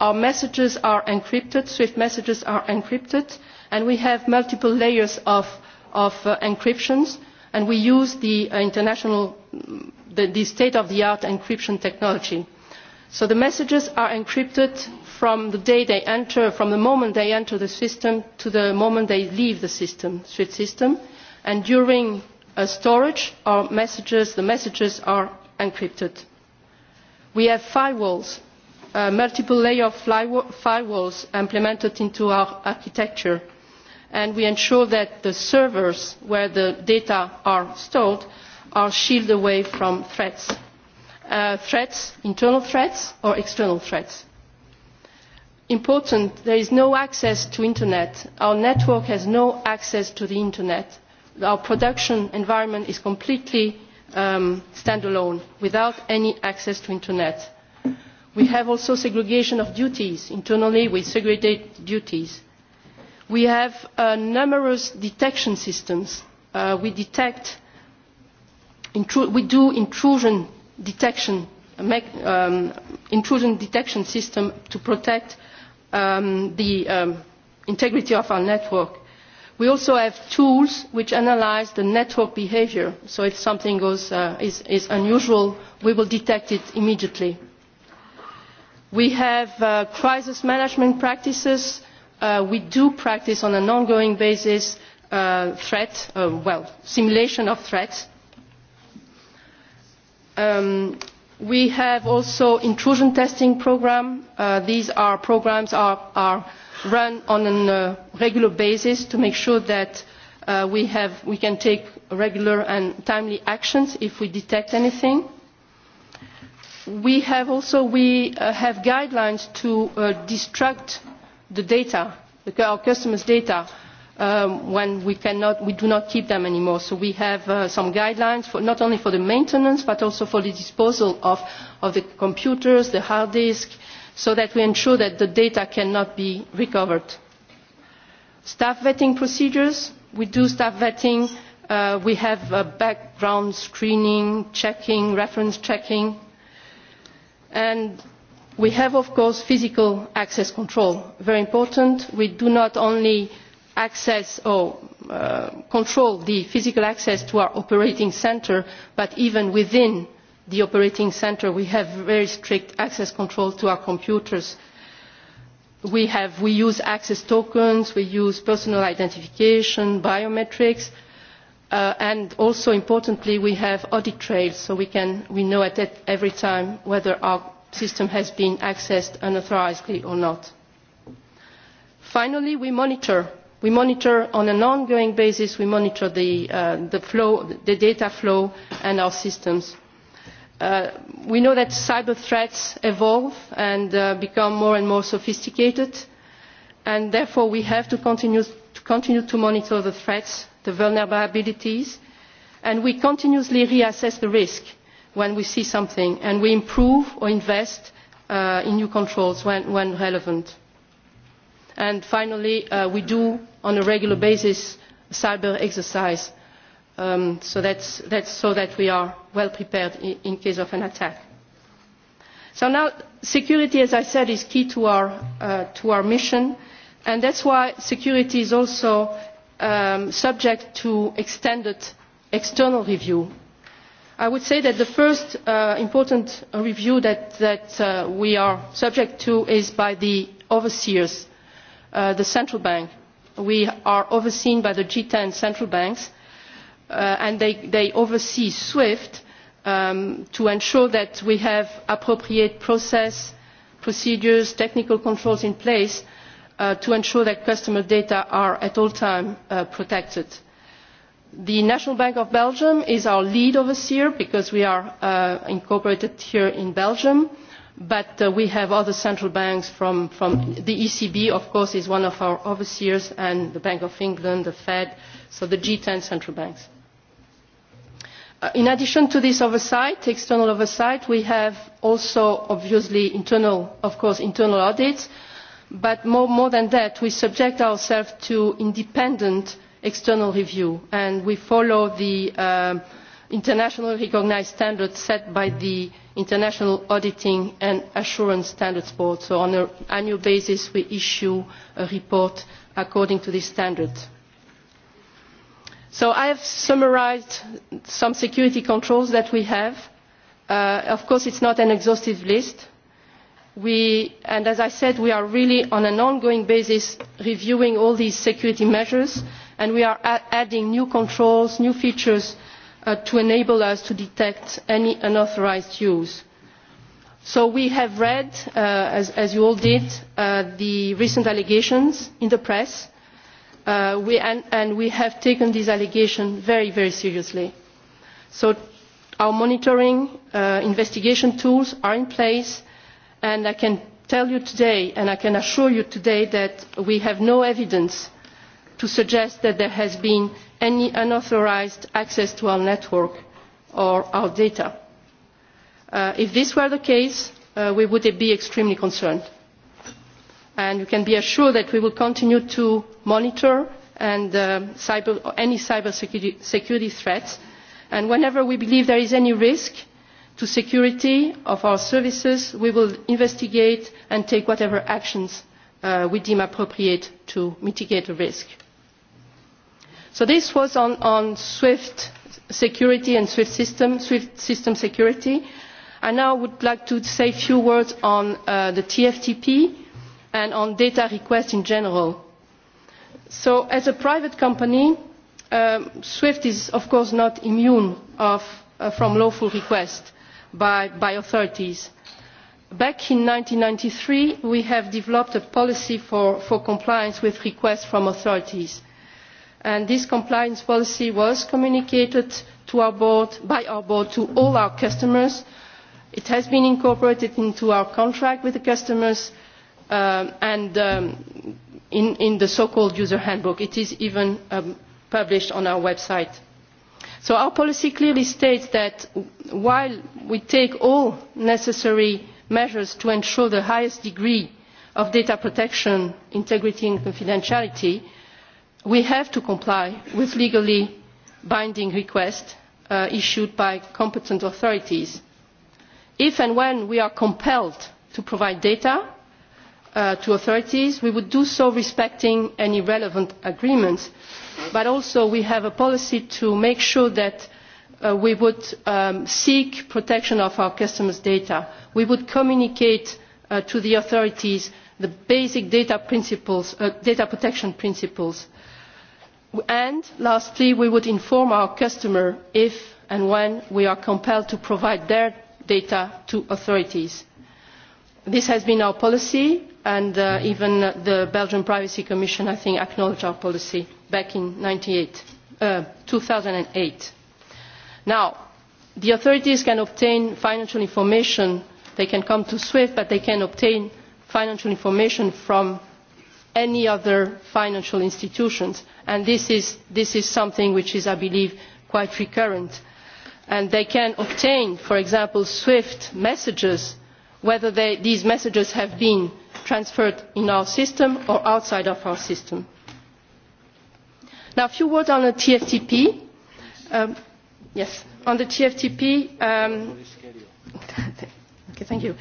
Our messages are encrypted, SWIFT messages are encrypted, and we have multiple layers of, of uh, encryptions, and we use the uh, international, mm, the, the state-of-the-art encryption technology. So the messages are encrypted from the day they enter, from the moment they enter the system to the moment they leave the system, SWIFT system. And during a uh, storage, our messages, the messages are encrypted. We have firewalls, uh, multiple layer of firewalls implemented into our architecture. And we ensure that the servers where the data are stored are shielded away from threats. Uh, threats, internal threats or external threats important there is no access to the internet our network has no access to the internet our production environment is completely um, standalone without any access to the internet we have also segregation of duties internally we segregate duties we have uh, numerous detection systems uh, we detect we do intrusion detection uh, um, intrusion detection system to protect um, the um, integrity of our network. We also have tools which analyze the network behavior, so if something goes, uh, is, is unusual, we will detect it immediately. We have uh, crisis management practices. Uh, we do practice on an ongoing basis uh, threat, uh, well, simulation of threats. Um, We have also intrusion testing program. Uh, these are programs are, are run on a uh, regular basis to make sure that uh, we, have, we can take regular and timely actions if we detect anything. We have also we, uh, have guidelines to uh, destruct the data, the, our customers' data um, when we, cannot, we do not keep them anymore. So we have uh, some guidelines for, not only for the maintenance but also for the disposal of, of the computers, the hard disk, so that we ensure that the data cannot be recovered. Staff vetting procedures, we do staff vetting, uh, we have uh, background screening, checking, reference checking, and we have of course physical access control, very important. We do not only uh, access or uh, control the physical access to our operating centre, but even within the operating centre we have very strict access control to our computers. We, have, we use access tokens, we use personal identification, biometrics, uh, and also importantly we have audit trails so we, can, we know at every time whether our system has been accessed unauthorisedly or not. Finally, we monitor We monitor on an ongoing basis, we monitor the, uh, the, flow, the data flow and our systems. Uh, we know that cyber threats evolve and uh, become more and more sophisticated, and therefore we have to continue to, continue to monitor the threats, the vulnerabilities, and we continuously reassess the risk when we see something, and we improve or invest uh, in new controls when, when relevant. And finally, uh, we do on a regular basis cyber exercise um, so, that's, that's so that we are well prepared in, in case of an attack. So now security, as I said, is key to our, uh, to our mission and that's why security is also um, subject to extended external review. I would say that the first uh, important review that, that uh, we are subject to is by the overseers, uh, the central bank. Uh, we are overseen by the G10 central banks uh, and they, they oversee SWIFT um, to ensure that we have appropriate process, procedures, technical controls in place uh, to ensure that customer data are at all times uh, protected. The National Bank of Belgium is our lead overseer because we are uh, incorporated here in Belgium but uh, we have other central banks from, from the ECB, of course, is one of our overseers, and the Bank of England, the Fed, so the G10 central banks. Uh, in addition to this oversight, external oversight, we have also, obviously, internal, of course, internal audits, but more, more than that, we subject ourselves to independent external review, and we follow the um, internationally recognized standards set by the International Auditing and Assurance Standards Board. So on an annual basis, we issue a report according to this standard. So I have summarized some security controls that we have. Uh, of course, it's not an exhaustive list. We, and as I said, we are really on an ongoing basis reviewing all these security measures and we are adding new controls, new features Uh, to enable us to detect any unauthorised use. So we have read, uh, as, as you all did, uh, the recent allegations in the press, uh, we, and, and we have taken these allegations very, very seriously. So our monitoring uh, investigation tools are in place, and I can tell you today, and I can assure you today, that we have no evidence to suggest that there has been any unauthorised access to our network or our data. Uh, if this were the case, uh, we would be extremely concerned. And you can be assured that we will continue to monitor and, uh, cyber, any cyber security, security threats. And whenever we believe there is any risk to security of our services, we will investigate and take whatever actions uh, we deem appropriate to mitigate the risk. So this was on, on SWIFT security and SWIFT system, SWIFT system security. I now would like to say a few words on uh, the TFTP and on data requests in general. So as a private company, um, SWIFT is of course not immune of, uh, from lawful requests by, by authorities. Back in 1993, we have developed a policy for, for compliance with requests from authorities and this compliance policy was communicated to our board, by our board to all our customers. It has been incorporated into our contract with the customers um, and um, in, in the so-called user handbook. It is even um, published on our website. So our policy clearly states that while we take all necessary measures to ensure the highest degree of data protection, integrity and confidentiality, we have to comply with legally binding requests uh, issued by competent authorities. If and when we are compelled to provide data uh, to authorities, we would do so respecting any relevant agreements, but also we have a policy to make sure that uh, we would um, seek protection of our customers' data. We would communicate uh, to the authorities the basic data, principles, uh, data protection principles And lastly, we would inform our customer if and when we are compelled to provide their data to authorities. This has been our policy and uh, even the Belgian Privacy Commission, I think, acknowledged our policy back in 98, uh, 2008. Now, the authorities can obtain financial information, they can come to SWIFT, but they can obtain financial information from any other financial institutions. And this is, this is something which is, I believe, quite recurrent. And they can obtain, for example, SWIFT messages, whether they, these messages have been transferred in our system or outside of our system. Now, a few words on the TFTP. Um, yes, on the TFTP. Um, okay, thank you.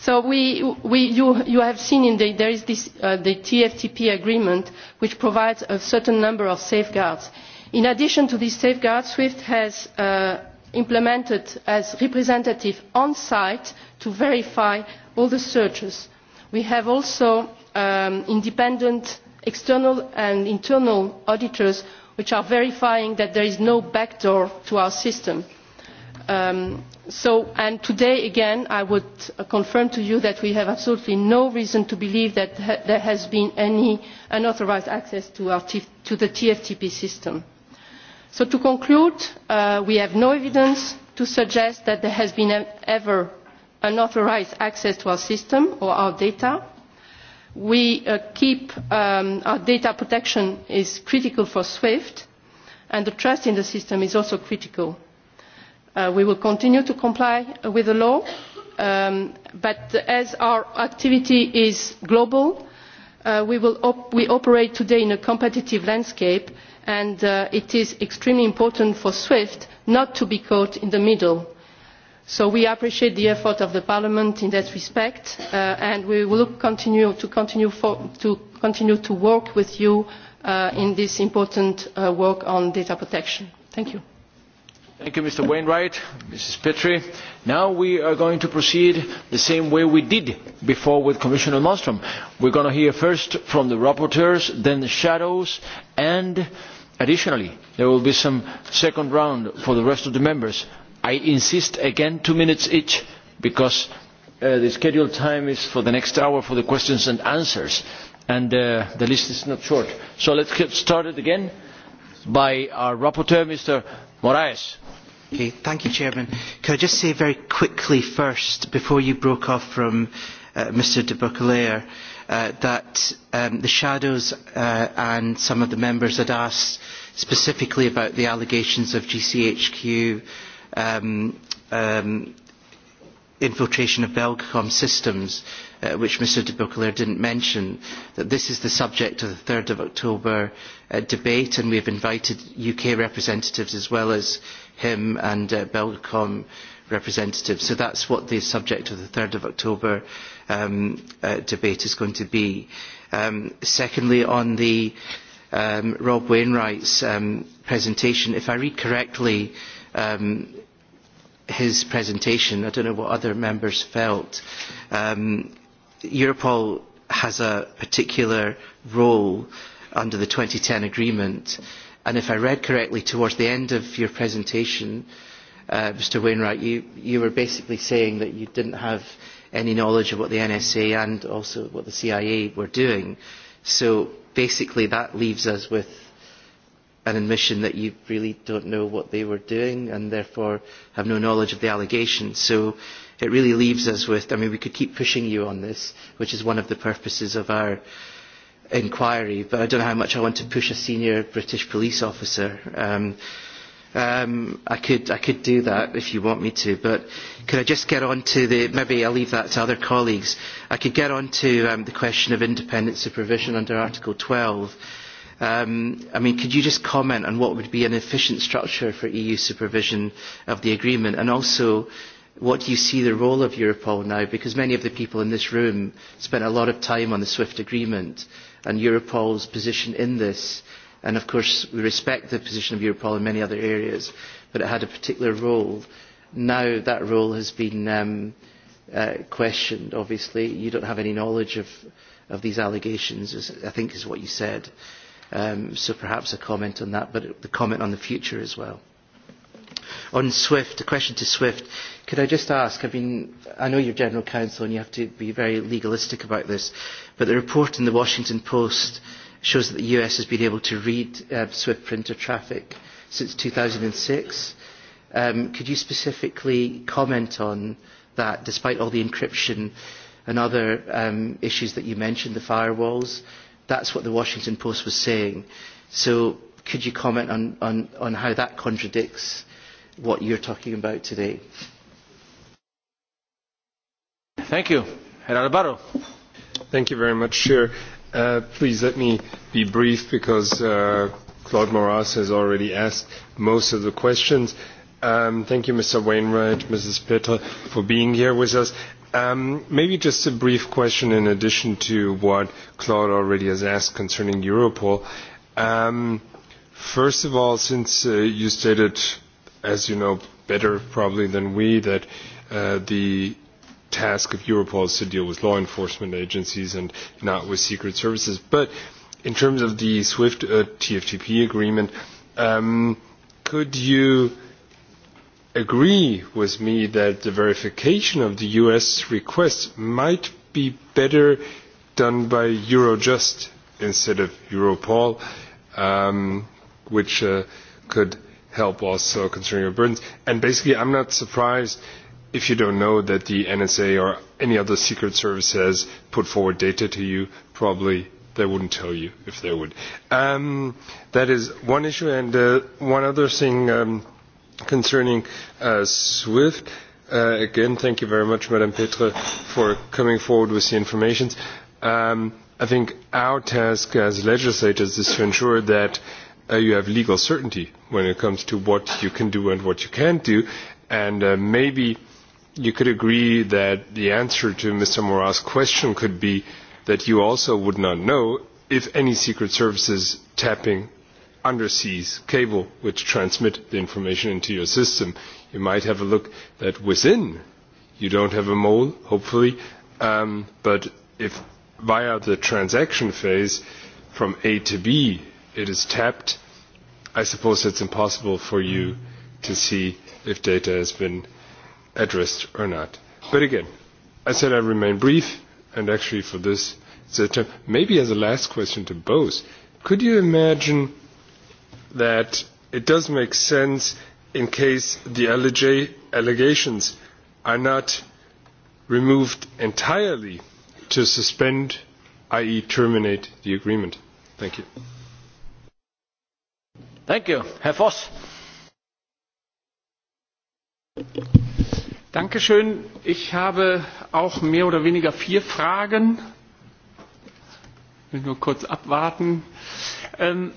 So we, we, you, you have seen in the there is this, uh, the TFTP agreement which provides a certain number of safeguards. In addition to these safeguards, SWIFT has uh, implemented as representative on site to verify all the searches. We have also um, independent external and internal auditors which are verifying that there is no backdoor to our system. Um, So, and today again, I would uh, confirm to you that we have absolutely no reason to believe that there has been any unauthorized access to, our t to the TFTP system. So to conclude, uh, we have no evidence to suggest that there has been e, ever unauthorized access to our system or our data. We uh, keep um, our data protection is critical for SWIFT, and the trust in the system is also critical Uh, we will continue to comply with the law, um, but as our activity is global, uh, we, will op we operate today in a competitive landscape and uh, it is extremely important for SWIFT not to be caught in the middle. So we appreciate the effort of the Parliament in that respect uh, and we will continue to continue, for, to, continue to work with you uh, in this important uh, work on data protection. Thank you. Thank you, Mr. Wainwright, Mrs. Petrie. Now we are going to proceed the same way we did before with Commissioner Malmström. We're going to hear first from the rapporteurs, then the shadows, and additionally, there will be some second round for the rest of the members. I insist again, two minutes each, because uh, the scheduled time is for the next hour for the questions and answers, and uh, the list is not short. So let's get started again by our rapporteur, Mr. Moraes. Okay, thank you, Chairman. Could I just say very quickly first, before you broke off from uh, Mr. de Buccleuer, uh, that um, the shadows uh, and some of the members had asked specifically about the allegations of GCHQ um, um, infiltration of Belgacom systems. Uh, uh, which Mr de did didn't mention, that this is the subject of the 3rd of October uh, debate and we have invited UK representatives as well as him and uh, Belcom representatives. So that's what the subject of the 3rd of October um, uh, debate is going to be. Um, secondly, on the um, Rob Wainwright's um, presentation, if I read correctly, um, his presentation, I don't know what other members felt, um, Europol has a particular role under the 2010 agreement. And if I read correctly, towards the end of your presentation, uh, Mr. Wainwright, you, you were basically saying that you didn't have any knowledge of what the NSA and also what the CIA were doing. So basically that leaves us with an admission that you really don't know what they were doing and therefore have no knowledge of the allegations. So it really leaves us with, I mean, we could keep pushing you on this, which is one of the purposes of our inquiry, but I don't know how much I want to push a senior British police officer. Um, um, I, could, I could do that if you want me to, but could I just get on to the, maybe I'll leave that to other colleagues, I could get on to um, the question of independent supervision under Article 12. Um, I mean, could you just comment on what would be an efficient structure for EU supervision of the agreement and also what do you see the role of Europol now? Because many of the people in this room spent a lot of time on the SWIFT agreement and Europol's position in this. And of course, we respect the position of Europol in many other areas, but it had a particular role. Now that role has been um, uh, questioned, obviously. You don't have any knowledge of, of these allegations, is, I think is what you said. Um, so perhaps a comment on that, but the comment on the future as well on SWIFT, a question to SWIFT, could I just ask, I mean, I know you're general counsel and you have to be very legalistic about this, but the report in the Washington Post shows that the US has been able to read uh, SWIFT printer traffic since 2006. Um, could you specifically comment on that, despite all the encryption and other um, issues that you mentioned, the firewalls? That's what the Washington Post was saying. So could you comment on, on, on how that contradicts what you're talking about today. Thank you. Herr Thank you very much, Chair. Uh, please let me be brief because uh, Claude Moras has already asked most of the questions. Um, thank you, Mr. Wainwright, Mrs. Petter, for being here with us. Um, maybe just a brief question in addition to what Claude already has asked concerning Europol. Um, first of all, since uh, you stated as you know better probably than we, that uh, the task of Europol is to deal with law enforcement agencies and not with secret services. But in terms of the SWIFT uh, TFTP agreement, um, could you agree with me that the verification of the US request might be better done by Eurojust instead of Europol, um, which uh, could – help also concerning your burdens. And basically, I'm not surprised if you don't know that the NSA or any other secret service has put forward data to you, probably they wouldn't tell you if they would. Um, that is one issue. And uh, one other thing um, concerning uh, SWIFT. Uh, again, thank you very much, Madame Petre, for coming forward with the information. Um, I think our task as legislators is to ensure that uh, you have legal certainty when it comes to what you can do and what you can't do. And uh, maybe you could agree that the answer to Mr. Morat's question could be that you also would not know if any Secret Services tapping underseas cable which transmit the information into your system. You might have a look that within you don't have a mole, hopefully, um, but if via the transaction phase from A to B it is tapped, I suppose it's impossible for you to see if data has been addressed or not. But again, I said I remain brief, and actually for this, it's a term. maybe as a last question to both, could you imagine that it does make sense in case the alleg allegations are not removed entirely to suspend, i.e. terminate the agreement? Thank you. Thank you. Herr Voss. Dankeschön. Ich habe auch mehr oder weniger vier Fragen. Ich will nur kurz abwarten. Ähm,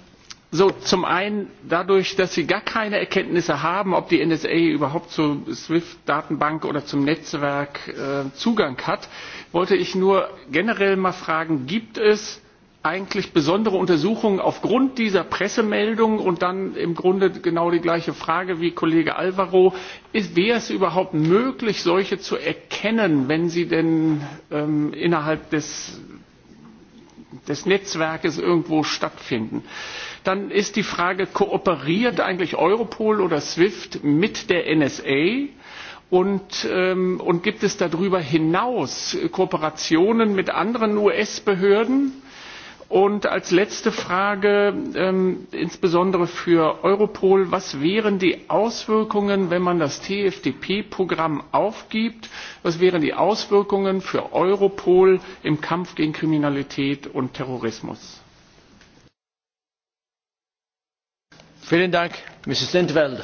so, zum einen dadurch, dass Sie gar keine Erkenntnisse haben, ob die NSA überhaupt zur SWIFT-Datenbank oder zum Netzwerk äh, Zugang hat, wollte ich nur generell mal fragen, gibt es eigentlich besondere Untersuchungen aufgrund dieser Pressemeldung und dann im Grunde genau die gleiche Frage wie Kollege Alvaro. Ist, wäre es überhaupt möglich, solche zu erkennen, wenn sie denn ähm, innerhalb des, des Netzwerkes irgendwo stattfinden? Dann ist die Frage, kooperiert eigentlich Europol oder SWIFT mit der NSA? Und, ähm, und gibt es darüber hinaus Kooperationen mit anderen US-Behörden? Und als letzte Frage, ähm, insbesondere für Europol, was wären die Auswirkungen, wenn man das TFDP-Programm aufgibt? Was wären die Auswirkungen für Europol im Kampf gegen Kriminalität und Terrorismus? Vielen Dank, Mrs. Lindwelde.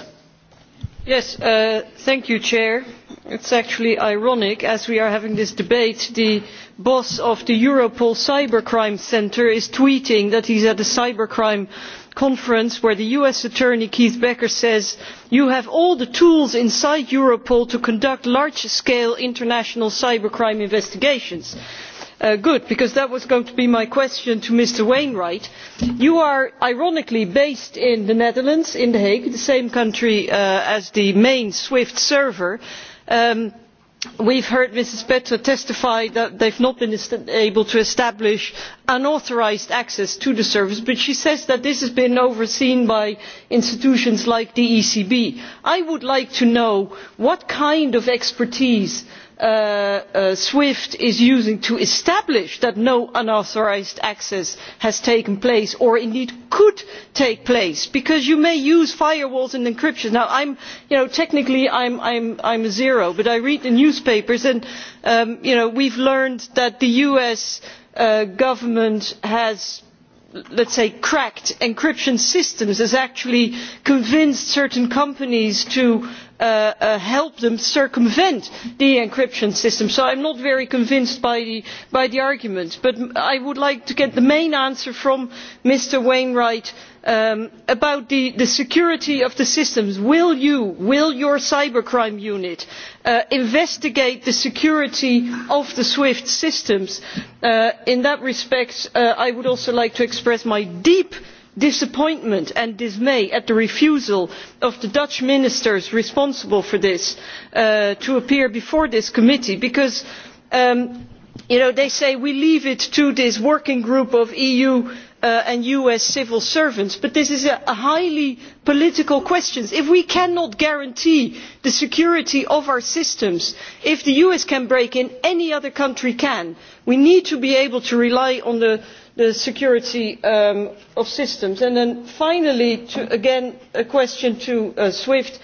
Yes, uh, thank you, Chair. It's actually ironic, as we are having this debate, the boss of the Europol Cybercrime Center is tweeting that he's at a cybercrime conference where the US Attorney Keith Becker says, you have all the tools inside Europol to conduct large-scale international cybercrime investigations. Mm -hmm Uh, good because that was going to be my question to mr wainwright. you are ironically based in the netherlands in the hague the same country uh, as the main swift server. Um, we have heard mrs petre testify that they have not been able to establish unauthorised access to the service but she says that this has been overseen by institutions like the ecb. i would like to know what kind of expertise Uh, uh, swift is using to establish that no unauthorised access has taken place or indeed could take place because you may use firewalls and encryption. now technically i am a zero but i read the newspapers and um, we have learned that the us uh, government has let us say cracked encryption systems has actually convinced certain companies to Uh, uh, help them circumvent the encryption system. So I am not very convinced by the, by the argument, but I would like to get the main answer from Mr. Wainwright um, about the, the, security of the systems. Will you, will your cybercrime unit uh, investigate the security of the SWIFT systems? Uh, in that respect, uh, I would also like to express my deep disappointment and dismay at the refusal of the dutch ministers responsible for this uh, to appear before this committee because um, they say we leave it to this working group of eu uh, and us civil servants but this is a highly political question. if we cannot guarantee the security of our systems if the us can break in any other country can we need to be able to rely on the the security um, of systems. And then finally, to, again, a question to uh, SWIFT.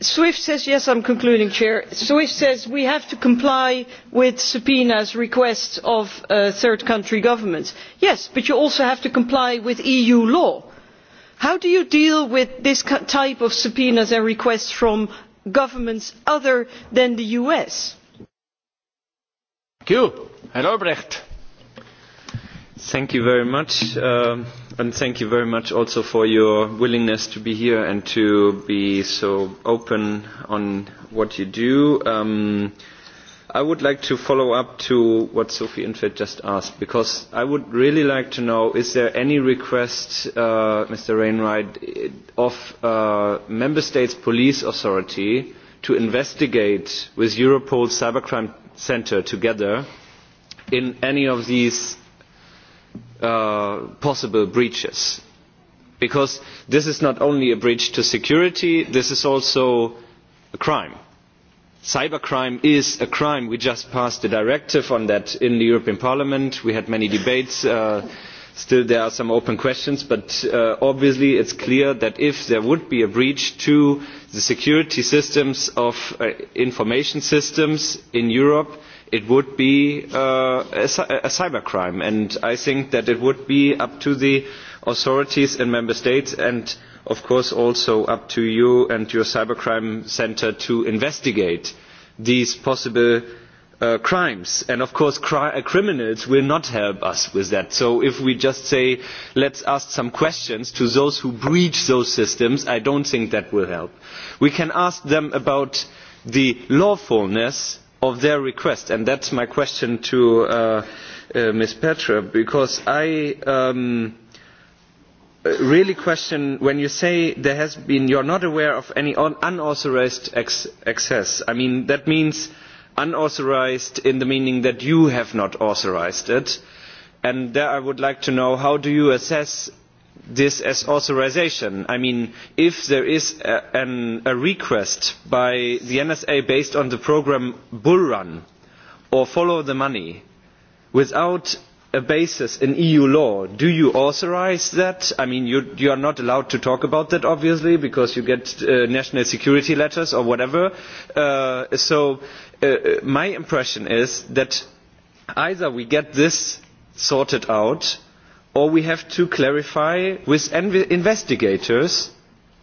SWIFT says, yes, I'm concluding, Chair. SWIFT says we have to comply with subpoenas, requests of uh, third country governments. Yes, but you also have to comply with EU law. How do you deal with this type of subpoenas and requests from governments other than the US? Thank you. Herr Albrecht. Thank you very much, uh, and thank you very much also for your willingness to be here and to be so open on what you do. Um, I would like to follow up to what Sophie Infert just asked, because I would really like to know, is there any request, uh, Mr. Rainwright, of uh, Member States Police Authority to investigate with Europol Cybercrime Center together in any of these Uh, possible breaches. Because this is not only a breach to security, this is also a crime. Cybercrime is a crime. We just passed a directive on that in the European Parliament. We had many debates. Uh, still there are some open questions, but uh, obviously it's clear that if there would be a breach to the security systems of uh, information systems in Europe, it would be uh, a, a cybercrime. And I think that it would be up to the authorities in member states and of course also up to you and your cybercrime centre to investigate these possible uh, crimes. And of course, cri uh, criminals will not help us with that. So if we just say, let's ask some questions to those who breach those systems, I don't think that will help. We can ask them about the lawfulness of their request. And that's my question to uh, uh, Ms. Petra, because I um, uh, really question when you say there has been, you're not aware of any un unauthorized ex access. I mean, that means unauthorized in the meaning that you have not authorized it. And there I would like to know how do you assess this as authorisation. I mean, if there is a, an, a request by the NSA based on the programme Bull Run or Follow the Money without a basis in EU law, do you authorise that? I mean, you, you are not allowed to talk about that, obviously, because you get uh, national security letters or whatever. Uh, so uh, my impression is that either we get this sorted out or we have to clarify with investigators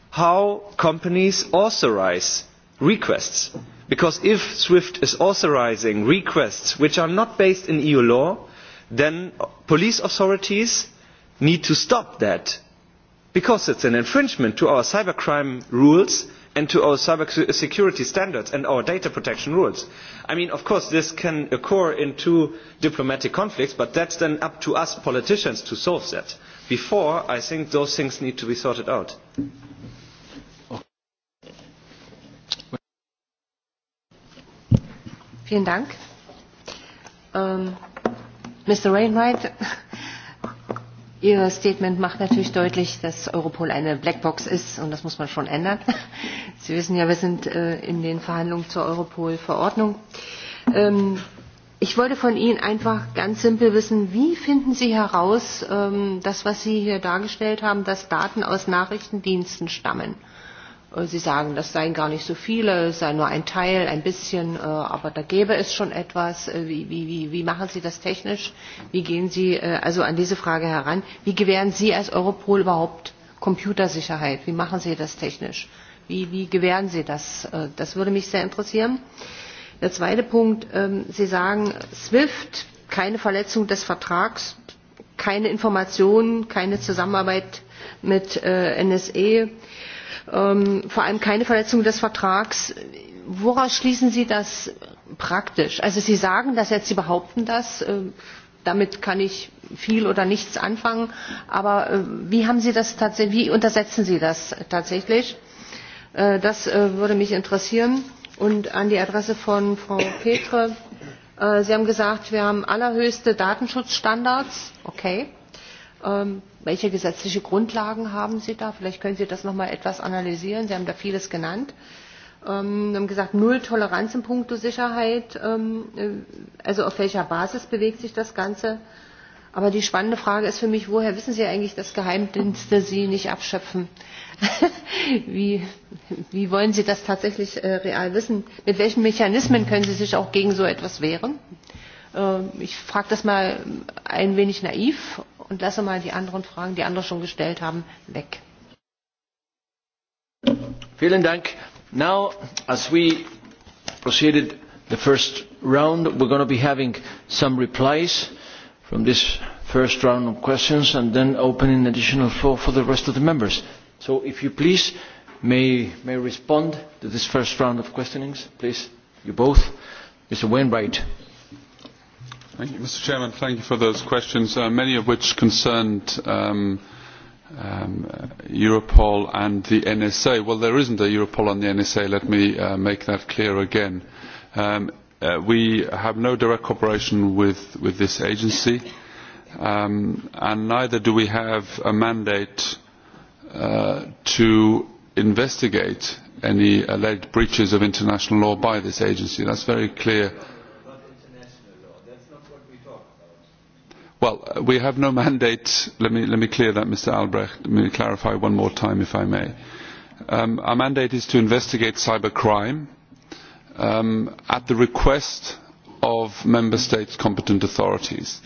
how companies authorize requests. Because if SWIFT is authorizing requests which are not based in EU law, then police authorities need to stop that because it's an infringement to our cybercrime rules and to our cybersecurity standards and our data protection rules. I mean, of course, this can occur in two diplomatic conflicts, but that's then up to us politicians to solve that. Before, I think those things need to be sorted out. Vielen Dank. Um, ähm, Mr. Wainwright, Ihr Statement macht natürlich deutlich, dass Europol eine Blackbox ist und das muss man schon ändern. Sie wissen ja, wir sind äh, in den Verhandlungen zur Europol-Verordnung. Ähm, ich wollte von Ihnen einfach ganz simpel wissen, wie finden Sie heraus, ähm, das, was Sie hier dargestellt haben, dass Daten aus Nachrichtendiensten stammen? Sie sagen, das seien gar nicht so viele, es sei nur ein Teil, ein bisschen, äh, aber da gäbe es schon etwas. Äh, wie, wie, wie machen Sie das technisch? Wie gehen Sie äh, also an diese Frage heran? Wie gewähren Sie als Europol überhaupt Computersicherheit? Wie machen Sie das technisch? Wie, wie gewähren Sie das? Das würde mich sehr interessieren. Der zweite Punkt, ähm, Sie sagen, SWIFT, keine Verletzung des Vertrags, keine Informationen, keine Zusammenarbeit mit NSE ähm, vor allem keine Verletzung des Vertrags. Woraus schließen Sie das praktisch? Also Sie sagen das jetzt, Sie behaupten das. Äh, damit kann ich viel oder nichts anfangen. Aber äh, wie haben Sie das tatsächlich, wie untersetzen Sie das tatsächlich? Äh, das äh, würde mich interessieren. Und an die Adresse von Frau Petre. Äh, Sie haben gesagt, wir haben allerhöchste Datenschutzstandards. Okay. Ähm, welche gesetzliche Grundlagen haben Sie da? Vielleicht können Sie das noch mal etwas analysieren. Sie haben da vieles genannt. Ähm, haben gesagt, null Toleranz in puncto Sicherheit. Ähm, äh, also auf welcher Basis bewegt sich das Ganze? Aber die spannende Frage ist für mich, woher wissen Sie eigentlich, dass Geheimdienste Sie nicht abschöpfen? wie, wie wollen Sie das tatsächlich äh, real wissen? Mit welchen Mechanismen können Sie sich auch gegen so etwas wehren? Ähm, ich frage das mal ein wenig naiv und lasse mal die anderen Fragen, die andere schon gestellt haben, weg. Vielen Dank. Now, as we proceeded the first round, we're going to be having some replies from this first round of questions and then open an additional floor for the rest of the members. So if you please may, may respond to this first round of questionings, please, you both. Mr. Wainwright. Thank you, Mr. Chairman. Thank you for those questions, uh, many of which concerned um, um, Europol and the NSA. Well, there isn't a Europol and the NSA. Let me uh, make that clear again. Um, uh, we have no direct cooperation with, with this agency, um, and neither do we have a mandate uh, to investigate any alleged breaches of international law by this agency. That's very clear Well, uh, we have no mandate. Let me, let me clear that, Mr. Albrecht. Let me clarify one more time, if I may. Um, our mandate is to investigate cybercrime um, at the request of member states' competent authorities.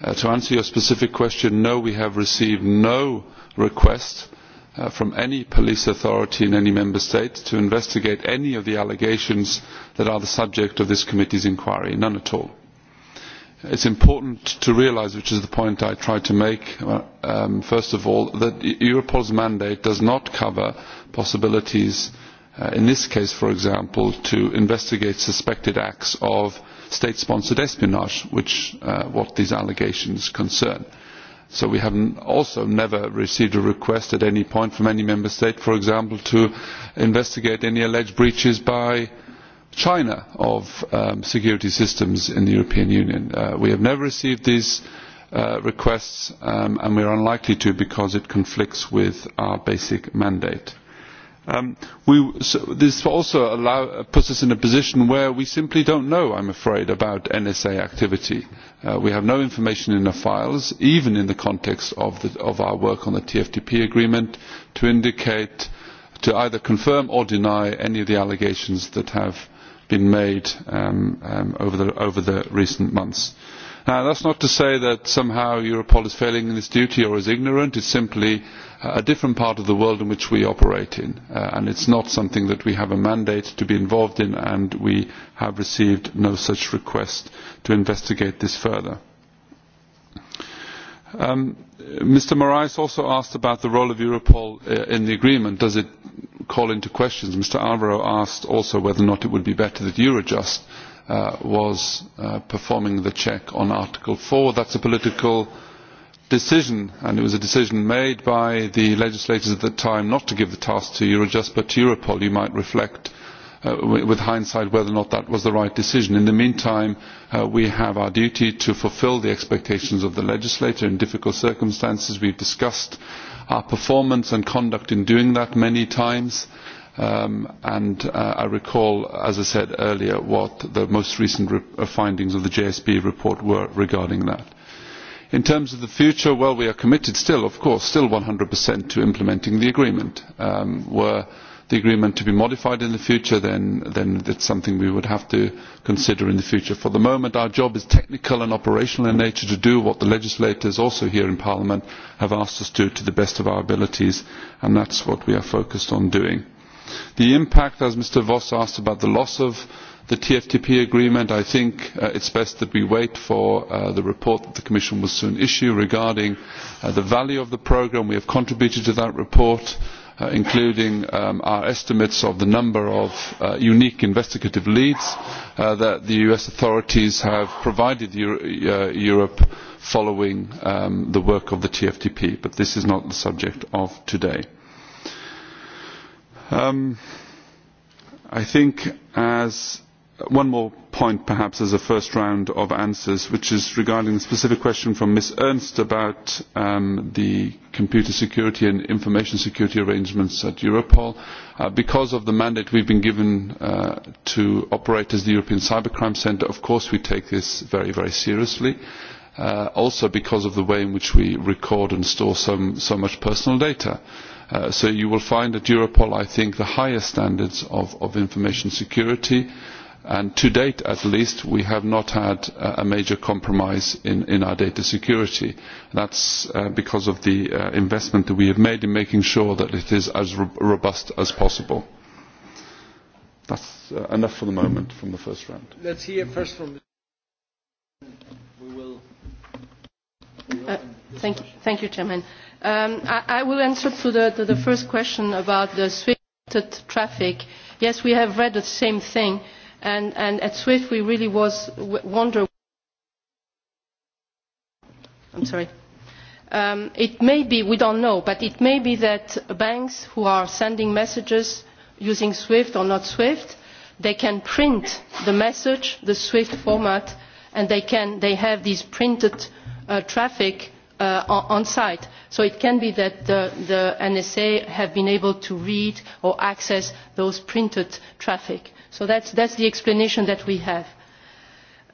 Uh, to answer your specific question, no, we have received no request uh, from any police authority in any member state to investigate any of the allegations that are the subject of this committee's inquiry. None at all. It's important to realise, which is the point I tried to make, uh, um, first of all, that e- Europol's mandate does not cover possibilities, uh, in this case, for example, to investigate suspected acts of state-sponsored espionage, which uh, what these allegations concern. So we have also never received a request at any point from any member state, for example, to investigate any alleged breaches by China of um, security systems in the European Union. Uh, we have never received these uh, requests um, and we are unlikely to because it conflicts with our basic mandate. Um, we, so this also allow, uh, puts us in a position where we simply don't know, I'm afraid, about NSA activity. Uh, we have no information in the files, even in the context of, the, of our work on the TFTP agreement, to indicate, to either confirm or deny any of the allegations that have been made um, um, over, the, over the recent months. Now, that's not to say that somehow Europol is failing in its duty or is ignorant. It's simply a different part of the world in which we operate in. Uh, and it's not something that we have a mandate to be involved in, and we have received no such request to investigate this further. Um, Mr. Moraes also asked about the role of Europol uh, in the agreement. Does it call into questions? Mr. Alvaro asked also whether or not it would be better that Eurojust uh, was uh, performing the check on Article 4. That's a political decision, and it was a decision made by the legislators at the time not to give the task to Eurojust but to Europol. You might reflect uh, with hindsight whether or not that was the right decision. In the meantime, uh, we have our duty to fulfil the expectations of the legislator in difficult circumstances. We've discussed our performance and conduct in doing that many times. Um, and uh, I recall, as I said earlier, what the most recent re uh, findings of the JSP report were regarding that. In terms of the future, well, we are committed still, of course, still 100% to implementing the agreement. Um, we're the agreement to be modified in the future, then, then it's something we would have to consider in the future. For the moment, our job is technical and operational in nature to do what the legislators also here in Parliament have asked us to do to the best of our abilities, and that's what we are focused on doing. The impact, as Mr. Voss asked about the loss of the TFTP agreement, I think uh, it's best that we wait for uh, the report that the Commission will soon issue regarding uh, the value of the programme. We have contributed to that report. Uh, including um, our estimates of the number of uh, unique investigative leads uh, that the US authorities have provided Euro uh, Europe following um, the work of the TFTP, but this is not the subject of today. Um, I think as one more point perhaps as a first round of answers which is regarding the specific question from Ms Ernst about um, the computer security and information security arrangements at Europol. Uh, because of the mandate we've been given uh, to operate as the European Cybercrime Centre, of course we take this very, very seriously. Uh, also because of the way in which we record and store some, so much personal data. Uh, so you will find at Europol, I think, the highest standards of, of information security, And to date, at least, we have not had uh, a major compromise in, in our data security. That's uh, because of the uh, investment that we have made in making sure that it is as robust as possible. That's uh, enough for the moment from the first round. Let's hear first from... The Uh, thank, you, thank you, Chairman. Um, I, I will answer to the, to the first question about the switched traffic. Yes, we have read the same thing And, and at SWIFT we really was wonder. I'm sorry. Um, it may be, we don't know, but it may be that banks who are sending messages using SWIFT or not SWIFT, they can print the message, the SWIFT format, and they, can, they have these printed uh, traffic uh, on site. So it can be that the, the NSA have been able to read or access those printed traffic. So that's, that's the explanation that we have.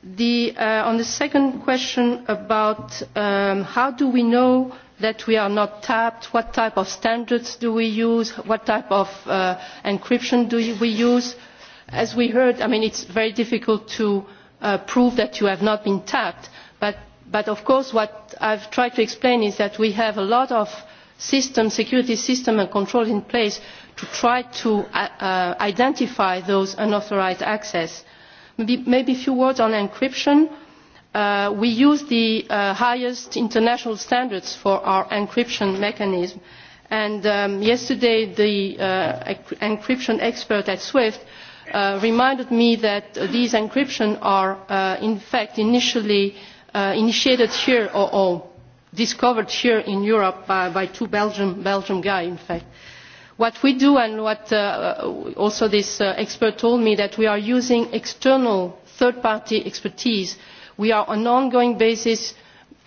The, uh, on the second question about um, how do we know that we are not tapped, what type of standards do we use, what type of uh, encryption do we use, as we heard, I mean, it's very difficult to uh, prove that you have not been tapped, but, but of course what I've tried to explain is that we have a lot of system, security system and control in place to try to uh, uh, identify those unauthorized access. Maybe, maybe a few words on encryption. Uh, we use the uh, highest international standards for our encryption mechanism. And um, yesterday, the uh, encryption expert at SWIFT uh, reminded me that these encryption are, uh, in fact, initially uh, initiated here or, or discovered here in Europe by, by two Belgium, Belgium guys, in fact. Uh, What we do and what uh, uh, also this uh, expert told me that we are using external third-party expertise. We are on an ongoing basis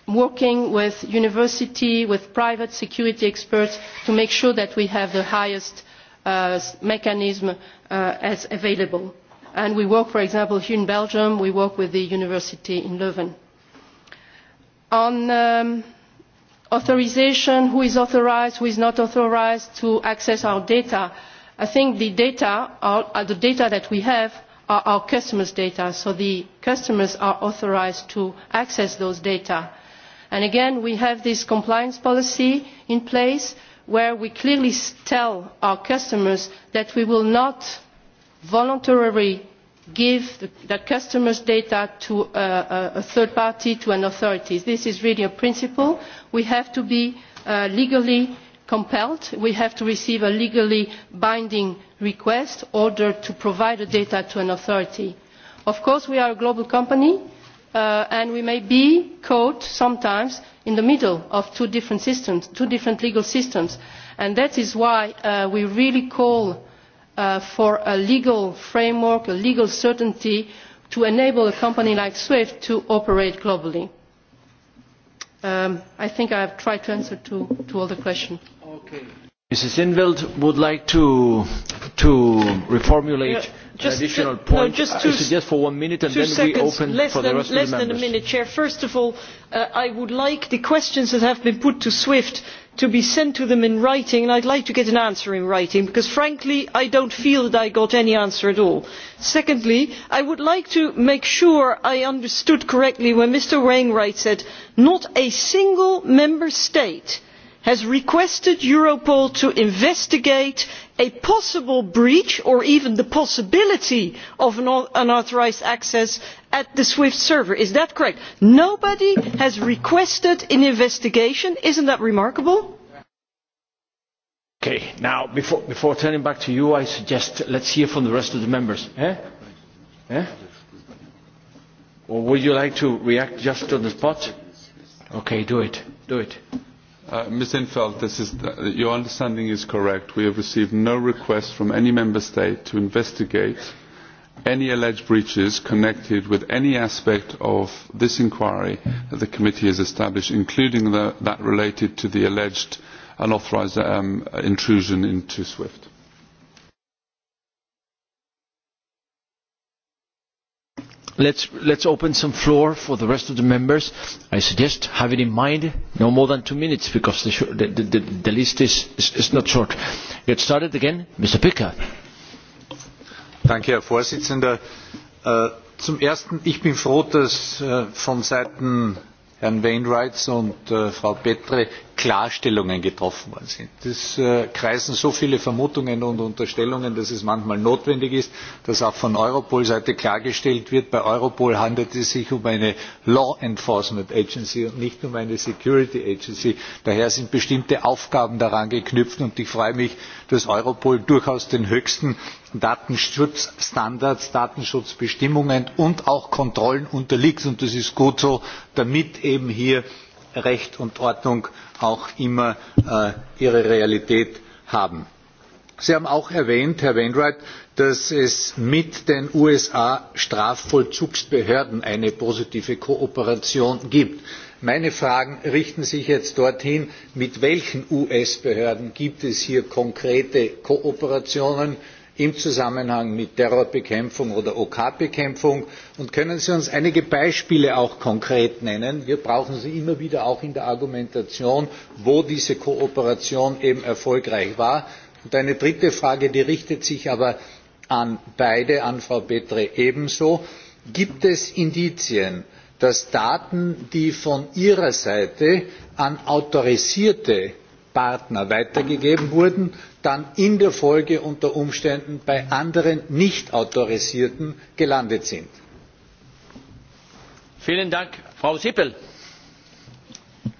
working with university, with private security experts to make sure that we have the highest uh, mechanism uh, as available. And we work, for example, here in Belgium, we work with the university in Leuven. On um, authorization, who is authorized, who is not authorized to access our data. I think the data, our, uh, the data that we have are our customers' data, so the customers are authorized to access those data. And again, we have this compliance policy in place where we clearly tell our customers that we will not voluntarily give the, the customer's data to a, uh, uh, a third party, to an authority. This is really a principle. We have to be uh, legally compelled. We have to receive a legally binding request order to provide the data to an authority. Of course, we are a global company uh, and we may be caught sometimes in the middle of two different systems, two different legal systems. And that is why uh, we really call uh, for a legal framework, a legal certainty to enable a company like SWIFT to operate globally. Um, I think I have tried to answer to, to all the questions. Okay. Mrs. Inveld would like to, to reformulate yeah just additional point. No, just two, I suggest for one minute and then seconds, we open less for than, the rest less of the than members. a minute, Chair. First of all, uh, I would like the questions that have been put to SWIFT to be sent to them in writing, and I'd like to get an answer in writing, because frankly, I don't feel that I got any answer at all. Secondly, I would like to make sure I understood correctly when Mr. Wainwright said, not a single member state has requested Europol to investigate a possible breach or even the possibility of unauthorised access at the swift server is that correct? nobody has requested an investigation is that not remarkable? Okay, now before, before turning back to you i suggest let's hear from the rest of the members. Eh? Eh? or would you like to react just on the spot? okay do it do it. Uh, Ms. Infeld, this is, uh, your understanding is correct. We have received no request from any member state to investigate any alleged breaches connected with any aspect of this inquiry that the committee has established, including the, that related to the alleged unauthorized um, intrusion into SWIFT. let's, let's open some floor for the rest of the members. I suggest have it in mind, no more than two minutes, because the, the, the, the list is, is, is not short. Get started again, Mr. Picker. Danke, Herr Vorsitzender. Uh, zum Ersten, ich bin froh, dass uh, von Seiten Herrn Wainwrights und äh, Frau Petre Klarstellungen getroffen worden sind. Es äh, kreisen so viele Vermutungen und Unterstellungen, dass es manchmal notwendig ist, dass auch von Europol-Seite klargestellt wird, bei Europol handelt es sich um eine Law Enforcement Agency und nicht um eine Security Agency. Daher sind bestimmte Aufgaben daran geknüpft und ich freue mich, dass Europol durchaus den höchsten Datenschutzstandards, Datenschutzbestimmungen und auch Kontrollen unterliegt. Und das ist gut so, damit eben hier Recht und Ordnung auch immer äh, ihre Realität haben. Sie haben auch erwähnt, Herr Wainwright, dass es mit den USA Strafvollzugsbehörden eine positive Kooperation gibt. Meine Fragen richten sich jetzt dorthin, mit welchen US-Behörden gibt es hier konkrete Kooperationen? im Zusammenhang mit Terrorbekämpfung oder OK-Bekämpfung? OK Und können Sie uns einige Beispiele auch konkret nennen? Wir brauchen sie immer wieder auch in der Argumentation, wo diese Kooperation eben erfolgreich war. Und eine dritte Frage, die richtet sich aber an beide, an Frau Petre ebenso. Gibt es Indizien, dass Daten, die von Ihrer Seite an autorisierte Partner weitergegeben wurden, dann in der Folge unter Umständen bei anderen nicht autorisierten gelandet sind. Vielen Dank, Frau Sippel.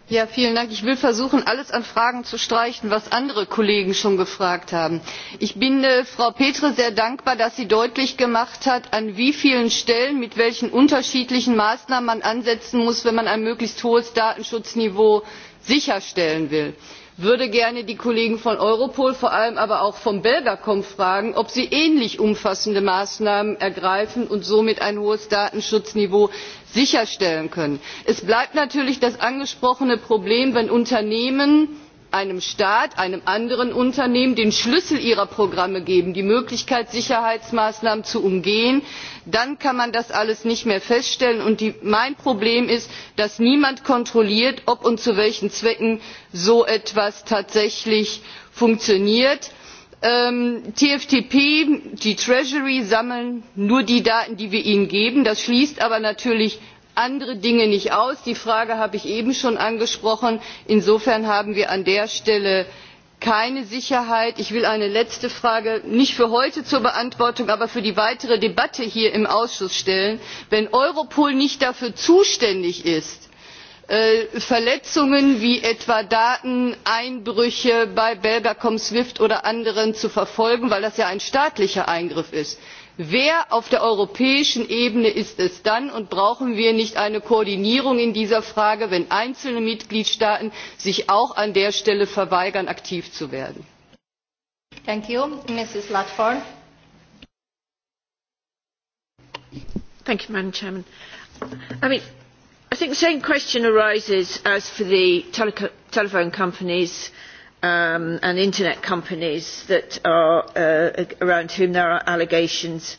Ja, vielen Dank. Ich will versuchen, alles an Fragen zu streichen, was andere Kollegen schon gefragt haben. Ich bin äh, Frau Petre sehr dankbar, dass sie deutlich gemacht hat, an wie vielen Stellen mit welchen unterschiedlichen Maßnahmen man ansetzen muss, wenn man ein möglichst hohes Datenschutzniveau sicherstellen will würde gerne die kollegen von europol vor allem aber auch vom belgacom fragen ob sie ähnlich umfassende maßnahmen ergreifen und somit ein hohes datenschutzniveau sicherstellen können. es bleibt natürlich das angesprochene problem wenn unternehmen einem staat einem anderen unternehmen den schlüssel ihrer programme geben die möglichkeit sicherheitsmaßnahmen zu umgehen dann kann man das alles nicht mehr feststellen mein problem ist dass niemand kontrolliert ob und zu welchen zwecken so etwas tatsächlich funktioniert. Ähm, tftp die treasury sammeln nur die daten die wir ihnen geben das schließt aber natürlich andere dinge nicht aus. die frage habe ich eben schon angesprochen. insofern haben wir an der stelle keine sicherheit. ich will eine letzte frage nicht für heute zur beantwortung aber für die weitere debatte hier im ausschuss stellen wenn europol nicht dafür zuständig ist äh, verletzungen wie etwa dateneinbrüche bei belgacom swift oder anderen zu verfolgen weil das ja ein staatlicher eingriff ist wer auf der europäischen ebene ist es dann und brauchen wir nicht eine koordinierung in dieser frage wenn einzelne mitgliedstaaten sich auch an der stelle verweigern aktiv zu werden? Madam I think the same question arises as for the telephone companies um, and internet companies that are uh, around whom there are allegations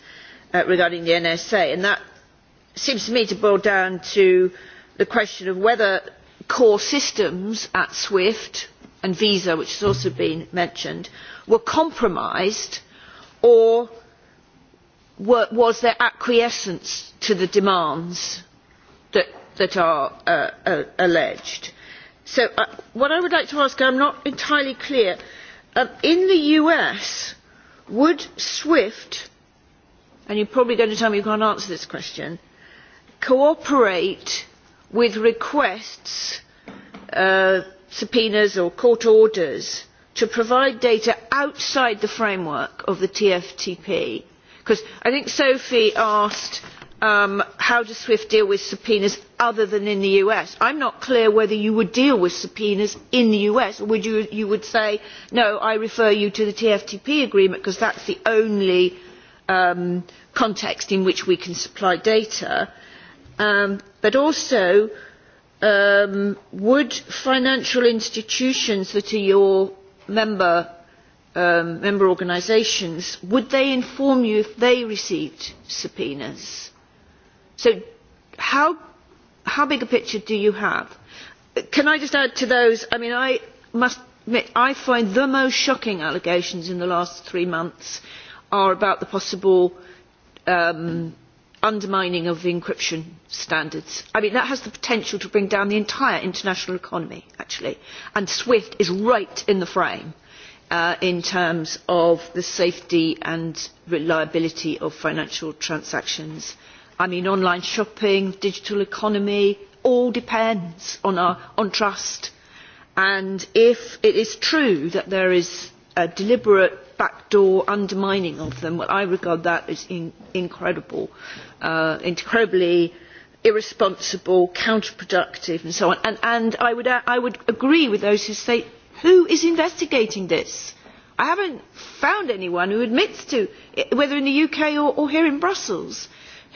uh, regarding the NSA. And that seems to me to boil down to the question of whether core systems at SWIFT and Visa, which has also been mentioned, were compromised or were, was there acquiescence to the demands that, that are uh, uh, alleged? So uh, what I would like to ask, I'm not entirely clear. Um, in the US, would SWIFT, and you're probably going to tell me you can't answer this question, cooperate with requests, uh, subpoenas or court orders to provide data outside the framework of the TFTP? Because I think Sophie asked um, how does SWIFT deal with subpoenas other than in the US? I'm not clear whether you would deal with subpoenas in the US. Would you, you would say, no, I refer you to the TFTP agreement because that's the only um, context in which we can supply data. Um, but also, um, would financial institutions that are your member um, member organisations, would they inform you if they received subpoenas? So how, how big a picture do you have? Can I just add to those, I mean, I must admit, I find the most shocking allegations in the last three months are about the possible um, undermining of the encryption standards. I mean, that has the potential to bring down the entire international economy, actually. And SWIFT is right in the frame uh, in terms of the safety and reliability of financial transactions I mean, online shopping, digital economy, all depends on, our, uh, on trust. And if it is true that there is a deliberate backdoor undermining of them, well, I regard that as in, incredible, uh, incredibly irresponsible, counterproductive, and so on. And, and I, would, uh, I would agree with those who say, who is investigating this? I haven't found anyone who admits to, whether in the UK or, or here in Brussels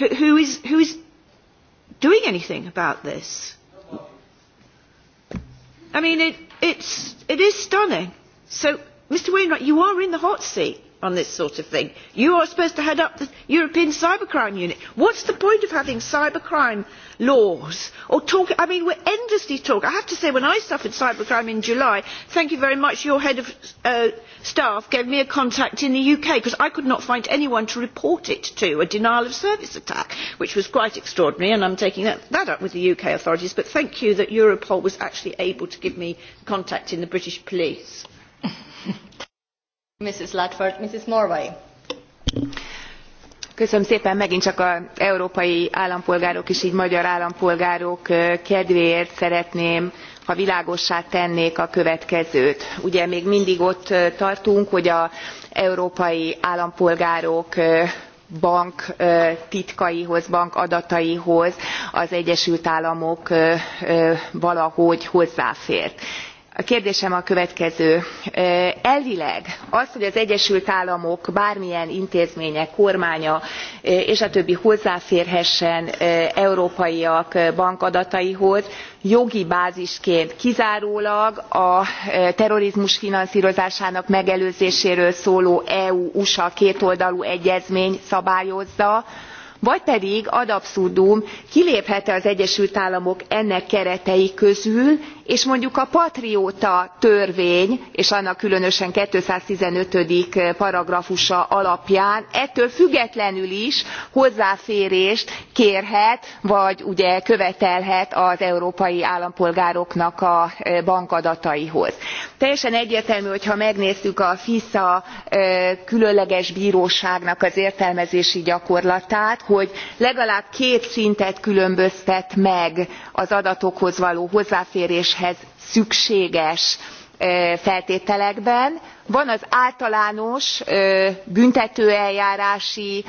Who, who, is, who is doing anything about this? I mean, it, it's, it is stunning. So, Mr. Wainwright, you are in the hot seat on this sort of thing. You are supposed to head up the European Cybercrime Unit. What's the point of having cybercrime laws? Or talk, I mean, we're endlessly talking. I have to say, when I suffered cybercrime in July, thank you very much, your head of uh, staff gave me a contact in the UK because I could not find anyone to report it to, a denial of service attack, which was quite extraordinary, and I'm taking that, that up with the UK authorities. But thank you that Europol was actually able to give me contact in the British police. Mrs. Latford, Mrs. Morvai. Köszönöm szépen, megint csak az európai állampolgárok és így magyar állampolgárok kedvéért szeretném, ha világossá tennék a következőt. Ugye még mindig ott tartunk, hogy az európai állampolgárok bank titkaihoz, bank adataihoz az Egyesült Államok valahogy hozzáfért A kérdésem a következő. Elvileg az, hogy az Egyesült Államok bármilyen intézménye, kormánya és a többi hozzáférhessen európaiak bankadataihoz, jogi bázisként kizárólag a terrorizmus finanszírozásának megelőzéséről szóló EU USA kétoldalú egyezmény szabályozza, vagy pedig ad abszurdum kiléphet e az egyesült államok ennek keretei közül és mondjuk a patrióta törvény és annak különösen two hundred and fifteen paragrafusa alapján ettől függetlenül is hozzáférést kérhet vagy ugye követelhet az európai állampolgároknak a bankadataihoz. teljesen egyértelmű hogy ha megnézzük a fisza különleges bróságnak az értelmezési gyakorlatát hogy legalább két szintet különböztet meg az adatokhoz való hozzáférés működéshez szükséges feltételekben van az általános büntetőeljárási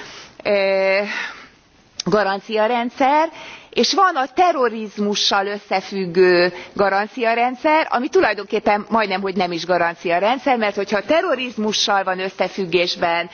garanciarendszer és van a terrorizmussal összefüggő garanciarendszer ami tulajdonképpen majdnem hogy nem is garanciarendszer mert hogyha a terrorizmussal van összefüggésben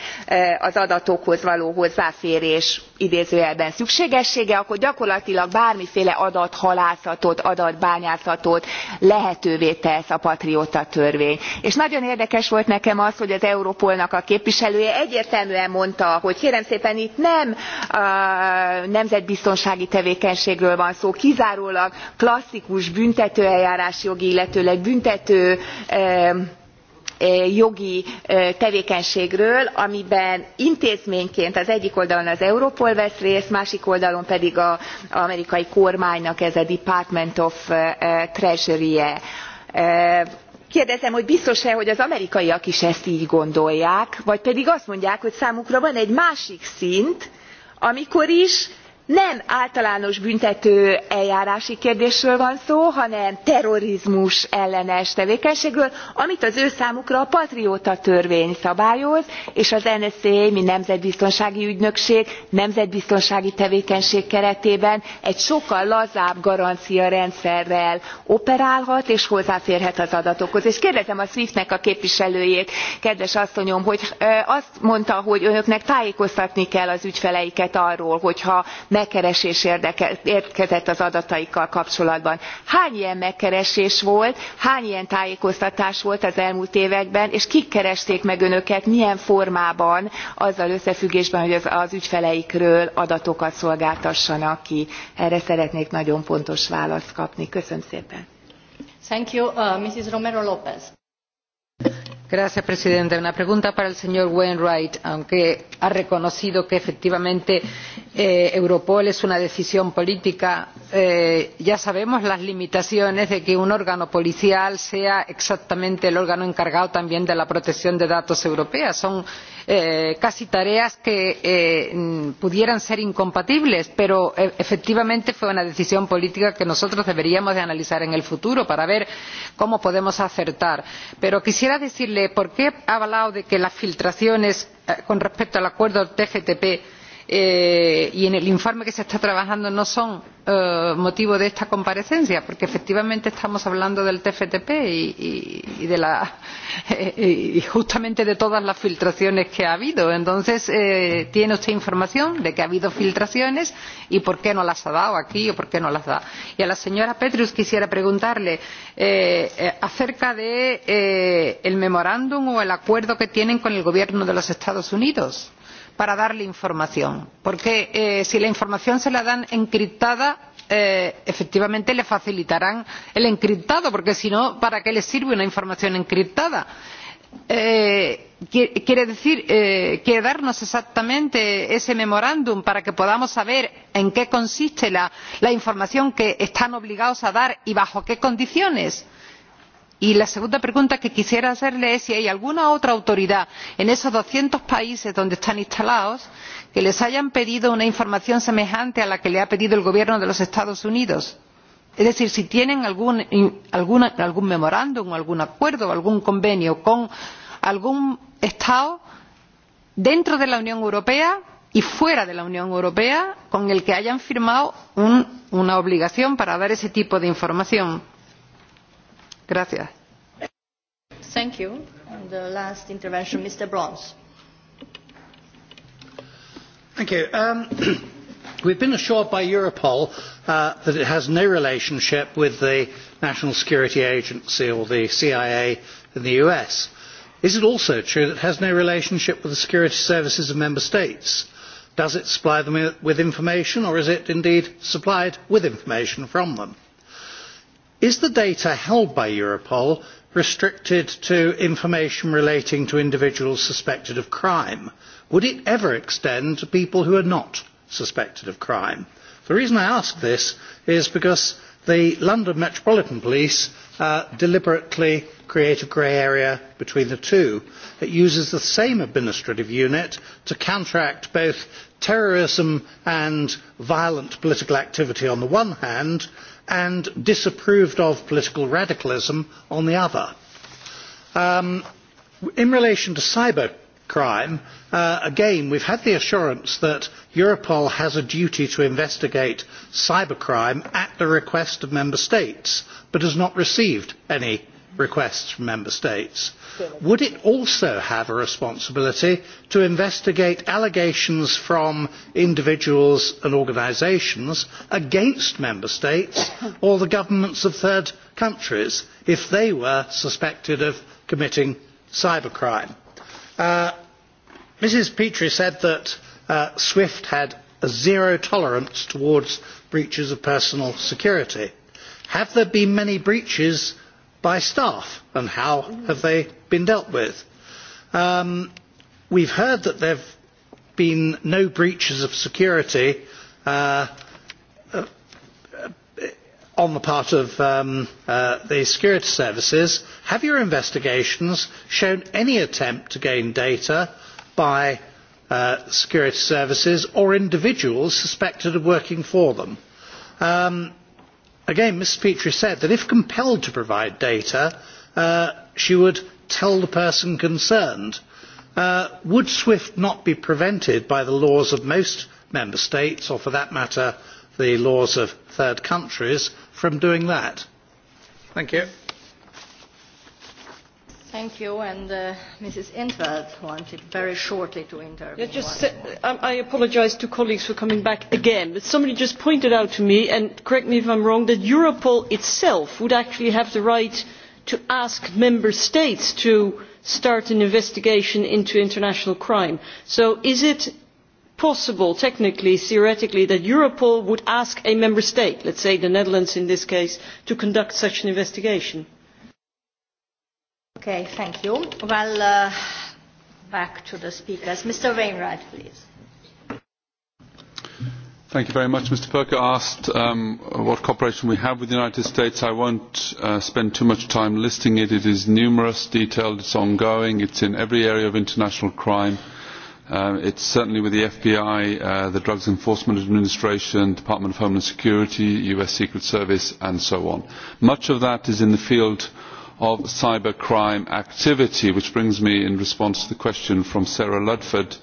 az adatokhoz való hozzáférés idézőjelben szükségessége akkor gyakorlatilag bármiféle adathalászatot adatbányászatot lehetővé tesz a patrióta törvény. és nagyon érdekes volt nekem az hogy az Európolnak a képviselője egyértelműen mondta hogy kérem szépen itt nem a nemzetbiztonsági tevékenységről van szó kizárólag klasszikus büntetőeljárásjogi illetőleg büntető Eh, jogi eh, tevékenységről amiben intézményként az egyik oldalon az europol vesz részt másik oldalon pedig az amerikai kormánynak ez a department of eh, treasury je kérdezem hogy biztos e hogy az amerikaiak is ezt gy gondolják vagy pedig azt mondják hogy számukra van egy másik szint amikor is nem általános büntető eljárási kérdésről van szó hanem terrorizmus ellenes tevékenységről amit az ő számukra a patrióta törvény szabályoz és az nsa mint nemzetbiztonsági ügynökség nemzetbiztonsági tevékenység keretében egy sokkal lazább garanciarendszerrel operálhat és hozzáférhet az adatokhoz. és kérdezem a swift nek a képviselőjét kedves asszonyom hogy azt mondta hogy önöknek tájékoztatni kell az ügyfeleiket arról hogyha megkeresés érkezett az adataikkal kapcsolatban. Hány ilyen megkeresés volt, hány ilyen tájékoztatás volt az elmúlt években, és kik keresték meg önöket, milyen formában azzal összefüggésben, hogy az, ügyfeleikről adatokat szolgáltassanak ki. Erre szeretnék nagyon pontos választ kapni. Köszönöm szépen. Gracias, Presidente. Una pregunta para el señor Wainwright, aunque ha reconocido que efectivamente eh, Europol es una decisión política. Eh, ya sabemos las limitaciones de que un órgano policial sea exactamente el órgano encargado también de la protección de datos europeos. Son Eh, casi tareas que eh, pudieran ser incompatibles, pero eh, efectivamente fue una decisión política que nosotros deberíamos de analizar en el futuro para ver cómo podemos acertar. Pero quisiera decirle por qué ha hablado de que las filtraciones eh, con respecto al acuerdo TFTP eh, y en el informe que se está trabajando no son eh, motivo de esta comparecencia, porque efectivamente estamos hablando del TFTP y, y, y, de la, eh, y justamente de todas las filtraciones que ha habido. Entonces, eh, ¿tiene usted información de que ha habido filtraciones y por qué no las ha dado aquí o por qué no las da? Y a la señora Petrus quisiera preguntarle eh, eh, acerca de eh, el memorándum o el acuerdo que tienen con el gobierno de los Estados Unidos. Eh, para darle información porque eh, si la información se la dan encriptada eh, efectivamente le facilitarán el encriptado porque si no para qué le sirve una información encriptada? Eh, quiere decir eh, quiere darnos exactamente ese memorándum para que podamos saber en qué consiste la, la información que están obligados a dar y bajo qué condiciones? Y la segunda pregunta que quisiera hacerle es si hay alguna otra autoridad en esos doscientos países donde están instalados que les haya pedido una información semejante a la que le ha pedido el gobierno de los Estados Unidos. Es decir, si tienen algún, algún, algún memorándum, algún acuerdo, algún convenio con algún Estado dentro de la Unión Europea y fuera de la Unión Europea con el que hayan firmado un, una obligación para dar ese tipo de información. Grazie. Thank you. And the last intervention, Mr. Brons Thank you. Um, we've been assured by Europol uh, that it has no relationship with the National Security Agency or the CIA in the US. Is it also true that it has no relationship with the security services of member states? Does it supply them with information or is it indeed supplied with information from them? Is the data held by Europol restricted to information relating to individuals suspected of crime? Would it ever extend to people who are not suspected of crime? The reason I ask this is because the London Metropolitan Police uh, deliberately create a grey area between the two. It uses the same administrative unit to counteract both terrorism and violent political activity on the one hand and disapproved of political radicalism on the other. Um, in relation to cybercrime, uh, again, we've had the assurance that Europol has a duty to investigate cybercrime at the request of member states, but has not received any requests from member states would it also have a responsibility to investigate allegations from individuals and organisations against member states or the governments of third countries if they were suspected of committing cybercrime? Uh, Mrs. Petrie said that uh, SWIFT had a zero tolerance towards breaches of personal security. Have there been many breaches by staff and how have they been dealt with? Um, we've heard that there have been no breaches of security uh, uh, on the part of um, uh, the security services. Have your investigations shown any attempt to gain data by uh, security services or individuals suspected of working for them? Um, Again, Ms. Petrie said that if compelled to provide data, uh, she would tell the person concerned. Uh, would SWIFT not be prevented by the laws of most member states, or for that matter, the laws of third countries, from doing that? Thank you. Thank you, and uh, Mrs. Intveld wanted very shortly to intervene. Yeah, just, say, I, um, I apologize to colleagues for coming back again, but somebody just pointed out to me, and correct me if I'm wrong, that Europol itself would actually have the right to ask member states to start an investigation into international crime. So is it possible, technically, theoretically, that Europol would ask a member state, let's say the Netherlands in this case, to conduct such an investigation? Okay, thank you. Well, uh, back to the speakers. Mr. Wainwright, please. Thank you very much. Mr. Perker asked um, what cooperation we have with the United States. I won't uh, spend too much time listing it. It is numerous, detailed, it's ongoing, it's in every area of international crime. Um, it's certainly with the FBI, uh, the Drugs Enforcement Administration, Department of Homeland Security, US Secret Service, and so on. Much of that is in the field of of cybercrime activity, which brings me in response to the question from Sarah Ludford.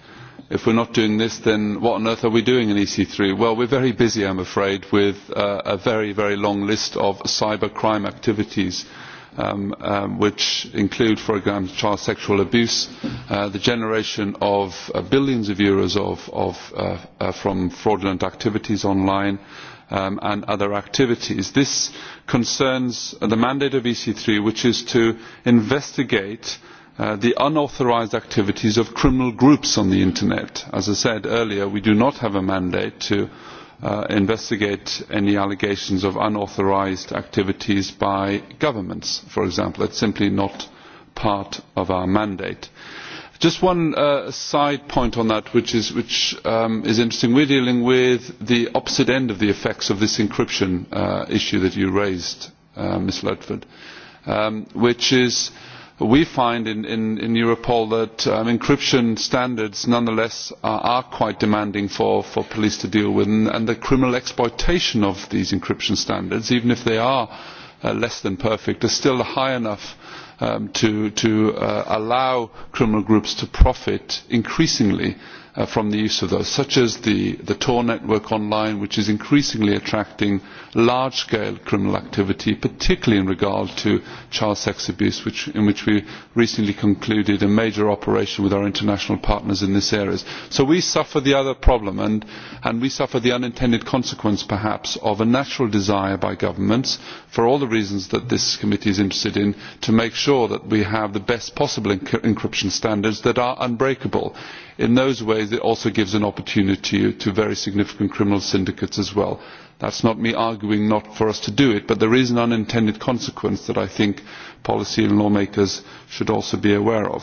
If we are not doing this, then what on earth are we doing in EC3? Well, we are very busy, I am afraid, with uh, a very, very long list of cybercrime activities. Um, um, which include, for example, child sexual abuse, uh, the generation of uh, billions of euros of, of, uh, uh, from fraudulent activities online, um, and other activities. This concerns the mandate of EC3, which is to investigate uh, the unauthorised activities of criminal groups on the Internet. As I said earlier, we do not have a mandate to uh, investigate any allegations of unauthorised activities by governments, for example. It's simply not part of our mandate. Just one uh, side point on that, which is, which, um, is interesting. We're dealing with the opposite end of the effects of this encryption uh, issue that you raised, uh, Ms. Ludford, um, which is we find in, in, in Europol that um, encryption standards nonetheless are, are quite demanding for, for police to deal with and, and the criminal exploitation of these encryption standards, even if they are uh, less than perfect, is still high enough um, to, to uh, allow criminal groups to profit increasingly uh, from the use of those, such as the, the Tor network online, which is increasingly attracting large-scale criminal activity, particularly in regard to child sex abuse, which, in which we recently concluded a major operation with our international partners in this area. So we suffer the other problem, and, and we suffer the unintended consequence, perhaps, of a natural desire by governments, for all the reasons that this committee is interested in, to make sure that we have the best possible encryption standards that are unbreakable. In those ways, it also gives an opportunity to very significant criminal syndicates as well. That is not me arguing not for us to do it, but there is an unintended consequence that I think policy and lawmakers should also be aware of.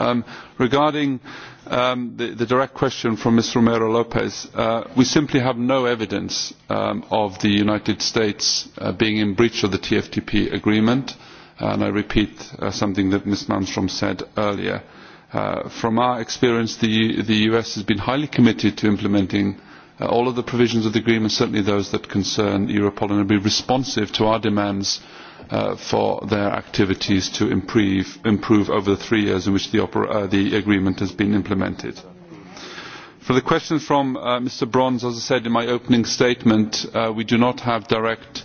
Um, regarding um, the, the direct question from Ms. Romero Lopez, uh, we simply have no evidence um, of the United States uh, being in breach of the TFTP agreement and I repeat uh, something that Ms. Manstrom said earlier. Uh, from our experience, the, the US has been highly committed to implementing uh, all of the provisions of the agreement, certainly those that concern Europol, and will be responsive to our demands uh, for their activities to improve, improve over the three years in which the, uh, the agreement has been implemented. For the question from uh, Mr. Bronze, as I said in my opening statement, uh, we do not have direct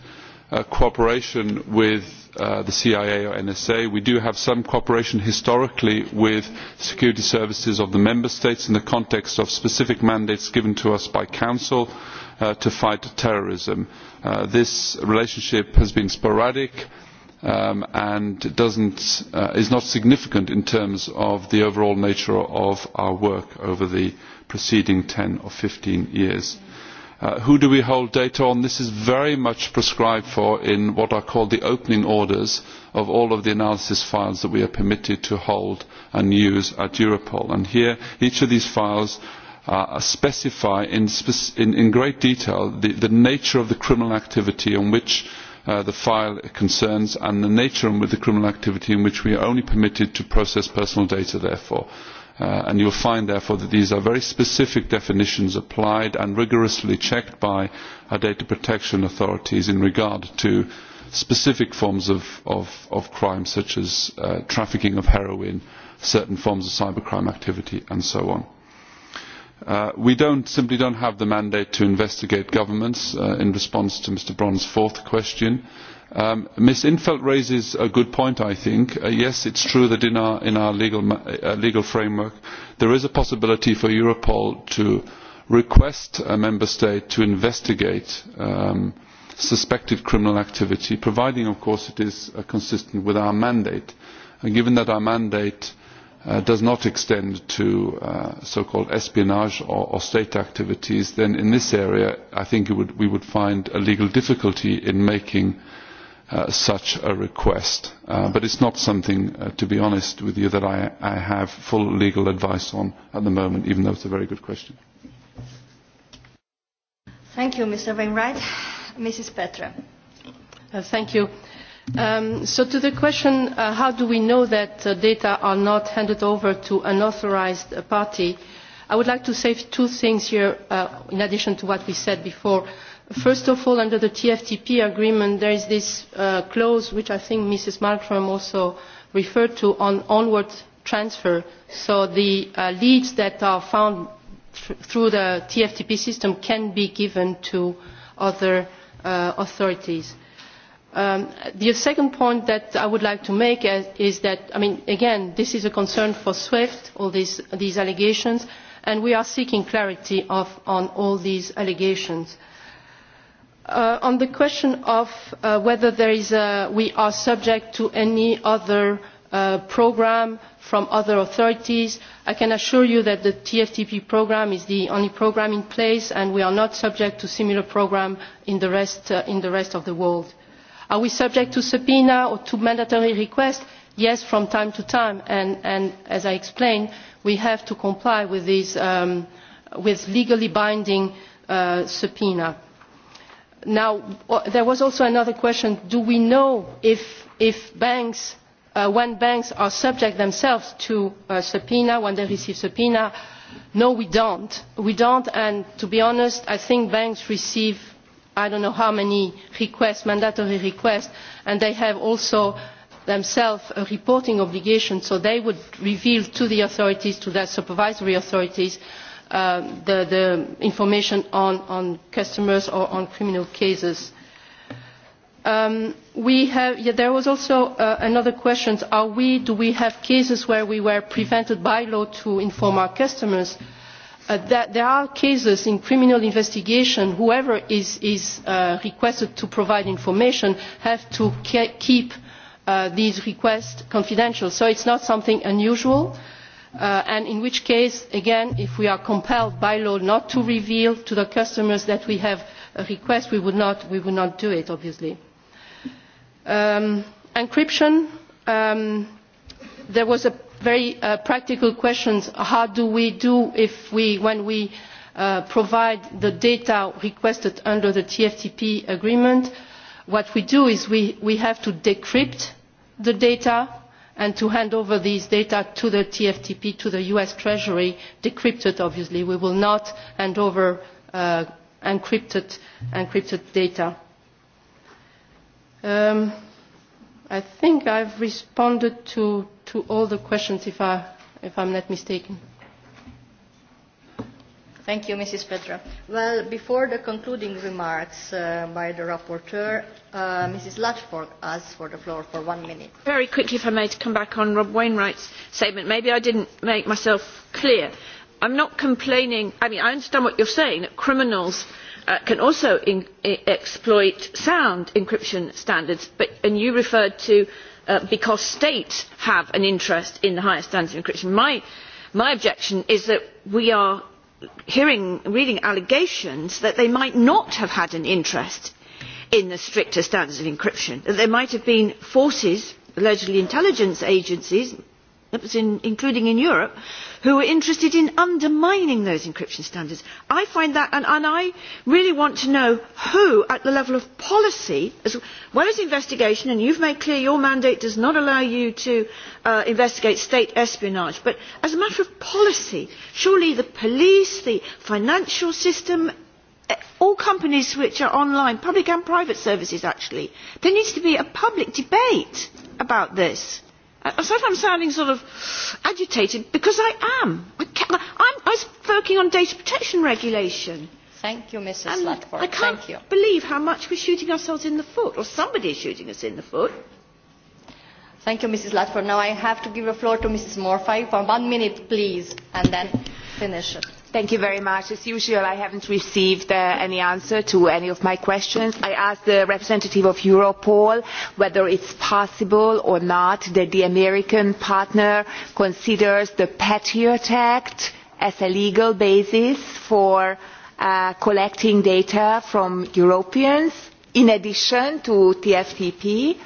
uh, cooperation with Uh, the CIA or NSA. We do have some cooperation historically with security services of the member states in the context of specific mandates given to us by Council uh, to fight terrorism. Uh, this relationship has been sporadic um, and doesn't, uh, is not significant in terms of the overall nature of our work over the preceding 10 or 15 years. Uh, who do we hold data on? This is very much prescribed for in what are called the opening orders of all of the analysis files that we are permitted to hold and use at Europol. And here, each of these files uh, specify in, spec in, in great detail the, the nature of the criminal activity on which uh, the file concerns and the nature of the criminal activity in which we are only permitted to process personal data, therefore. Uh, and you'll find, therefore, that these are very specific definitions applied and rigorously checked by our data protection authorities in regard to specific forms of, of, of crime, such as uh, trafficking of heroin, certain forms of cybercrime activity, and so on. Uh, we don't, simply don't have the mandate to investigate governments uh, in response to Mr. Braun's fourth question. Um, Ms. Infeld raises a good point, I think. Uh, yes, it's true that in our, in our legal, uh, legal framework there is a possibility for Europol to request a member state to investigate um, suspected criminal activity, providing, of course, it is uh, consistent with our mandate. And given that our mandate uh, does not extend to uh, so-called espionage or, or state activities, then in this area, I think it would, we would find a legal difficulty in making uh, uh, such a request. Uh, but it's not something, uh, to be honest with you, that I, I have full legal advice on at the moment, even though it's a very good question. Thank you, Mr. Wainwright. Mrs. Petra. Uh, thank you. Um, so to the question, uh, how do we know that uh, data are not handed over to an authorized uh, party, I would like to say two things here uh, in addition to what we said before. First of all, under the TFTP agreement, there is this uh, clause, which I think Mrs. Markram also referred to, on onward transfer. So the uh, leads that are found th through the TFTP system can be given to other uh, authorities. Um, the second point that I would like to make is, is that, I mean, again, this is a concern for SWIFT, all these, these allegations, and we are seeking clarity of, on all these allegations. Uh, on the question of uh, whether there is a, we are subject to any other uh, program from other authorities, I can assure you that the TFTP program is the only program in place and we are not subject to similar program in the rest, uh, in the rest of the world. Are we subject to subpoena or to mandatory request? Yes, from time to time, and, and as I explained, we have to comply with these, um, with legally binding uh, subpoena. Now, uh, there was also another question, do we know if, if banks, uh, when banks are subject themselves to a uh, subpoena, when they receive subpoena? No, we don't. We don't, and to be honest, I think banks receive, I don't know how many requests, mandatory requests, and they have also themselves a reporting obligation, so they would reveal to the authorities, to their supervisory authorities, Uh, the, the information on, on customers or on criminal cases. Um, we have, yeah, there was also uh, another question, are we, do we have cases where we were prevented by law to inform our customers? Uh, that there are cases in criminal investigation, whoever is, is uh, requested to provide information have to ke keep uh, these requests confidential. So it's not something unusual. Uh, Uh, and in which case again if we are compelled by law not to reveal to the customers that we have a request we would not, we would not do it obviously. Um, encryption um, there was a very uh, practical question how do we do if we when we uh, provide the data requested under the TFTP agreement what we do is we, we have to decrypt the data and to hand over these data to the TFTP, to the US Treasury, decrypted obviously. We will not hand over uh, encrypted, encrypted data. Um, I think I've responded to, to all the questions if, I, if I'm not mistaken. Thank you, Mrs. Petra. Well, before the concluding remarks uh, by the rapporteur, uh, Mrs. Latchford asks for the floor for one minute. Very quickly, if I may, to come back on Rob Wainwright's statement. Maybe I didn't make myself clear. I'm not complaining. I mean, I understand what you're saying, that criminals uh, can also in, e, exploit sound encryption standards, but, and you referred to uh, because states have an interest in the highest standards of encryption. My, my objection is that we are hearing, reading allegations that they might not have had an interest in the stricter standards of encryption, that there might have been forces, allegedly intelligence agencies, in, including in Europe, who are interested in undermining those encryption standards. I find that, and, and I really want to know who, at the level of policy, as well as investigation, and you've made clear your mandate does not allow you to uh, investigate state espionage, but as a matter of policy, surely the police, the financial system, eh, all companies which are online, public and private services actually, there needs to be a public debate about this I thought I'm sounding sort of agitated because I am. I, can't, I'm, I was working on data protection regulation. Thank you, Mrs. And Ludford. I can't Thank you. believe how much we're shooting ourselves in the foot, or somebody is shooting us in the foot. Thank you, Mrs. Latford. Now I have to give the floor to Mrs. Morphy for one minute, please, and then finish it. Thank you very much. As usual, I haven't received uh, any answer to any of my questions. I asked the representative of Europol whether it's possible or not that the American partner considers the Patriot Act as a legal basis for uh, collecting data from Europeans in addition to TFTP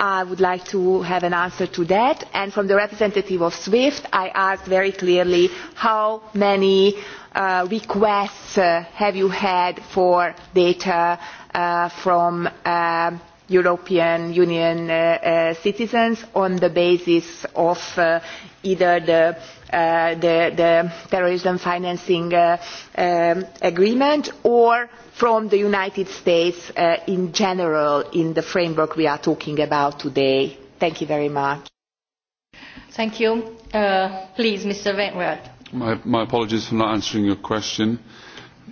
I would like to have an answer to that. And from the representative of SWIFT, I asked very clearly how many uh, requests uh, have you had for data uh, from um, European Union uh, uh, citizens on the basis of uh, either the, uh, the, the terrorism financing uh, um, agreement or from the United States uh, in general in the framework we are talking about today. Thank you very much. Thank you. Uh, please, Mr. wentworth. My, my apologies for not answering your question.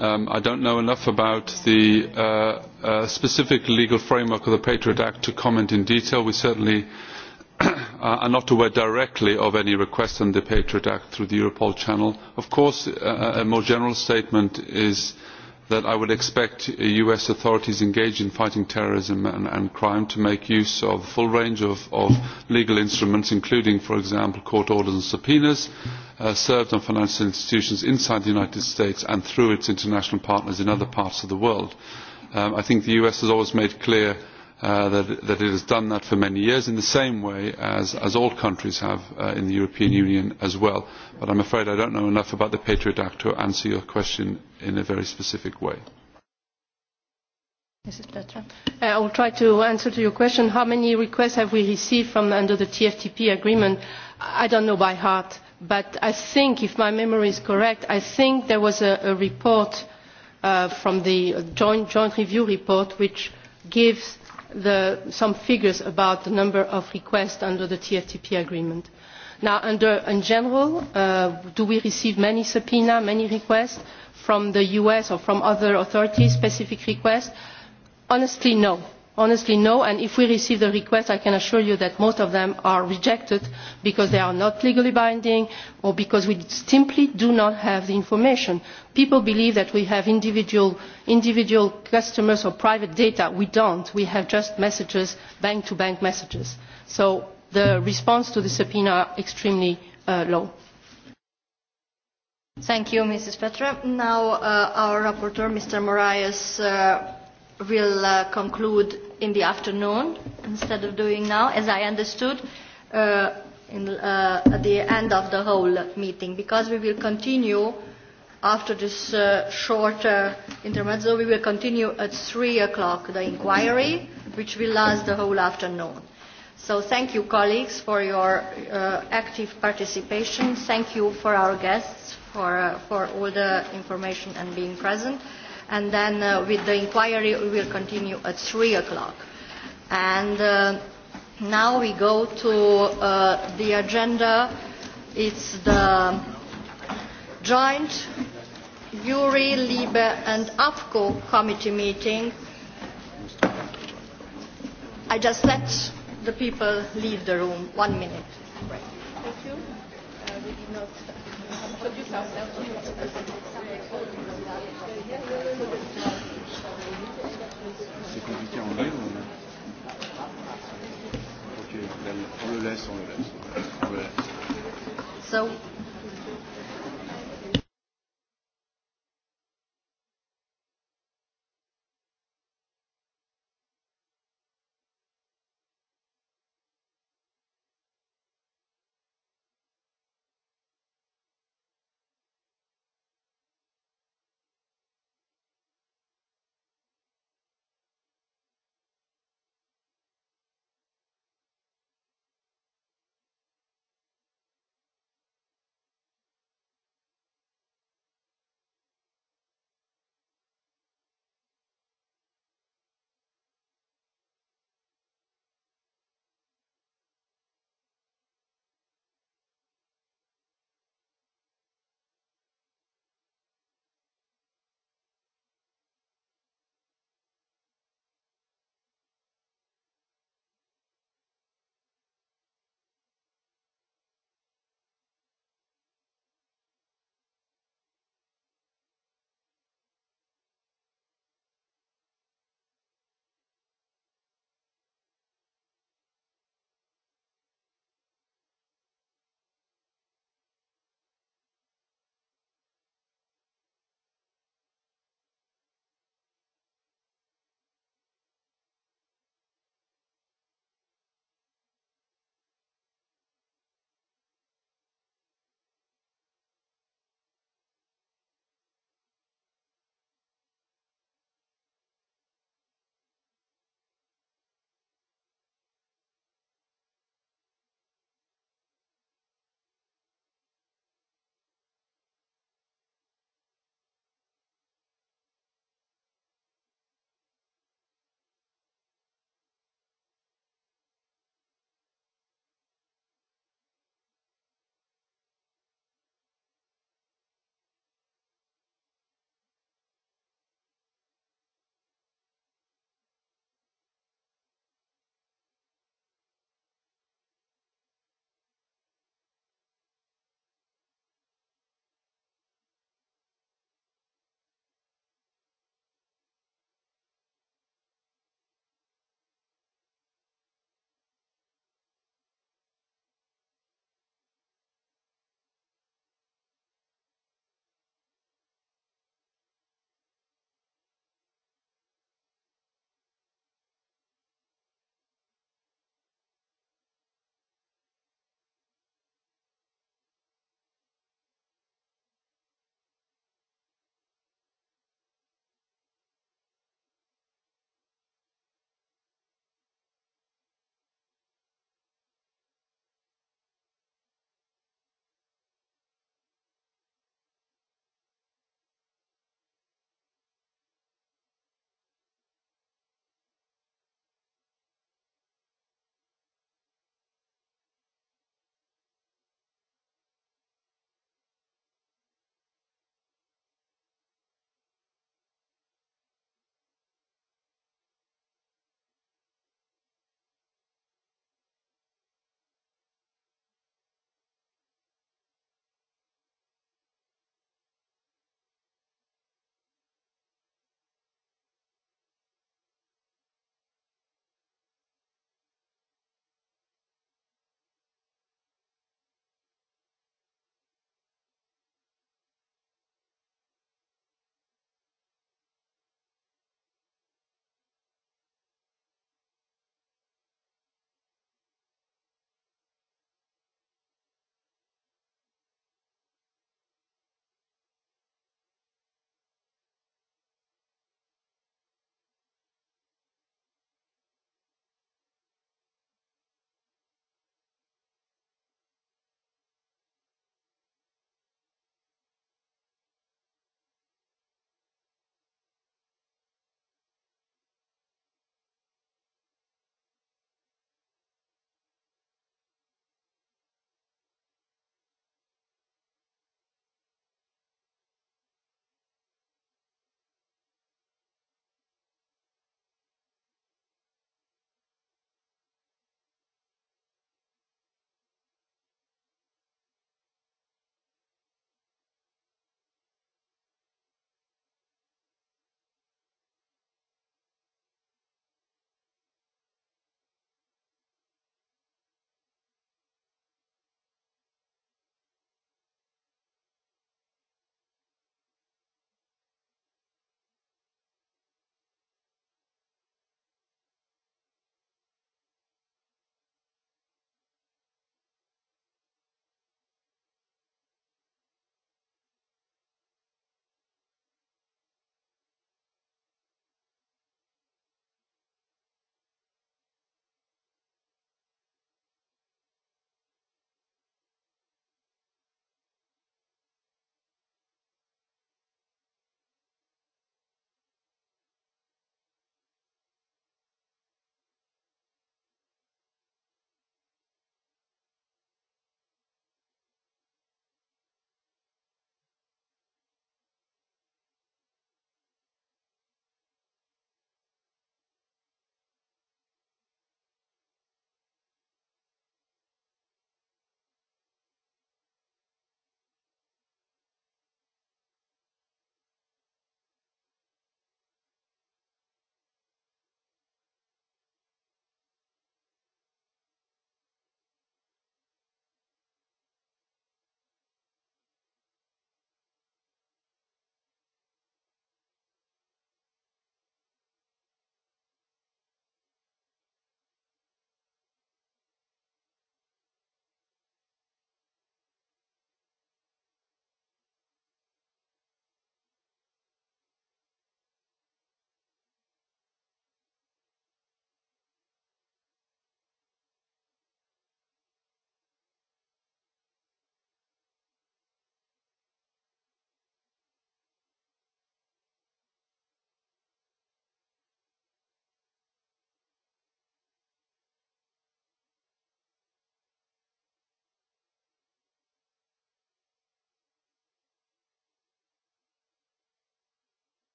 Um, I don't know enough about the uh, uh, specific legal framework of the Patriot Act to comment in detail. We certainly uh, are not aware directly of any request on the Patriot Act through the Europol channel. Of course, uh, a more general statement is that I would expect US authorities engaged in fighting terrorism and, and crime to make use of the full range of, of legal instruments, including, for example, court orders and subpoenas uh, served on financial institutions inside the United States and through its international partners in other parts of the world. Um, I think the US has always made clear uh, that, that it has done that for many years in the same way as, as all countries have uh, in the European Union as well. But I'm afraid I don't know enough about the Patriot Act to answer your question in a very specific way. Mrs. Petra, uh, I will try to answer to your question. How many requests have we received from under the TFTP agreement? I don't know by heart, but I think, if my memory is correct, I think there was a, a report uh, from the joint, joint review report which gives the, some figures about the number of requests under the TFTP agreement. Now, under, in general, uh, do we receive many subpoena, many requests from the US or from other authorities, specific requests? Honestly, no Honestly, no, and if we receive the request, I can assure you that most of them are rejected because they are not legally binding or because we simply do not have the information. People believe that we have individual, individual customers or private data. We don't. We have just messages, bank-to-bank messages. So the response to the subpoena is extremely uh, low. Thank you, Mrs. Petra. Now uh, our rapporteur, Mr. Moraes, uh, will uh, conclude in the afternoon instead of doing now, as I understood, uh, in, uh, at the end of the whole meeting, because we will continue after this uh, short uh, intermezzo, we will continue at 3 o'clock the inquiry, which will last the whole afternoon. So thank you, colleagues, for your uh, active participation. Thank you for our guests for, uh, for all the information and being present and then uh, with the inquiry we will continue at 3 o'clock. And uh, now we go to uh, the agenda. It's the joint URI, Libe and AFCO committee meeting. I just let the people leave the room. One minute. Right. Thank you. Uh, we did not introduce ourselves. So,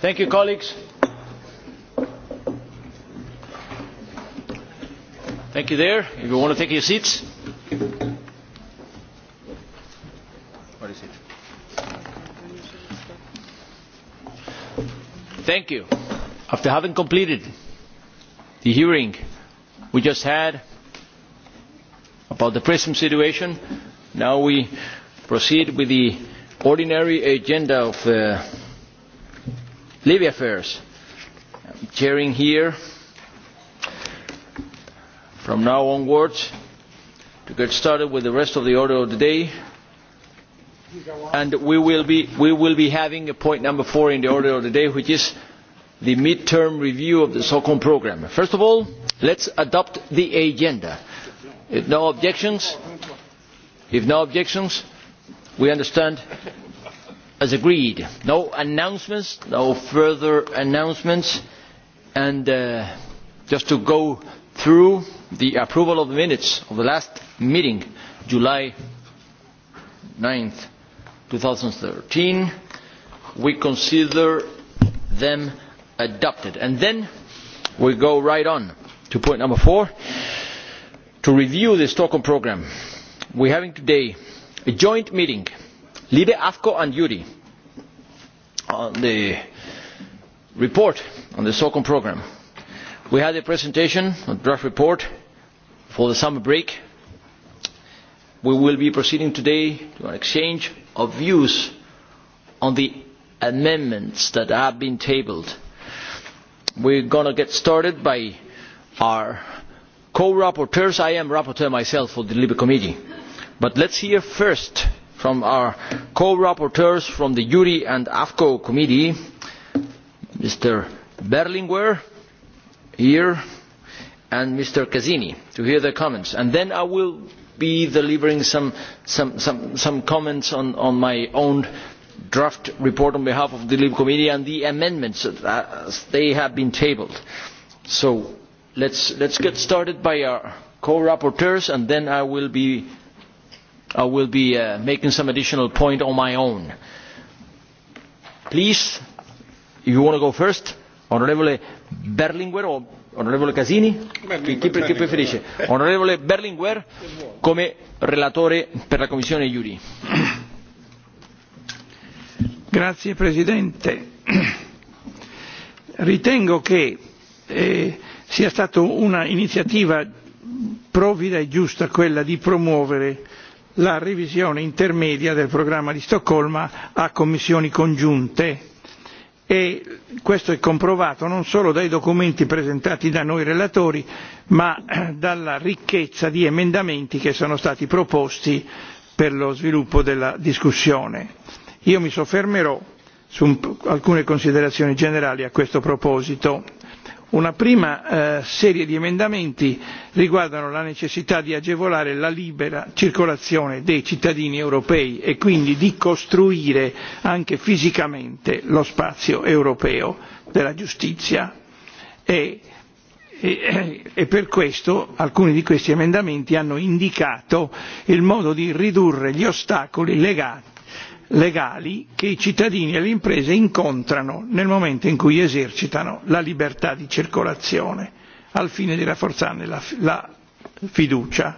Thank you, colleagues. Thank you there. If you want to take your seats. What is it? Thank you. After having completed the hearing we just had about the PRISM situation, now we proceed with the ordinary agenda of uh, Libya affairs. I'm chairing here from now onwards to get started with the rest of the order of the day. And we will be, we will be having a point number four in the order of the day, which is the midterm review of the SOCOM program. First of all, let's adopt the agenda. If no objections, if no objections, we understand as agreed. No announcements, no further announcements. And uh, just to go through the approval of the minutes of the last meeting, July 9th, 2013, we consider them adopted. And then we go right on to point number four, to review the Stockholm programme. We're having today a joint meeting Liebe AFCO and Yuri, on the report on the SOCOM program, we had a presentation, a draft report for the summer break. We will be proceeding today to an exchange of views on the amendments that have been tabled. We're going to get started by our co-rapporteurs. I am rapporteur myself for the Libre Committee. But let's hear first from our co-rapporteurs from the Juri and AFCO committee, Mr. Berlinguer here and Mr. Casini to hear their comments. And then I will be delivering some, some, some, some comments on, on my own draft report on behalf of the Libre Committee and the amendments as they have been tabled. So let's, let's get started by our co-rapporteurs and then I will be I will be uh, making some additional point on my own. Please, you want to go first? Onorevole Berlinguer o Onorevole Casini? Berlinguer, chi, chi preferisce? Onorevole Berlinguer come relatore per la Commissione Iuri. Grazie Presidente. Ritengo che eh, sia stata una iniziativa provvida e giusta quella di promuovere la revisione intermedia del programma di Stoccolma a commissioni congiunte e questo è comprovato non solo dai documenti presentati da noi relatori ma eh, dalla ricchezza di emendamenti che sono stati proposti per lo sviluppo della discussione. Io mi soffermerò su alcune considerazioni generali a questo proposito. Una prima eh, serie di emendamenti riguardano la necessità di agevolare la libera circolazione dei cittadini europei e quindi di costruire anche fisicamente lo spazio europeo della giustizia e, e, e per questo alcuni di questi emendamenti hanno indicato il modo di ridurre gli ostacoli legati legali che i cittadini e le imprese incontrano nel momento in cui esercitano la libertà di circolazione al fine di rafforzarne la, la fiducia.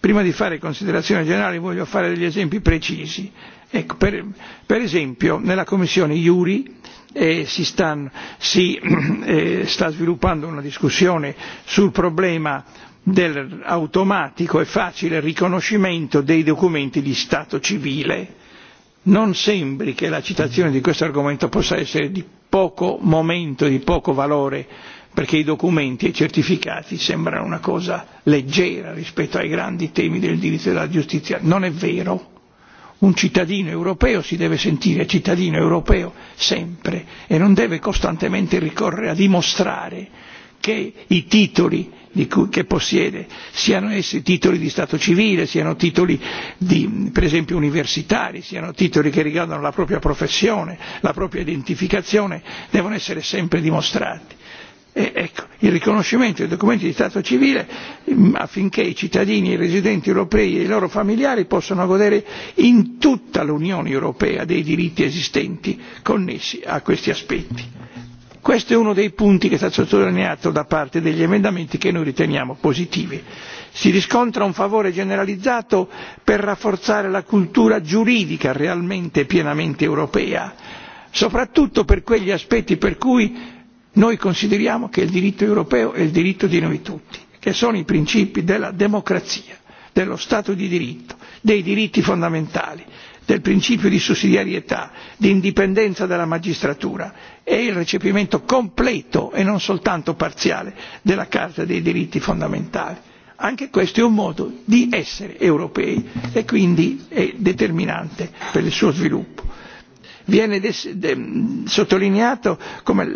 Prima di fare considerazioni generali voglio fare degli esempi precisi. Ecco, per, per esempio nella Commissione Iuri eh, si, stan, si eh, sta sviluppando una discussione sul problema dell'automatico e facile riconoscimento dei documenti di stato civile non sembri che la citazione di questo argomento possa essere di poco momento, di poco valore, perché i documenti e i certificati sembrano una cosa leggera rispetto ai grandi temi del diritto e della giustizia. Non è vero. Un cittadino europeo si deve sentire cittadino europeo sempre e non deve costantemente ricorrere a dimostrare che i titoli che possiede, siano essi titoli di Stato civile, siano titoli di, per esempio universitari, siano titoli che riguardano la propria professione, la propria identificazione, devono essere sempre dimostrati. E, ecco, il riconoscimento dei documenti di Stato civile mm, affinché i cittadini, i residenti europei e i loro familiari possano godere in tutta l'Unione Europea dei diritti esistenti connessi a questi aspetti. Questo è uno dei punti che è stato sottolineato da parte degli emendamenti che noi riteniamo positivi. Si riscontra un favore generalizzato per rafforzare la cultura giuridica realmente e pienamente europea, soprattutto per quegli aspetti per cui noi consideriamo che il diritto europeo è il diritto di noi tutti, che sono i principi della democrazia, dello Stato di diritto, dei diritti fondamentali, del principio di sussidiarietà, di indipendenza della magistratura e il recepimento completo e non soltanto parziale della Carta dei diritti fondamentali. Anche questo è un modo di essere europei e quindi è determinante per il suo sviluppo viene sottolineato come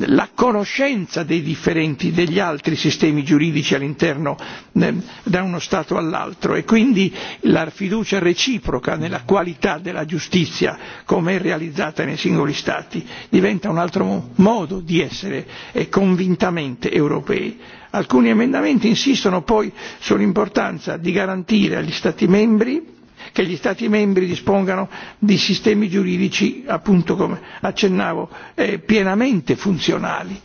la conoscenza dei differenti degli altri sistemi giuridici all'interno da uno Stato all'altro e quindi la fiducia reciproca nella qualità della giustizia come è realizzata nei singoli Stati diventa un altro modo di essere eh, convintamente europei. Alcuni emendamenti insistono poi sull'importanza di garantire agli Stati membri che gli Stati membri dispongano di sistemi giuridici, appunto come accennavo, eh, pienamente funzionali.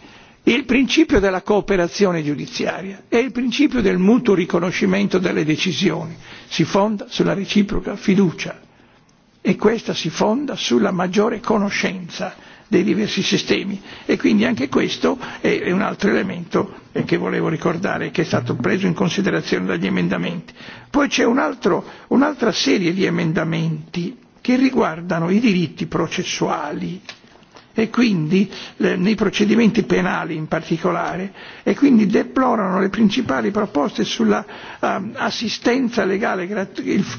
Il principio della cooperazione giudiziaria e il principio del mutuo riconoscimento delle decisioni si fonda sulla reciproca fiducia e questa si fonda sulla maggiore conoscenza dei diversi sistemi e quindi anche questo è un altro elemento eh, che volevo ricordare che è stato preso in considerazione dagli emendamenti. Poi c'è un altro, un'altra serie di emendamenti che riguardano i diritti processuali e quindi nei procedimenti penali in particolare e quindi deplorano le principali proposte sulla um, assistenza legale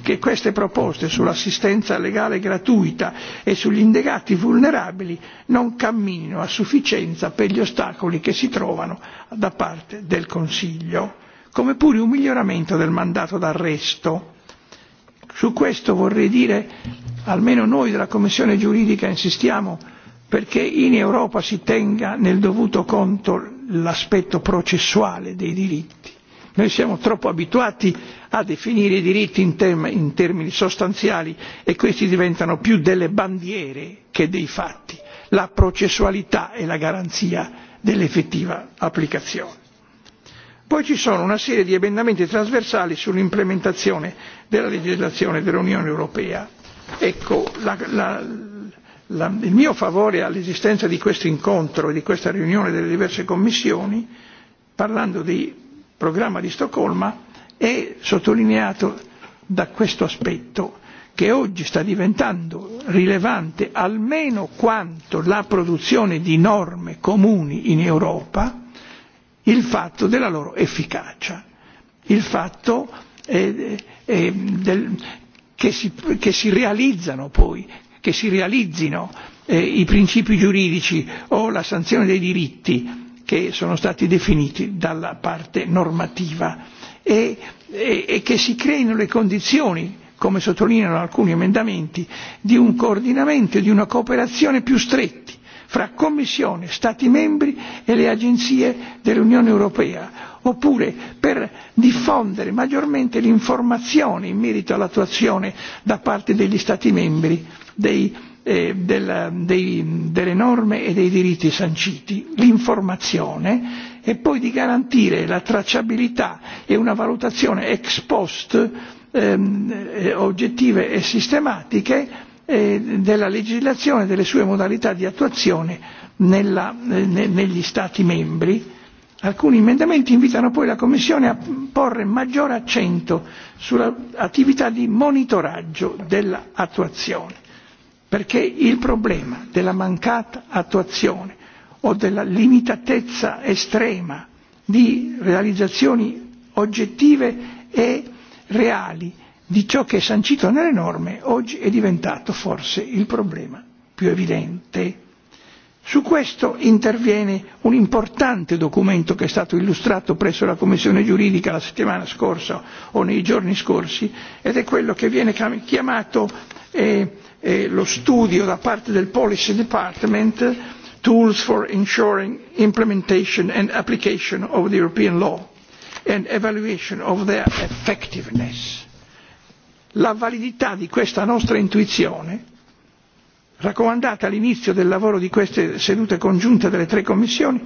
che queste proposte sull'assistenza legale gratuita e sugli indagati vulnerabili non camminino a sufficienza per gli ostacoli che si trovano da parte del Consiglio come pure un miglioramento del mandato d'arresto su questo vorrei dire almeno noi della Commissione giuridica insistiamo perché in Europa si tenga nel dovuto conto l'aspetto processuale dei diritti. Noi siamo troppo abituati a definire i diritti in, term in termini sostanziali e questi diventano più delle bandiere che dei fatti. La processualità è la garanzia dell'effettiva applicazione. Poi ci sono una serie di emendamenti trasversali sull'implementazione della legislazione dell'Unione Europea. Ecco, la, la, la, il mio favore all'esistenza di questo incontro e di questa riunione delle diverse commissioni, parlando di programma di Stoccolma, è sottolineato da questo aspetto che oggi sta diventando rilevante almeno quanto la produzione di norme comuni in Europa, il fatto della loro efficacia, il fatto eh, eh, del, che, si, che si realizzano poi, che si realizzino eh, i principi giuridici o la sanzione dei diritti che sono stati definiti dalla parte normativa e, e, e che si creino le condizioni come sottolineano alcuni emendamenti, di un coordinamento e di una cooperazione più stretti fra Commissione, Stati membri e le agenzie dell'Unione Europea, oppure per diffondere maggiormente l'informazione in merito all'attuazione da parte degli Stati membri dei, eh, del, dei, delle norme e dei diritti sanciti, l'informazione e poi di garantire la tracciabilità e una valutazione ex post ehm, eh, oggettive e sistematiche eh, della legislazione e delle sue modalità di attuazione nella, eh, ne, negli Stati membri. Alcuni emendamenti invitano poi la Commissione a porre maggiore accento sull'attività di monitoraggio dell'attuazione perché il problema della mancata attuazione o della limitatezza estrema di realizzazioni oggettive e reali di ciò che è sancito nelle norme oggi è diventato forse il problema più evidente. Su questo interviene un importante documento che è stato illustrato presso la Commissione giuridica la settimana scorsa o nei giorni scorsi ed è quello che viene chiamato eh, eh, lo studio da parte del Policy Department Tools for Ensuring Implementation and Application of the European Law and Evaluation of Their Effectiveness. La validità di questa nostra intuizione raccomandata all'inizio del lavoro di queste sedute congiunte delle tre commissioni,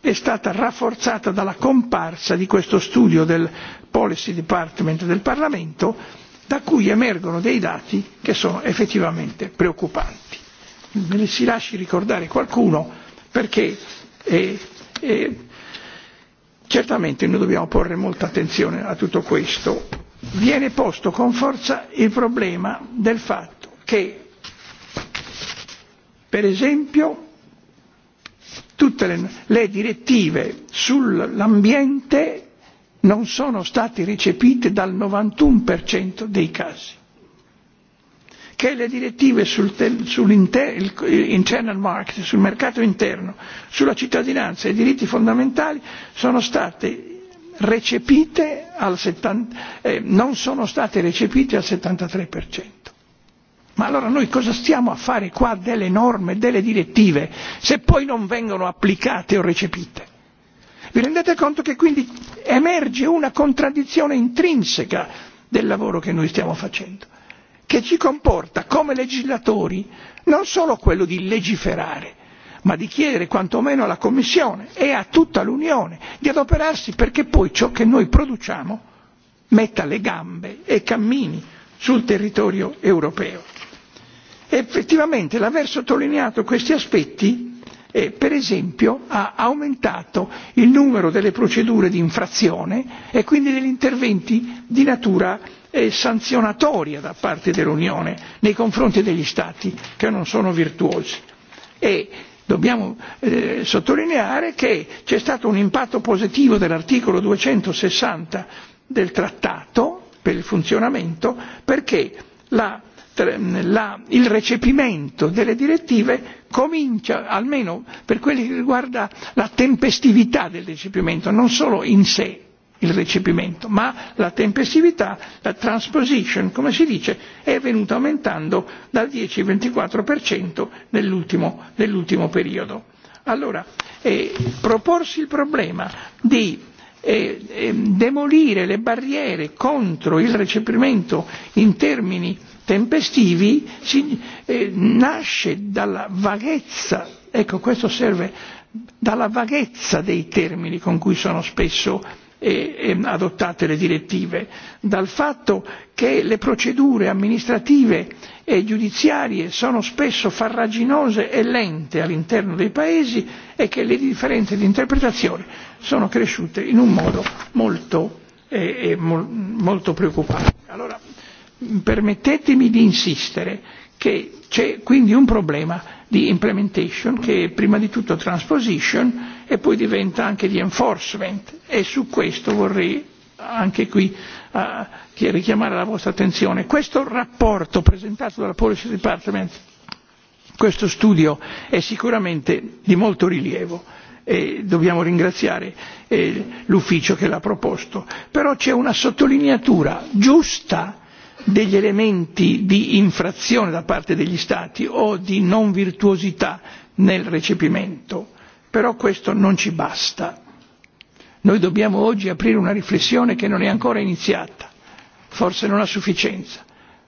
è stata rafforzata dalla comparsa di questo studio del Policy Department del Parlamento da cui emergono dei dati che sono effettivamente preoccupanti. Me ne si lasci ricordare qualcuno perché eh, eh, certamente noi dobbiamo porre molta attenzione a tutto questo. Viene posto con forza il problema del fatto che, per esempio, tutte le, le direttive sull'ambiente non sono stati recepiti dal 91% dei casi. Che le direttive sul, internal market, sul mercato interno, sulla cittadinanza e i diritti fondamentali sono state recepite al 70, eh, non sono state recepite al 73%. Ma allora noi cosa stiamo a fare qua delle norme, delle direttive, se poi non vengono applicate o recepite? Vi rendete conto che quindi emerge una contraddizione intrinseca del lavoro che noi stiamo facendo, che ci comporta come legislatori non solo quello di legiferare, ma di chiedere quantomeno alla Commissione e a tutta l'Unione di adoperarsi perché poi ciò che noi produciamo metta le gambe e cammini sul territorio europeo. effettivamente l'aver sottolineato questi aspetti E, per esempio ha aumentato il numero delle procedure di infrazione e quindi degli interventi di natura eh, sanzionatoria da parte dell'Unione nei confronti degli Stati che non sono virtuosi. E dobbiamo eh, sottolineare che c'è stato un impatto positivo dell'articolo 260 del trattato per il funzionamento perché la Mm, la, il recepimento delle direttive comincia, almeno per quello che riguarda la tempestività del recepimento, non solo in sé il recepimento, ma la tempestività, la transposition, come si dice, è venuta aumentando dal 10-24% nell'ultimo, nell'ultimo periodo. Allora, eh, proporsi il problema di eh, eh demolire le barriere contro il recepimento in termini tempestivi si, eh, nasce dalla vaghezza, ecco questo serve, dalla vaghezza dei termini con cui sono spesso eh, eh, adottate le direttive, dal fatto che le procedure amministrative e giudiziarie sono spesso farraginose e lente all'interno dei paesi e che le differenze di interpretazione sono cresciute in un modo molto, eh, eh, molto preoccupante. Allora, permettetemi di insistere che c'è quindi un problema di implementation che è prima di tutto transposition e poi diventa anche di enforcement e su questo vorrei anche qui uh, richiamare la vostra attenzione. Questo rapporto presentato dal Policy Department, questo studio è sicuramente di molto rilievo e dobbiamo ringraziare eh, l'ufficio che l'ha proposto, però c'è una sottolineatura giusta degli elementi di infrazione da parte degli Stati o di non virtuosità nel recepimento. Però questo non ci basta. Noi dobbiamo oggi aprire una riflessione che non è ancora iniziata, forse non a sufficienza,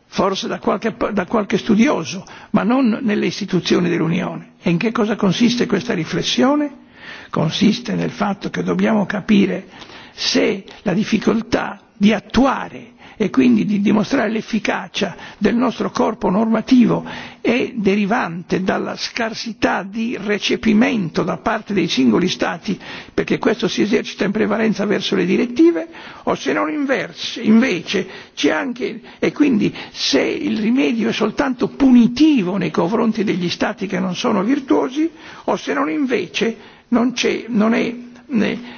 forse da qualche, da qualche studioso, ma non nelle istituzioni dell'Unione. E in che cosa consiste questa riflessione? Consiste nel fatto che dobbiamo capire se la difficoltà di attuare e quindi di dimostrare l'efficacia del nostro corpo normativo è derivante dalla scarsità di recepimento da parte dei singoli Stati, perché questo si esercita in prevalenza verso le direttive, o se non inverse, invece c'è anche, e quindi se il rimedio è soltanto punitivo nei confronti degli Stati che non sono virtuosi, o se non invece non c'è, non è,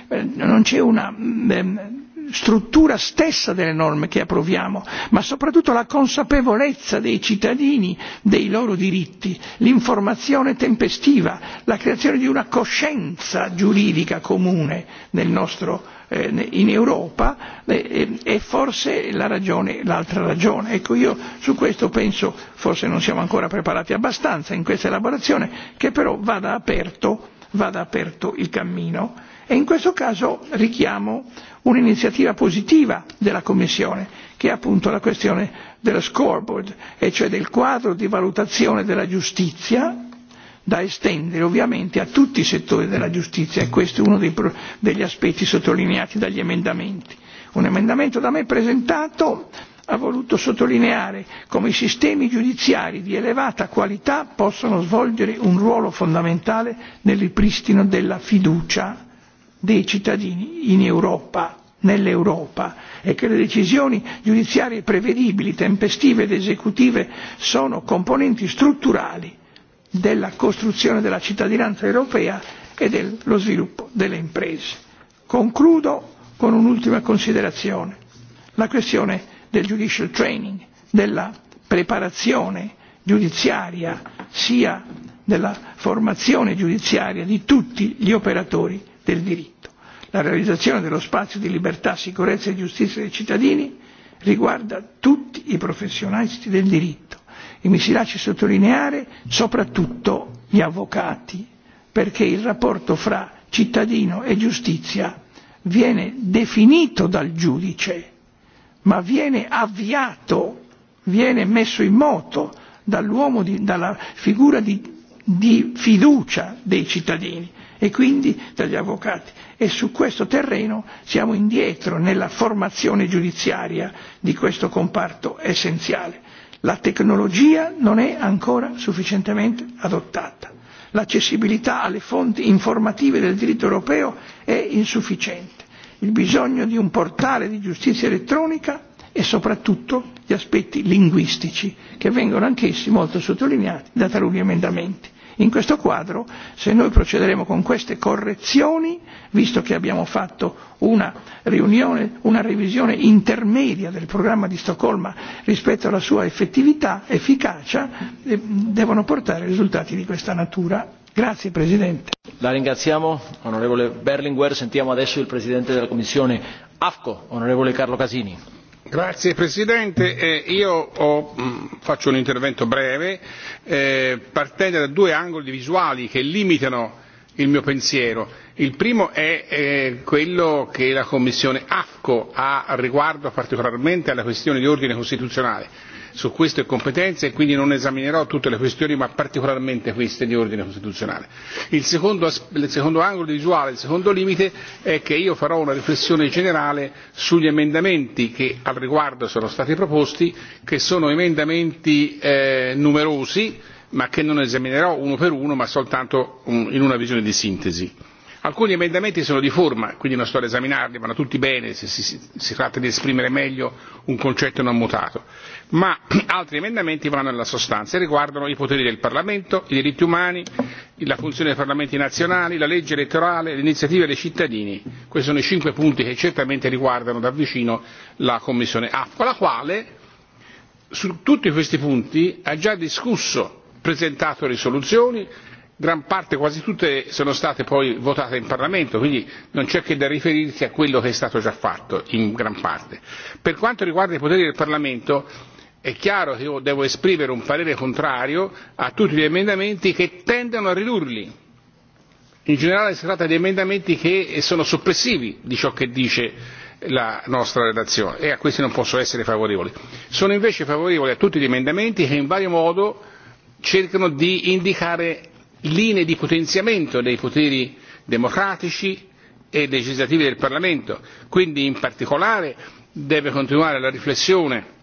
eh, non c'è una mm, ehm, struttura stessa delle norme che approviamo, ma soprattutto la consapevolezza dei cittadini dei loro diritti, l'informazione tempestiva, la creazione di una coscienza giuridica comune nel nostro, eh, in Europa eh, eh, è forse la ragione, l'altra ragione. Ecco, io su questo penso, forse non siamo ancora preparati abbastanza in questa elaborazione, che però vada aperto, vada aperto il cammino E in questo caso richiamo un'iniziativa positiva della Commissione, che è appunto la questione dello scoreboard, e cioè del quadro di valutazione della giustizia, da estendere ovviamente a tutti i settori della giustizia e questo è uno dei, degli aspetti sottolineati dagli emendamenti. Un emendamento da me presentato ha voluto sottolineare come i sistemi giudiziari di elevata qualità possono svolgere un ruolo fondamentale nel ripristino della fiducia dei cittadini in Europa, nell'Europa e che le decisioni giudiziarie prevedibili, tempestive ed esecutive sono componenti strutturali della costruzione della cittadinanza europea e dello sviluppo delle imprese. Concludo con un'ultima considerazione, la questione del judicial training, della preparazione giudiziaria, sia della formazione giudiziaria di tutti gli operatori del diritto. La realizzazione dello spazio di libertà, sicurezza e giustizia dei cittadini riguarda tutti i professionisti del diritto e mi si lasci sottolineare soprattutto gli avvocati, perché il rapporto fra cittadino e giustizia viene definito dal giudice, ma viene avviato, viene messo in moto dall'uomo di, dalla figura di, di fiducia dei cittadini e quindi dagli avvocati e su questo terreno siamo indietro nella formazione giudiziaria di questo comparto essenziale. La tecnologia non è ancora sufficientemente adottata. L'accessibilità alle fonti informative del diritto europeo è insufficiente. Il bisogno di un portale di giustizia elettronica e soprattutto gli aspetti linguistici che vengono anch'essi molto sottolineati da taluni emendamenti. In questo quadro, se noi procederemo con queste correzioni, visto che abbiamo fatto una riunione, una revisione intermedia del programma di Stoccolma rispetto alla sua effettività, efficacia, eh, devono portare risultati di questa natura. Grazie Presidente. La ringraziamo, onorevole Berlinguer. Sentiamo adesso il Presidente della Commissione AFCO, onorevole Carlo Casini. Grazie Presidente, eh, io ho, mh, mm, faccio un intervento breve eh, partendo da due angoli visuali che limitano il mio pensiero. Il primo è eh, quello che la Commissione AFCO ha riguardo particolarmente alla questione di ordine costituzionale su queste competenze e quindi non esaminerò tutte le questioni ma particolarmente queste di ordine costituzionale. Il secondo, il secondo angolo visuale, il secondo limite è che io farò una riflessione generale sugli emendamenti che al riguardo sono stati proposti, che sono emendamenti eh, numerosi ma che non esaminerò uno per uno ma soltanto un, in una visione di sintesi. Alcuni emendamenti sono di forma, quindi non sto ad esaminarli, vanno tutti bene se si, si tratta di esprimere meglio un concetto non mutato ma altri emendamenti vanno alla sostanza e riguardano i poteri del Parlamento, i diritti umani, la funzione dei Parlamenti nazionali, la legge elettorale, le iniziative dei cittadini. Questi sono i cinque punti che certamente riguardano da vicino la Commissione AFCO, la quale su tutti questi punti ha già discusso, presentato risoluzioni, gran parte, quasi tutte, sono state poi votate in Parlamento, quindi non c'è che da riferirsi a quello che è stato già fatto in gran parte. Per quanto riguarda i poteri del Parlamento, È chiaro che io devo esprimere un parere contrario a tutti gli emendamenti che tendono a ridurli. In generale si tratta di emendamenti che sono soppressivi di ciò che dice la nostra relazione e a questi non posso essere favorevoli. Sono invece favorevole a tutti gli emendamenti che in vario modo cercano di indicare linee di potenziamento dei poteri democratici e legislativi del Parlamento. Quindi in particolare deve continuare la riflessione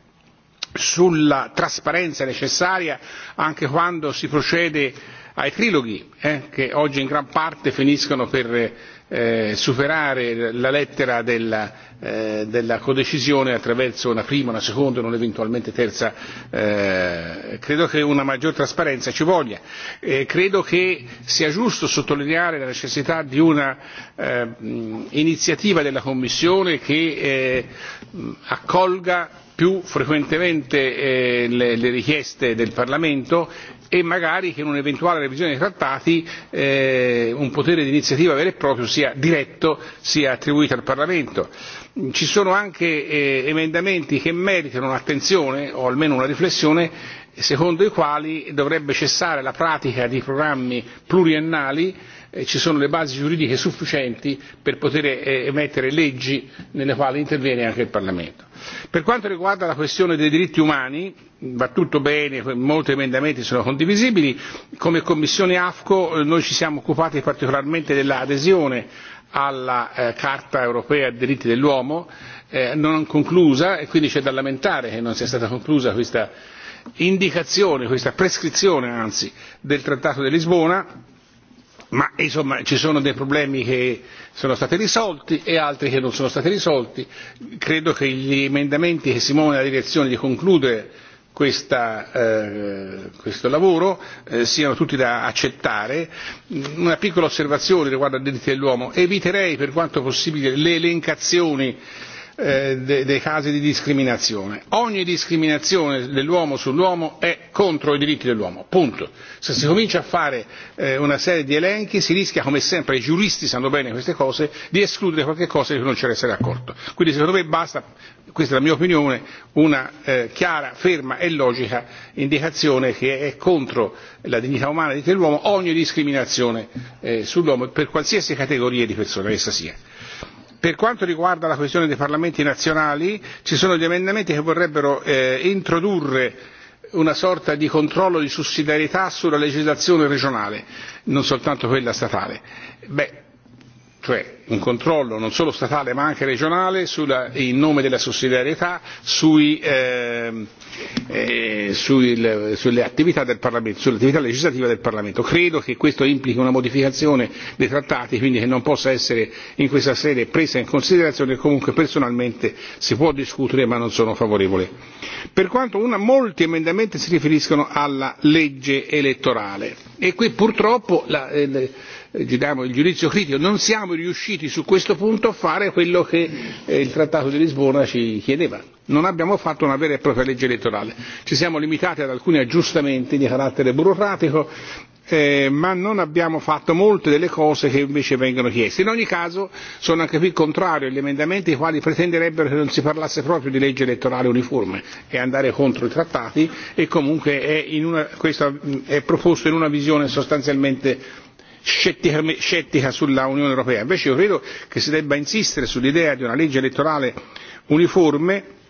sulla trasparenza necessaria anche quando si procede ai triloghi eh, che oggi in gran parte finiscono per eh, superare la lettera della, eh, della codecisione attraverso una prima, una seconda e un'eventualmente terza. Eh, credo che una maggior trasparenza ci voglia. Eh, credo che sia giusto sottolineare la necessità di una eh, iniziativa della Commissione che eh, accolga più frequentemente eh, le, le richieste del Parlamento e magari che in un'eventuale revisione dei trattati eh, un potere di iniziativa vero e proprio sia diretto, sia attribuito al Parlamento. Ci sono anche eh, emendamenti che meritano un'attenzione o almeno una riflessione secondo i quali dovrebbe cessare la pratica di programmi pluriennali E ci sono le basi giuridiche sufficienti per poter eh, emettere leggi nelle quali interviene anche il Parlamento. Per quanto riguarda la questione dei diritti umani, va tutto bene, molti emendamenti sono condivisibili, come Commissione AFCO eh, noi ci siamo occupati particolarmente dell'adesione alla eh, Carta europea dei diritti dell'uomo, eh, non conclusa e quindi c'è da lamentare che non sia stata conclusa questa indicazione, questa prescrizione anzi, del Trattato di Lisbona ma insomma ci sono dei problemi che sono stati risolti e altri che non sono stati risolti. Credo che gli emendamenti che si muovono nella direzione di concludere questa, eh, questo lavoro eh, siano tutti da accettare. Una piccola osservazione riguardo ai diritti dell'uomo. Eviterei per quanto possibile le elencazioni Eh, de, dei casi di discriminazione. Ogni discriminazione dell'uomo sull'uomo è contro i diritti dell'uomo, punto. Se si comincia a fare eh, una serie di elenchi si rischia, come sempre i giuristi sanno bene queste cose, di escludere qualche cosa e di cui non c'era essere accorto. Quindi secondo me basta, questa è la mia opinione, una eh, chiara, ferma e logica indicazione che è contro la dignità umana dell'uomo ogni discriminazione eh, sull'uomo per qualsiasi categoria di persona essa sia. Per quanto riguarda la questione dei parlamenti nazionali, ci sono gli emendamenti che vorrebbero eh, introdurre una sorta di controllo di sussidiarietà sulla legislazione regionale, non soltanto quella statale. Beh, cioè un controllo non solo statale ma anche regionale sulla, in nome della sussidiarietà sui, eh, eh, sui, le, sulle attività del Parlamento, sull'attività legislativa del Parlamento. Credo che questo implichi una modificazione dei trattati, quindi che non possa essere in questa sede presa in considerazione, e comunque personalmente si può discutere ma non sono favorevole. Per quanto una, molti emendamenti si riferiscono alla legge elettorale e qui purtroppo la, eh, Eh, diciamo, il giudizio critico, non siamo riusciti su questo punto a fare quello che eh, il Trattato di Lisbona ci chiedeva. Non abbiamo fatto una vera e propria legge elettorale, ci siamo limitati ad alcuni aggiustamenti di carattere burocratico, eh, ma non abbiamo fatto molte delle cose che invece vengono chieste. In ogni caso sono anche qui contrario agli emendamenti i quali pretenderebbero che non si parlasse proprio di legge elettorale uniforme e andare contro i trattati e comunque è in una, questo è proposto in una visione sostanzialmente scettica sulla Unione Europea. Invece io credo che si debba insistere sull'idea di una legge elettorale uniforme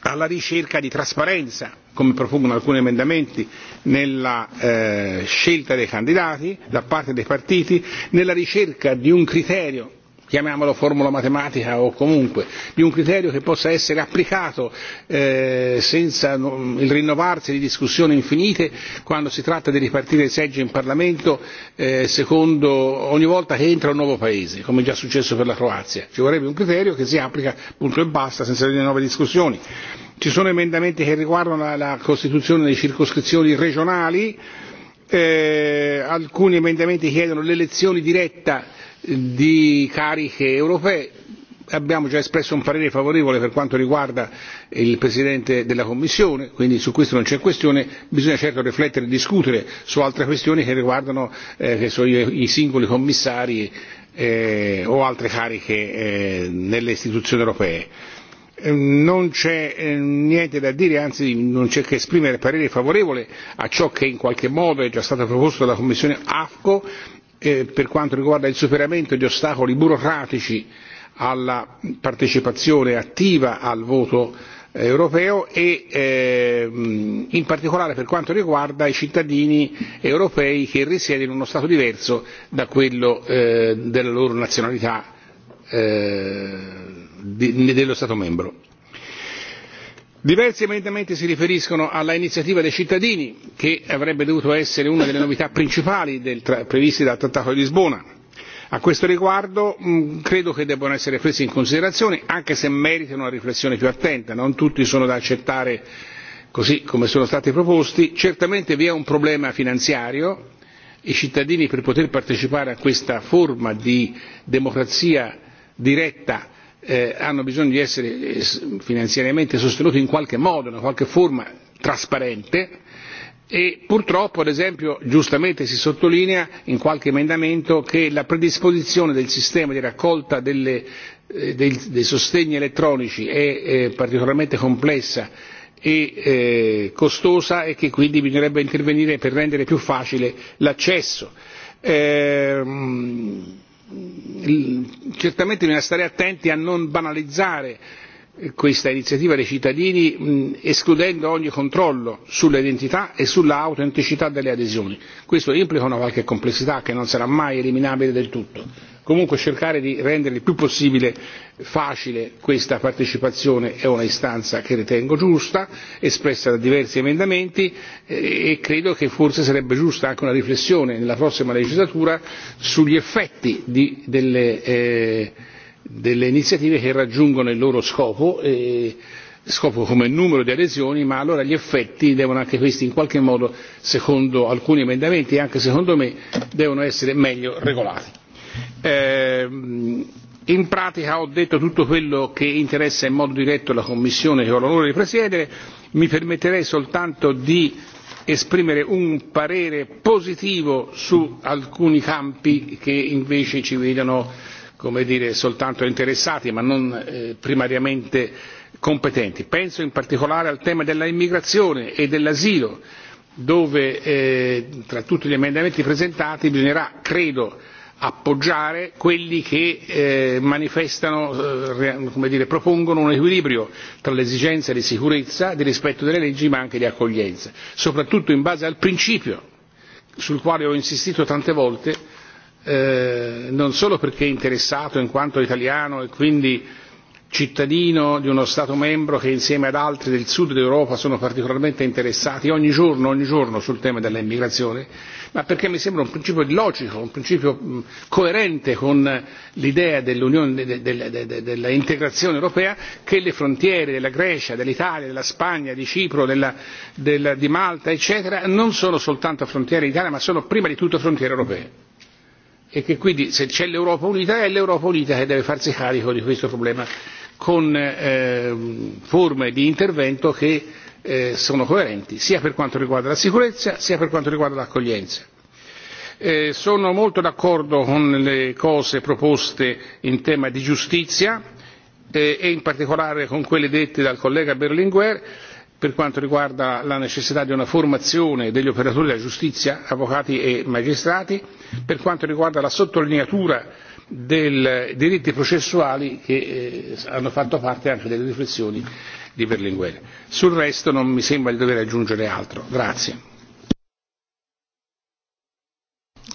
alla ricerca di trasparenza, come propongono alcuni emendamenti, nella eh, scelta dei candidati da parte dei partiti, nella ricerca di un criterio chiamiamolo formula matematica o comunque, di un criterio che possa essere applicato eh, senza il rinnovarsi di discussioni infinite quando si tratta di ripartire i seggi in Parlamento eh, secondo ogni volta che entra un nuovo Paese, come è già successo per la Croazia. Ci vorrebbe un criterio che si applica punto e basta senza nuove discussioni. Ci sono emendamenti che riguardano la, la costituzione delle circoscrizioni regionali, eh, alcuni emendamenti chiedono l'elezione diretta di cariche europee abbiamo già espresso un parere favorevole per quanto riguarda il presidente della commissione quindi su questo non c'è questione bisogna certo riflettere e discutere su altre questioni che riguardano eh, che so io, i singoli commissari eh, o altre cariche eh, nelle istituzioni europee ehm, non c'è eh, niente da dire, anzi non c'è che esprimere parere favorevole a ciò che in qualche modo è già stato proposto dalla Commissione AFCO eh, per quanto riguarda il superamento di ostacoli burocratici alla partecipazione attiva al voto eh, europeo e eh, in particolare per quanto riguarda i cittadini europei che risiedono in uno Stato diverso da quello eh, della loro nazionalità eh, di, dello Stato membro. Diversi emendamenti si riferiscono alla iniziativa dei cittadini, che avrebbe dovuto essere una delle novità principali del tra, previste dal Trattato di Lisbona. A questo riguardo mh, mm, credo che debbano essere presi in considerazione, anche se meritano una riflessione più attenta, non tutti sono da accettare così come sono stati proposti. Certamente vi è un problema finanziario, i cittadini per poter partecipare a questa forma di democrazia diretta eh, hanno bisogno di essere eh, finanziariamente sostenuti in qualche modo, in qualche forma trasparente e purtroppo, ad esempio, giustamente si sottolinea in qualche emendamento che la predisposizione del sistema di raccolta delle, eh, dei, dei sostegni elettronici è eh, particolarmente complessa e eh, costosa e che quindi bisognerebbe intervenire per rendere più facile l'accesso. Eh, Mm, certamente bisogna stare attenti a non banalizzare eh, questa iniziativa dei cittadini mm, escludendo ogni controllo sull'identità e sull'autenticità delle adesioni. Questo implica una qualche complessità che non sarà mai eliminabile del tutto comunque cercare di rendere il più possibile facile questa partecipazione è una istanza che ritengo giusta, espressa da diversi emendamenti eh, e credo che forse sarebbe giusta anche una riflessione nella prossima legislatura sugli effetti di, delle, eh, delle iniziative che raggiungono il loro scopo. Eh, scopo come numero di adesioni, ma allora gli effetti devono anche questi in qualche modo, secondo alcuni emendamenti e anche secondo me, devono essere meglio regolati. Ehm, in pratica ho detto tutto quello che interessa in modo diretto la Commissione che ho l'onore di presiedere, mi permetterei soltanto di esprimere un parere positivo su alcuni campi che invece ci vedono come dire, soltanto interessati ma non eh, primariamente competenti. Penso in particolare al tema dell'immigrazione e dell'asilo, dove eh, tra tutti gli emendamenti presentati bisognerà, credo, appoggiare quelli che eh, manifestano, eh, come dire, propongono un equilibrio tra l'esigenza di sicurezza, di rispetto delle leggi ma anche di accoglienza, soprattutto in base al principio sul quale ho insistito tante volte, eh, non solo perché è interessato in quanto italiano e quindi cittadino di uno Stato membro che insieme ad altri del sud d'Europa sono particolarmente interessati ogni giorno, ogni giorno sul tema dell'immigrazione, ma perché mi sembra un principio logico, un principio coerente con l'idea dell'Unione, dell'integrazione europea, che le frontiere della Grecia, dell'Italia, della Spagna, di Cipro, della, della, di Malta, eccetera, non sono soltanto frontiere d'Italia, ma sono prima di tutto frontiere europee e che quindi se c'è l'Europa unita è l'Europa unita che deve farsi carico di questo problema con eh, forme di intervento che eh, sono coerenti sia per quanto riguarda la sicurezza sia per quanto riguarda l'accoglienza. Eh, sono molto d'accordo con le cose proposte in tema di giustizia eh, e in particolare con quelle dette dal collega Berlinguer per quanto riguarda la necessità di una formazione degli operatori della giustizia, avvocati e magistrati, per quanto riguarda la sottolineatura dei diritti processuali che eh, hanno fatto parte anche delle riflessioni di Berlinguer. Sul resto non mi sembra di dover aggiungere altro. Grazie.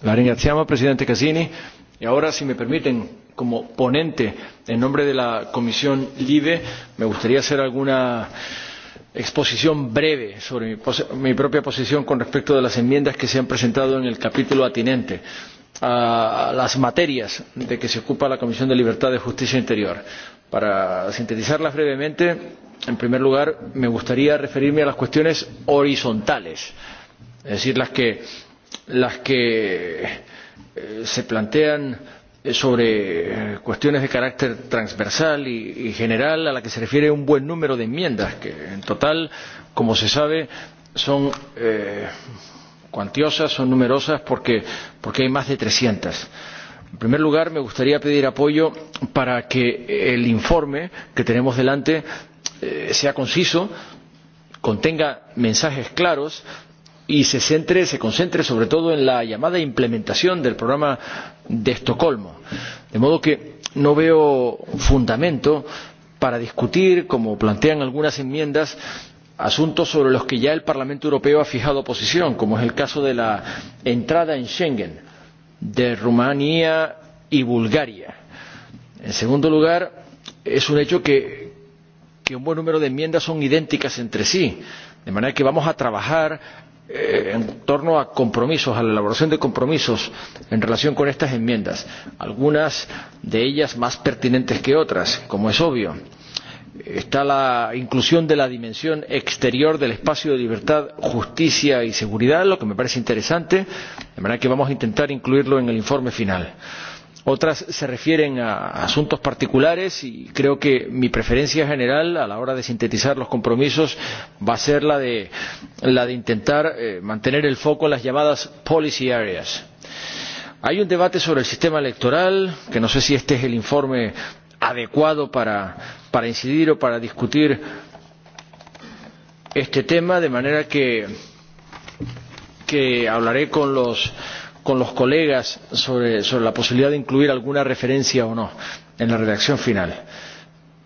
La ringraziamo Presidente Casini e ora se mi permiten como ponente en nombre de la Comisión LIBE me gustaría hacer alguna exposición breve sobre mi, mi propia posición con respecto de las enmiendas que se han presentado en el capítulo atinente a las materias de que se ocupa la Comisión de Libertad de Justicia e Interior. Para sintetizarlas brevemente, en primer lugar, me gustaría referirme a las cuestiones horizontales, es decir, las que, las que eh, se plantean Eh, sobre eh, cuestiones de carácter transversal y, y general a la que se refiere un buen número de enmiendas, que en total, como se sabe, son eh, cuantiosas, son numerosas porque, porque hay más de 300. En primer lugar, me gustaría pedir apoyo para que el informe que tenemos delante eh, sea conciso, contenga mensajes claros y se centre, se concentre sobre todo en la llamada implementación del programa de Estocolmo. De modo que no veo fundamento para discutir, como plantean algunas enmiendas, asuntos sobre los que ya el Parlamento Europeo ha fijado posición, como es el caso de la entrada en Schengen de Rumanía y Bulgaria. En segundo lugar, es un hecho que, que un buen número de enmiendas son idénticas entre sí, de manera que vamos a trabajar Eh, en torno a compromisos, a la elaboración de compromisos en relación con estas enmiendas, algunas de ellas más pertinentes que otras, como es obvio. Está la inclusión de la dimensión exterior del espacio de libertad, justicia y seguridad, lo que me parece interesante, de manera que vamos a intentar incluirlo en el informe final. Eh, otras se refieren a asuntos particulares y creo que mi preferencia general a la hora de sintetizar los compromisos va a ser la de, la de intentar eh, mantener el foco en las llamadas policy areas. Hay un debate sobre el sistema electoral, que no sé si este es el informe adecuado para, para incidir o para discutir este tema, de manera que, que hablaré con los con los colegas sobre, sobre la posibilidad de incluir alguna referencia o no en la redacción final.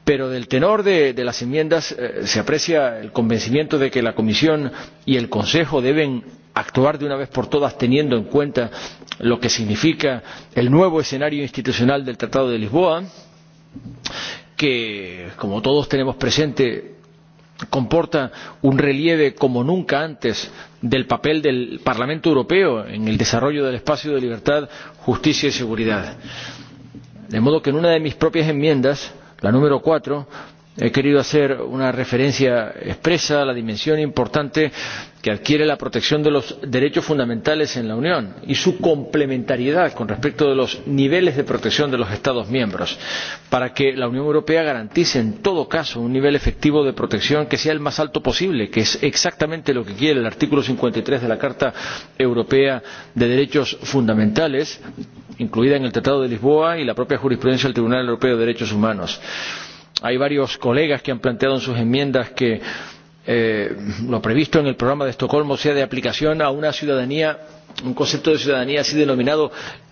Pero del tenor de, de las enmiendas eh, se aprecia el convencimiento de que la Comisión y el Consejo deben actuar de una vez por todas teniendo en cuenta lo que significa el nuevo escenario institucional del Tratado de Lisboa, que, como todos tenemos presente, comporta un relieve como nunca antes del papel del Parlamento Europeo en el desarrollo del espacio de libertad, justicia y seguridad. De modo que en una de mis propias enmiendas, la número cuatro, He querido hacer una referencia expresa a la dimensión importante que adquiere la protección de los derechos fundamentales en la Unión y su complementariedad con respecto de los niveles de protección de los Estados miembros, para que la Unión Europea garantice en todo caso un nivel efectivo de protección que sea el más alto posible, que es exactamente lo que quiere el artículo cincuenta y tres de la Carta Europea de Derechos Fundamentales, incluida en el Tratado de Lisboa y la propia jurisprudencia del Tribunal Europeo de Derechos Humanos. Hay varios colegas que han planteado en sus enmiendas que eh, lo previsto en el programa de Estocolmo sea de aplicación a una ciudadanía, un concepto de ciudadanía así denominado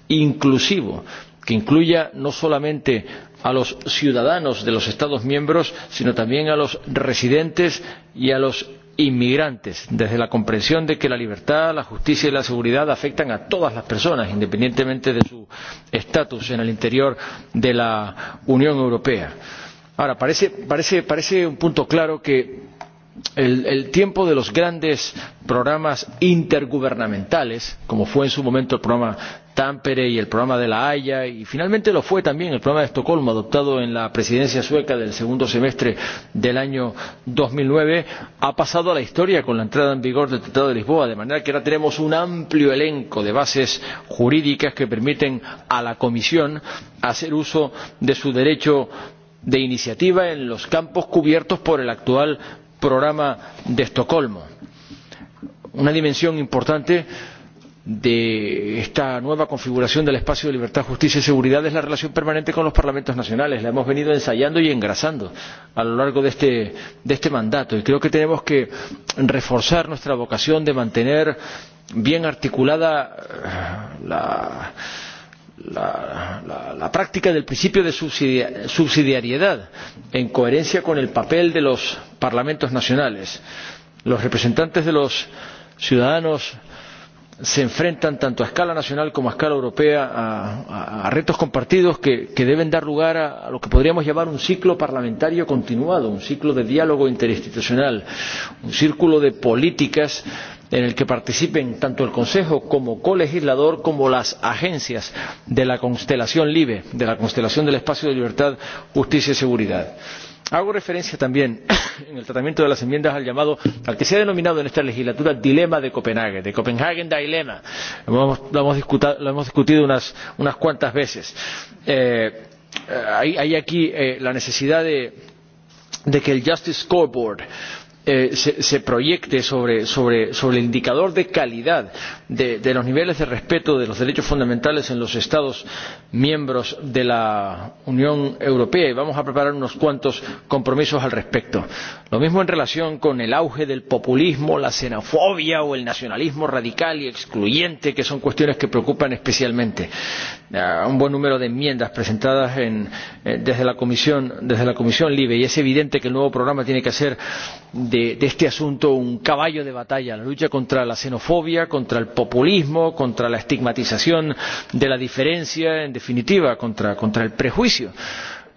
inclusivo, que incluya no solamente a los ciudadanos de los Estados miembros, sino también a los residentes y a los inmigrantes, desde la comprensión de que la libertad, la justicia y la seguridad afectan a todas las personas, independientemente de su estatus en el interior de la Unión Europea Ahora, parece, parece, parece un punto claro que el, el tiempo de los grandes programas intergubernamentales, como fue en su momento el programa Tampere y el programa de La Haya, y finalmente lo fue también el programa de Estocolmo, adoptado en la presidencia sueca del segundo semestre del año 2009, ha pasado a la historia con la entrada en vigor del Tratado de Lisboa, de manera que ahora tenemos un amplio elenco de bases jurídicas que permiten a la Comisión hacer uso de su derecho de iniciativa en los campos cubiertos por el actual programa de Estocolmo. Una dimensión importante de esta nueva configuración del espacio de libertad, justicia y seguridad es la relación permanente con los parlamentos nacionales. La hemos venido ensayando y engrasando a lo largo de este, de este mandato y creo que tenemos que reforzar nuestra vocación de mantener bien articulada eh, la la, la, la práctica del principio de subsidiariedad en coherencia con el papel de los parlamentos nacionales. Los representantes de los ciudadanos se enfrentan tanto a escala nacional como a escala europea a, a, a retos compartidos que, que deben dar lugar a, a lo que podríamos llamar un ciclo parlamentario continuado, un ciclo de diálogo interinstitucional, un círculo de políticas en el que participen tanto el Consejo como colegislador como las agencias de la constelación LIBE, de la constelación del espacio de libertad, justicia y seguridad. Hago referencia también en el tratamiento de las enmiendas al llamado, al que se ha denominado en esta legislatura dilema de Copenhague, de Copenhagen Dilemma. Lo hemos, lo hemos, discutido, lo hemos discutido unas, unas cuantas veces. Eh, eh, hay, hay aquí eh, la necesidad de, de que el Justice Scoreboard eh, Eh, se, se proyecte sobre, sobre, sobre el indicador de calidad de, de los niveles de respeto de los derechos fundamentales en los Estados miembros de la Unión Europea y vamos a preparar unos cuantos compromisos al respecto. Lo mismo en relación con el auge del populismo, la xenofobia o el nacionalismo radical y excluyente, que son cuestiones que preocupan especialmente a un buen número de enmiendas presentadas en, eh, desde, la comisión, desde la Comisión Libre y es evidente que el nuevo programa tiene que hacer de, de este asunto un caballo de batalla, la lucha contra la xenofobia, contra el populismo, contra la estigmatización de la diferencia, en definitiva, contra, contra el prejuicio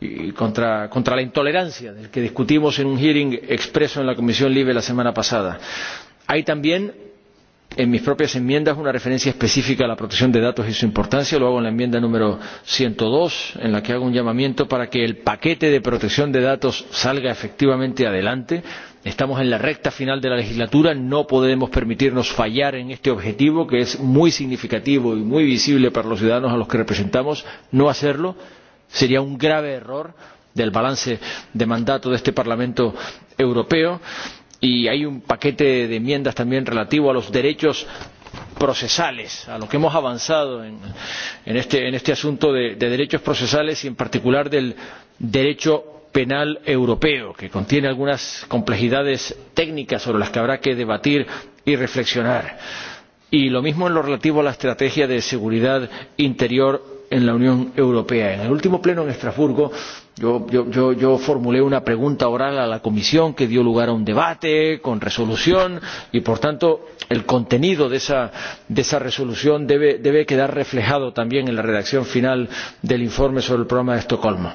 y contra, contra la intolerancia del que discutimos en un hearing expreso en la Comisión Libre la semana pasada. Hay también en mis propias enmiendas una referencia específica a la protección de datos y su importancia. Lo hago en la enmienda número 102, en la que hago un llamamiento para que el paquete de protección de datos salga efectivamente adelante. Estamos en la recta final de la legislatura, no podemos permitirnos fallar en este objetivo, que es muy significativo y muy visible para los ciudadanos a los que representamos. No hacerlo sería un grave error del balance de mandato de este Parlamento Europeo y hay un paquete de enmiendas también relativo a los derechos procesales, a lo que hemos avanzado en, en, este, en este asunto de, de derechos procesales y en particular del derecho penal europeo, que contiene algunas complejidades técnicas sobre las que habrá que debatir y reflexionar. Y lo mismo en lo relativo a la estrategia de seguridad interior en la Unión Europea. En el último pleno en Estrasburgo Yo, yo, yo, yo formulé una pregunta oral a la comisión que dio lugar a un debate con resolución y, por tanto, el contenido de esa, de esa resolución debe, debe quedar reflejado también en la redacción final del informe sobre el programa de Estocolmo.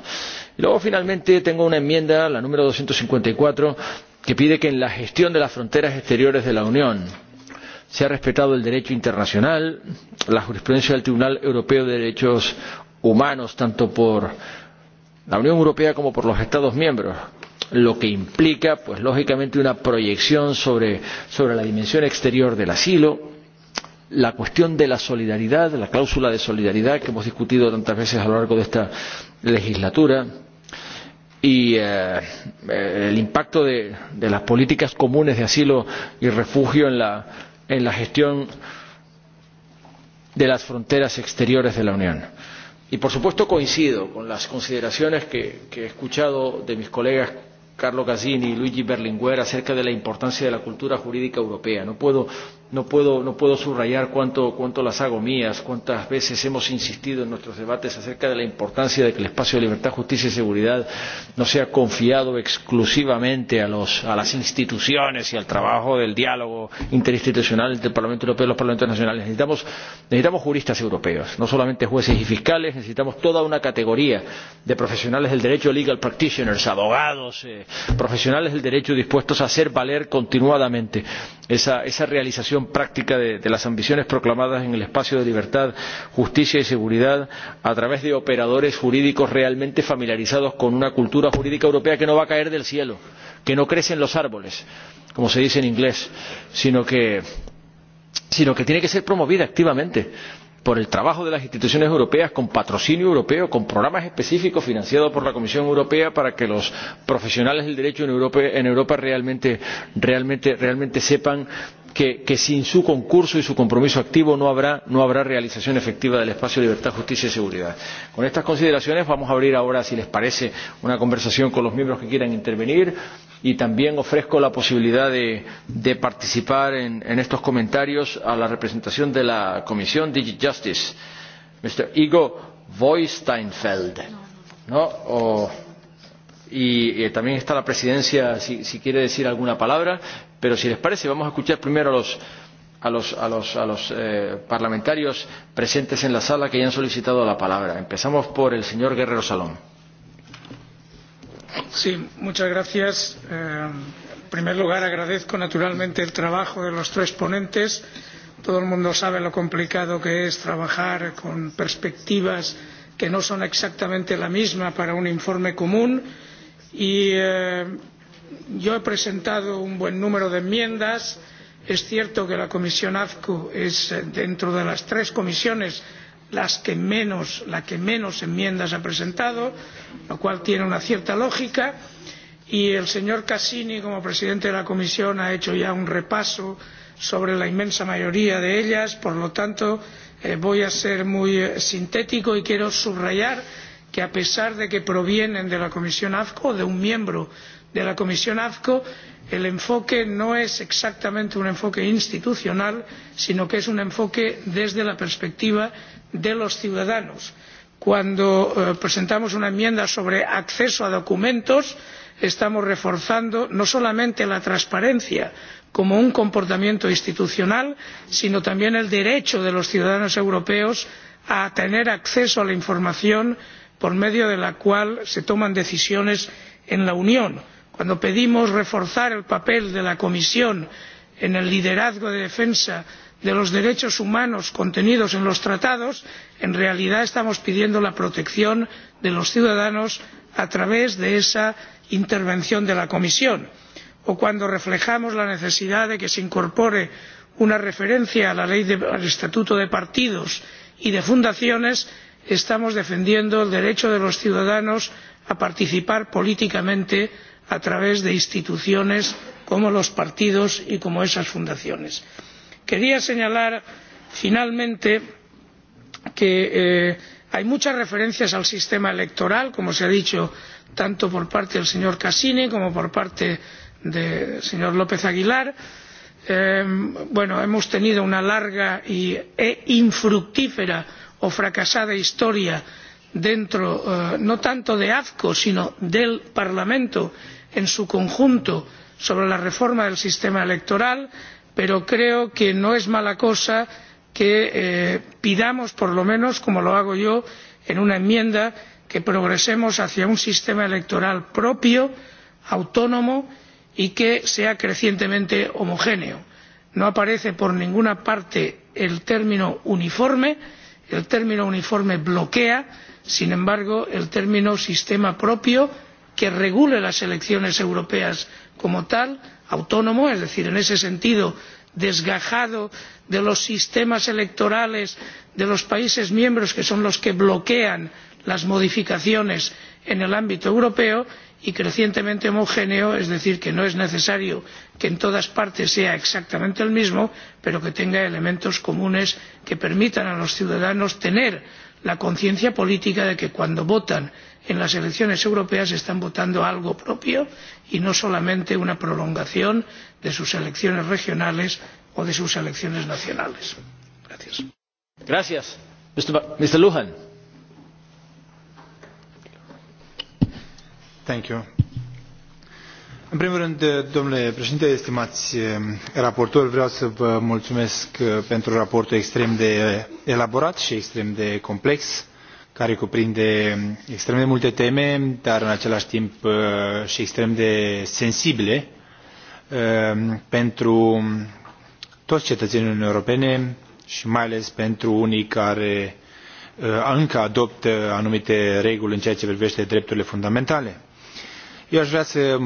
Y luego, finalmente, tengo una enmienda, la número 254, que pide que en la gestión de las fronteras exteriores de la Unión se ha respetado el derecho internacional, la jurisprudencia del Tribunal Europeo de Derechos Humanos, tanto por la Unión Europea como por los Estados miembros, lo que implica, pues lógicamente, una proyección sobre, sobre la dimensión exterior del asilo, la cuestión de la solidaridad, la cláusula de solidaridad que hemos discutido tantas veces a lo largo de esta legislatura, y eh, el impacto de, de las políticas comunes de asilo y refugio en la, en la gestión de las fronteras exteriores de la Unión. Y por supuesto coincido con las consideraciones que, que he escuchado de mis colegas Carlo Casini y Luigi Berlinguer acerca de la importancia de la cultura jurídica europea. No puedo no puedo, no puedo subrayar cuánto, cuánto las hago mías, cuántas veces hemos insistido en nuestros debates acerca de la importancia de que el espacio de libertad, justicia y seguridad no sea confiado exclusivamente a, los, a las instituciones y al trabajo del diálogo interinstitucional entre el Parlamento Europeo y los Parlamentos Nacionales. Necesitamos, necesitamos juristas europeos, no solamente jueces y fiscales, necesitamos toda una categoría de profesionales del derecho, legal practitioners, abogados, eh, profesionales del derecho dispuestos a hacer valer continuadamente esa, esa realización aplicación práctica de, de las ambiciones proclamadas en el espacio de libertad, justicia y seguridad a través de operadores jurídicos realmente familiarizados con una cultura jurídica europea que no va a caer del cielo, que no crece en los árboles, como se dice en inglés, sino que, sino que tiene que ser promovida activamente por el trabajo de las instituciones europeas con patrocinio europeo, con programas específicos financiados por la Comisión Europea para que los profesionales del derecho en Europa, en Europa realmente, realmente, realmente sepan que, que sin su concurso y su compromiso activo no habrá, no habrá realización efectiva del espacio de libertad, justicia y seguridad. Con estas consideraciones vamos a abrir ahora, si les parece, una conversación con los miembros que quieran intervenir y también ofrezco la posibilidad de, de participar en, en estos comentarios a la representación de la Comisión Digit Justice, Mr. Igor Voisteinfeld. ¿no? O, y, y eh, también está la presidencia, si, si quiere decir alguna palabra Pero si les parece, vamos a escuchar primero a los, a los, a los, a los eh, parlamentarios presentes en la sala que ya han solicitado la palabra. Empezamos por el señor Guerrero Salón. Sí, muchas gracias. Eh, en primer lugar, agradezco naturalmente el trabajo de los tres ponentes. Todo el mundo sabe lo complicado que es trabajar con perspectivas que no son exactamente la misma para un informe común y eh, yo he presentado un buen número de enmiendas. Es cierto que la comisión AFCO es eh, dentro de las tres comisiones las que menos, la que menos enmiendas ha presentado, lo cual tiene una cierta lógica. Y el señor Cassini, como presidente de la comisión, ha hecho ya un repaso sobre la inmensa mayoría de ellas. Por lo tanto, eh, voy a ser muy eh, sintético y quiero subrayar que a pesar de que provienen de la comisión AFCO, de un miembro de la Comisión AFCO, el enfoque no es exactamente un enfoque institucional, sino que es un enfoque desde la perspectiva de los ciudadanos. Cuando eh, presentamos una enmienda sobre acceso a documentos, estamos reforzando no solamente la transparencia como un comportamiento institucional, sino también el derecho de los ciudadanos europeos a tener acceso a la información por medio de la cual se toman decisiones en la Unión cuando pedimos reforzar el papel de la comisión en el liderazgo de defensa de los derechos humanos contenidos en los tratados en realidad estamos pidiendo la protección de los ciudadanos a través de esa intervención de la comisión o cuando reflejamos la necesidad de que se incorpore una referencia a la ley del estatuto de partidos y de fundaciones estamos defendiendo el derecho de los ciudadanos a participar políticamente en a través de instituciones como los partidos y como esas fundaciones. Quería señalar finalmente que eh, hay muchas referencias al sistema electoral, como se ha dicho tanto por parte del señor Cassini como por parte del señor López Aguilar. Eh, bueno, hemos tenido una larga e infructífera o fracasada historia dentro eh, no tanto de AFCO sino del Parlamento en su conjunto sobre la reforma del sistema electoral pero creo que no es mala cosa que eh, pidamos por lo menos como lo hago yo en una enmienda que progresemos hacia un sistema electoral propio autónomo y que sea crecientemente homogéneo. no aparece por ninguna parte el término uniforme el término uniforme bloquea sin embargo el término sistema propio que regule las elecciones europeas como tal autónomo es decir en ese sentido desgajado de los sistemas electorales de los países miembros que son los que bloquean las modificaciones en el ámbito europeo y crecientemente homogéneo es decir que no es necesario que en todas partes sea exactamente el mismo pero que tenga elementos comunes que permitan a los ciudadanos tener la conciencia política de que cuando votan en las elecciones europeas están votando algo propio y no solamente una prolongación de sus elecciones regionales o de sus elecciones nacionales. Gracias. Gracias. Mr. Mr. Thank you. În primul rând, domnule președinte, estimați eh, raportori, vreau să vă mulțumesc eh, pentru raportul extrem de elaborat și extrem de complex care cuprinde extrem de multe teme, dar în același timp uh, și extrem de sensibile uh, pentru toți cetățenii Uniunii Europene și mai ales pentru unii care uh, încă adoptă anumite reguli în ceea ce privește drepturile fundamentale. Eu aș vrea să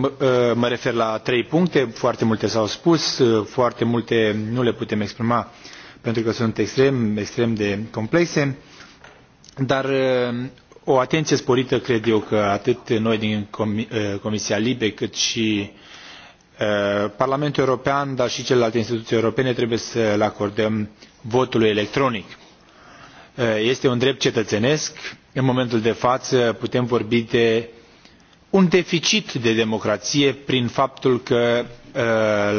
mă refer la trei puncte, foarte multe s-au spus, foarte multe nu le putem exprima pentru că sunt extrem, extrem de complexe. Dar eh, o atenție sporită, cred eu, că atât noi din eh, Comisia Libe, cât și eh, Parlamentul European, dar și celelalte instituții europene trebuie să le acordăm votul electronic. Este un drept cetățenesc. În momentul de față putem vorbi de un deficit de democrație prin faptul că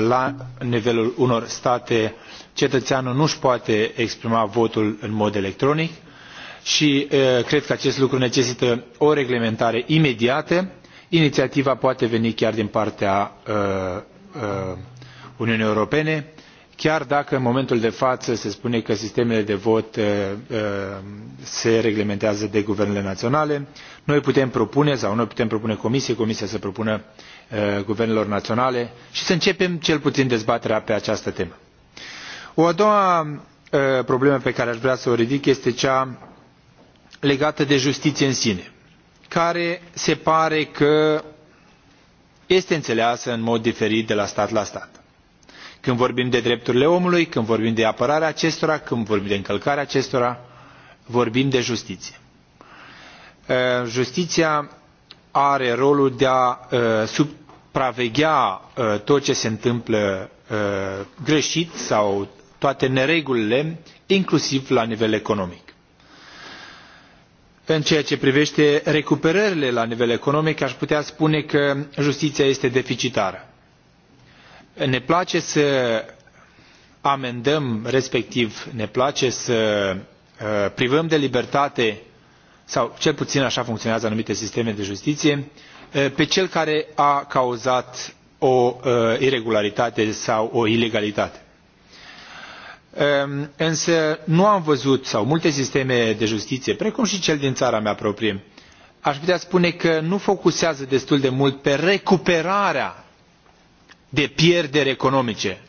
la nivelul unor state cetățeanul nu își poate exprima votul în mod electronic și e, cred că acest lucru necesită o reglementare imediată. Inițiativa poate veni chiar din partea e, e, Uniunii Europene, chiar dacă în momentul de față se spune că sistemele de vot se reglementează de guvernele naționale, noi putem propune sau noi putem propune comisie, comisia să propună guvernelor naționale și să începem cel puțin dezbaterea pe această temă. O a doua problemă pe care aș vrea să o ridic este cea legată de justiție în sine, care se pare că este înțeleasă în mod diferit de la stat la stat. Când vorbim de drepturile omului, când vorbim de apărarea acestora, când vorbim de încălcarea acestora, vorbim de justiție. E, justiția are rolul de a e, supraveghea e, tot ce se întâmplă greșit sau toate neregulile, inclusiv la nivel economic. În ceea ce privește recuperările la nivel economic, aș putea spune că justiția este deficitară. Ne place să amendăm, respectiv ne place să uh, privăm de libertate, sau cel puțin așa funcționează anumite sisteme de justiție, uh, pe cel care a cauzat o uh, irregularitate sau o ilegalitate. Ehm, însă nu am văzut, sau multe sisteme de justiție, precum și cel din țara mea proprie, aș putea spune că nu focusează destul de mult pe recuperarea de pierderi economice,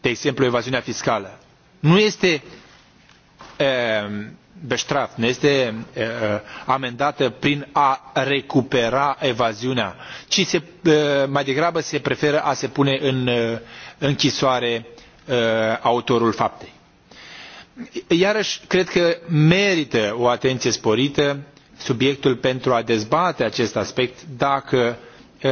de exemplu evaziunea fiscală. Nu este bestraft, ehm, nu este e, e, amendată prin a recupera evaziunea, ci se, e, mai degrabă se preferă a se pune în închisoare autorul faptei. Iarăși, cred că merită o atenție sporită subiectul pentru a dezbate acest aspect dacă uh,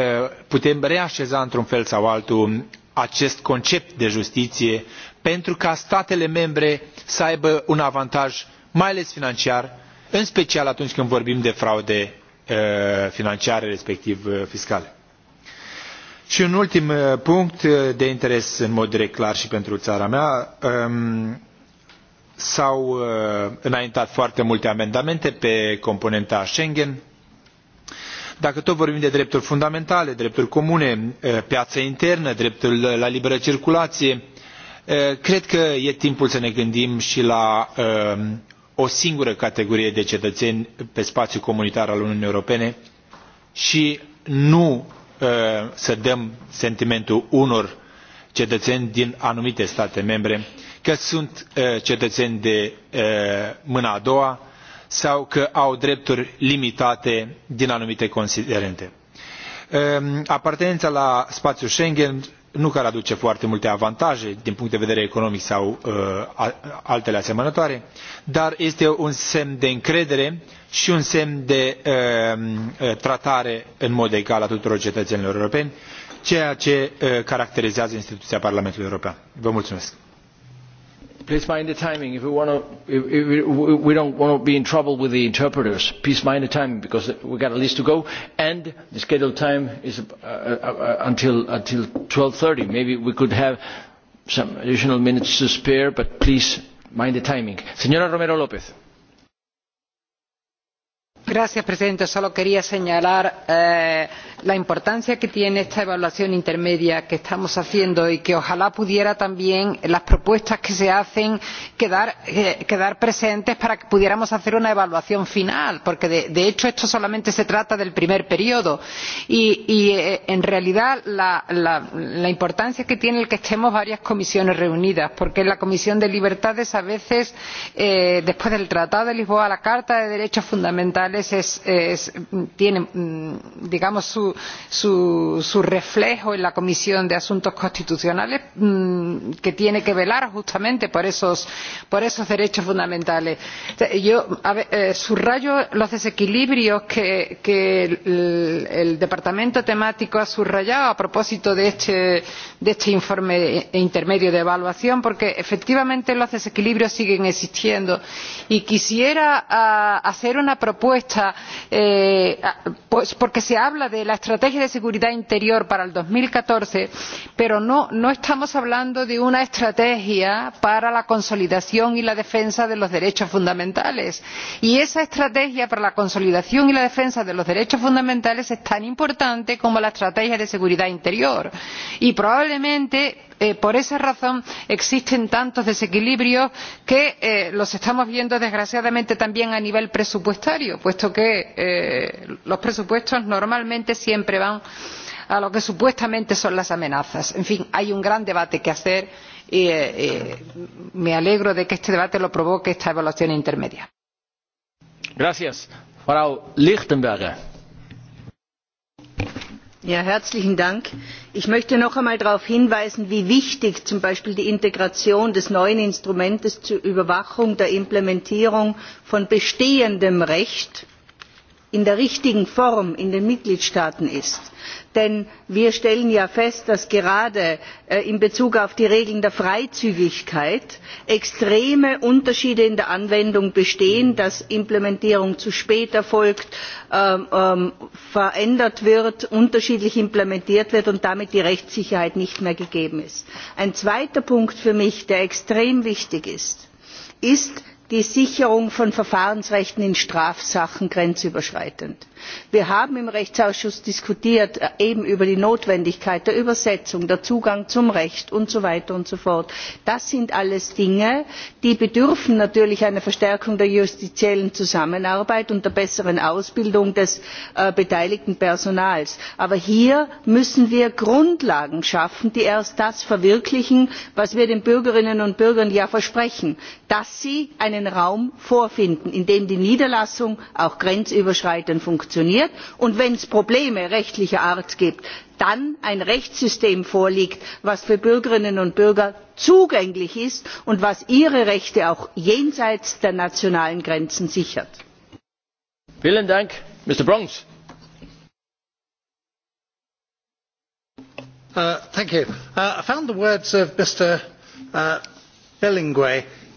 putem reașeza într-un fel sau altul acest concept de justiție pentru ca statele membre să aibă un avantaj, mai ales financiar, în special atunci când vorbim de fraude uh, financiare, respectiv uh, fiscale. Și un ultim punct de interes în mod direct clar și pentru țara mea, um, S-au uh, înaintat foarte multe amendamente pe componenta Schengen. Dacă tot vorbim de drepturi fundamentale, drepturi comune, uh, piața internă, dreptul la liberă circulație, uh, cred că e timpul să ne gândim și la uh, o singură categorie de cetățeni pe spațiu comunitar al Uniunii Europene și nu să dăm sentimentul unor cetățeni din anumite state membre uh, că sunt e, cetățeni de e, mâna a doua sau că au drepturi limitate din anumite considerente. E, apartenența la spazio Schengen nu care aduce foarte multe avantaje din punct de vedere economic sau uh, altele asemănătoare, dar este un semn de încredere și un semn de uh, tratare în mod egal a tuturor cetățenilor europeni, ceea ce uh, caracterizează instituția Parlamentului European. Vă mulțumesc! Please mind the timing. If we want to, if, if we don't want to be in trouble with the interpreters. Please mind the timing because we got a list to go, and the scheduled time is uh, uh, uh until until 12:30. Maybe we could have some additional minutes to spare, but please mind the timing. Señora Romero López. Gracias, presidente. Solo quería señalar. Uh, la importancia que tiene esta evaluación intermedia que estamos haciendo y que ojalá pudiera también las propuestas que se hacen quedar, eh, quedar presentes para que pudiéramos hacer una evaluación final, porque de, de hecho esto solamente se trata del primer periodo y, y eh, en realidad la, la, la importancia que tiene el que estemos varias comisiones reunidas, porque en la Comisión de Libertades a veces, eh, después del Tratado de Lisboa, la Carta de Derechos Fundamentales es, es, tiene, mm, digamos, su, su, su, reflejo en la Comisión de Asuntos Constitucionales, mmm, que tiene que velar justamente por esos, por esos derechos fundamentales. Yo a ver, eh, subrayo los desequilibrios que, que el, el Departamento temático ha subrayado a propósito de este, de este informe e intermedio de evaluación, porque efectivamente los desequilibrios siguen existiendo. Y quisiera a, ah, hacer una propuesta, eh, pues porque se habla de la estrategia de seguridad interior para dos mil catorce pero no, no estamos hablando de una estrategia para la consolidación y la defensa de los derechos fundamentales y esa estrategia para la consolidación y la defensa de los derechos fundamentales es tan importante como la estrategia de seguridad interior y probablemente Eh, por esa razón existen tantos desequilibrios que eh, los estamos viendo desgraciadamente también a nivel presupuestario, puesto que eh, los presupuestos normalmente siempre van a lo que supuestamente son las amenazas. En fin, hay un gran debate que hacer y eh, eh, me alegro de que este debate lo provoque esta evaluación intermedia. Gracias, Frau Lichtenberger. Ja, herzlichen Dank. Ich möchte noch einmal darauf hinweisen, wie wichtig zum Beispiel die Integration des neuen Instruments zur Überwachung der Implementierung von bestehendem Recht in der richtigen Form in den Mitgliedstaaten ist denn wir stellen ja fest dass gerade äh, in bezug auf die regeln der freizügigkeit extreme unterschiede in der anwendung bestehen mhm. dass implementierung zu spät erfolgt ähm, ähm, verändert wird unterschiedlich implementiert wird und damit die rechtssicherheit nicht mehr gegeben ist. ein zweiter punkt für mich der extrem wichtig ist ist die Sicherung von Verfahrensrechten in Strafsachen grenzüberschreitend. Wir haben im Rechtsausschuss diskutiert äh, eben über die Notwendigkeit der Übersetzung, der Zugang zum Recht und so weiter und so fort. Das sind alles Dinge, die bedürfen natürlich einer Verstärkung der justiziellen Zusammenarbeit und der besseren Ausbildung des äh, beteiligten Personals. Aber hier müssen wir Grundlagen schaffen, die erst das verwirklichen, was wir den Bürgerinnen und Bürgern ja versprechen, dass sie eine einen raum vorfinden in dem die niederlassung auch grenzüberschreitend funktioniert und wenn es probleme rechtlicher art gibt dann ein rechtssystem vorliegt das für bürgerinnen und bürger zugänglich ist und das ihre rechte auch jenseits der nationalen grenzen sichert.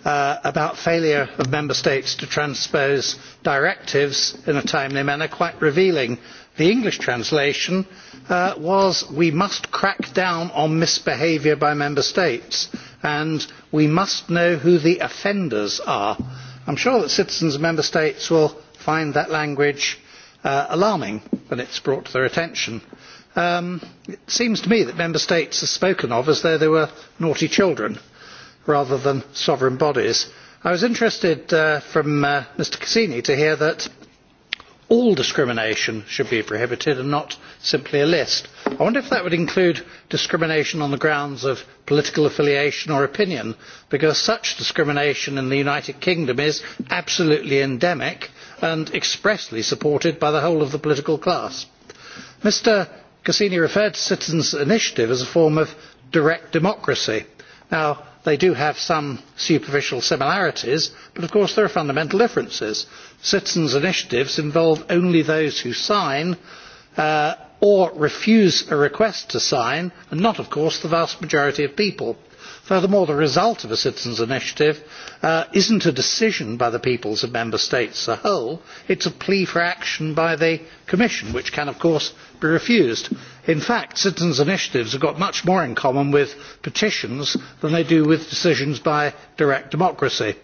Uh, about failure of member states to transpose directives in a timely manner quite revealing. The English translation uh, was we must crack down on misbehaviour by member states and we must know who the offenders are. I am sure that citizens of member states will find that language uh, alarming when it is brought to their attention. Um, it seems to me that member states are spoken of as though they were naughty children rather than sovereign bodies. I was interested uh, from uh, Mr Cassini to hear that all discrimination should be prohibited and not simply a list. I wonder if that would include discrimination on the grounds of political affiliation or opinion, because such discrimination in the United Kingdom is absolutely endemic and expressly supported by the whole of the political class. Mr Cassini referred to citizens' initiative as a form of direct democracy. Now, They do have some superficial similarities, but of course there are fundamental differences. Citizens' initiatives involve only those who sign uh, or refuse a request to sign, and not, of course, the vast majority of people. Furthermore, the result of a citizens' initiative uh, isn't a decision by the peoples of member states as a whole, it's a plea for action by the Commission, which can, of course, be refused. In fact, citizens' initiatives have got much more in common with petitions than they do with decisions by direct democracy.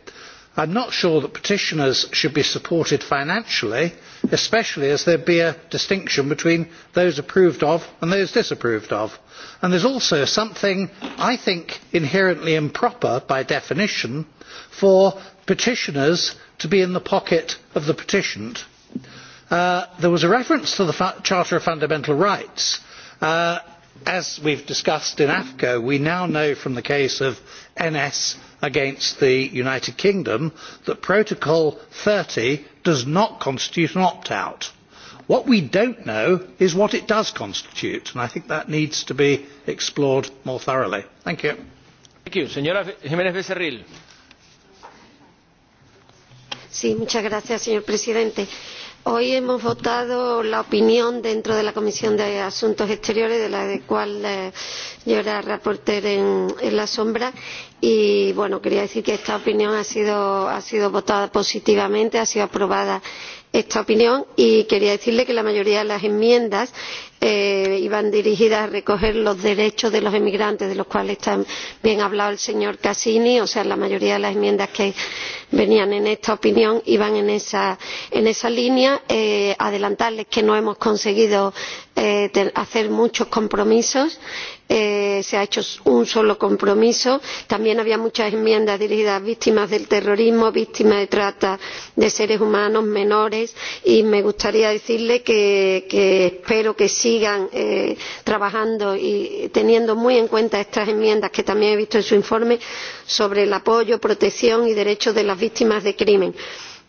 I am not sure that petitioners should be supported financially, especially as there be a distinction between those approved of and those disapproved of. And there is also something, I think, inherently improper by definition for petitioners to be in the pocket of the petitioned. Uh, there was a reference to the Charter of Fundamental Rights. Uh, as we have discussed in afco we now know from the case of ns against the united kingdom that protocol thirty does not constitute an opt out. what we do not know is what it does constitute and i think that needs to be explored more thoroughly. Thank you. Thank you. Sí, gracias, señor presidente Hoy hemos votado la opinión dentro de la Comisión de Asuntos Exteriores, de la de cual eh, yo era reporter en, en la sombra, y bueno, quería decir que esta opinión ha sido, ha sido votada positivamente, ha sido aprobada esta opinión y quería decirle que la mayoría de las enmiendas eh, iban dirigidas a recoger los derechos de los emigrantes, de los cuales también ha hablado el señor Cassini, o sea, la mayoría de las enmiendas que venían en esta opinión iban en esa, en esa línea. Eh, adelantarles que no hemos conseguido eh, hacer muchos compromisos eh, se ha hecho un solo compromiso. También había muchas enmiendas dirigidas a víctimas del terrorismo, víctimas de trata de seres humanos, menores, y me gustaría decirle que, que espero que sigan eh, trabajando y teniendo muy en cuenta estas enmiendas que también he visto en su informe sobre el apoyo, protección y derechos de las víctimas de crimen.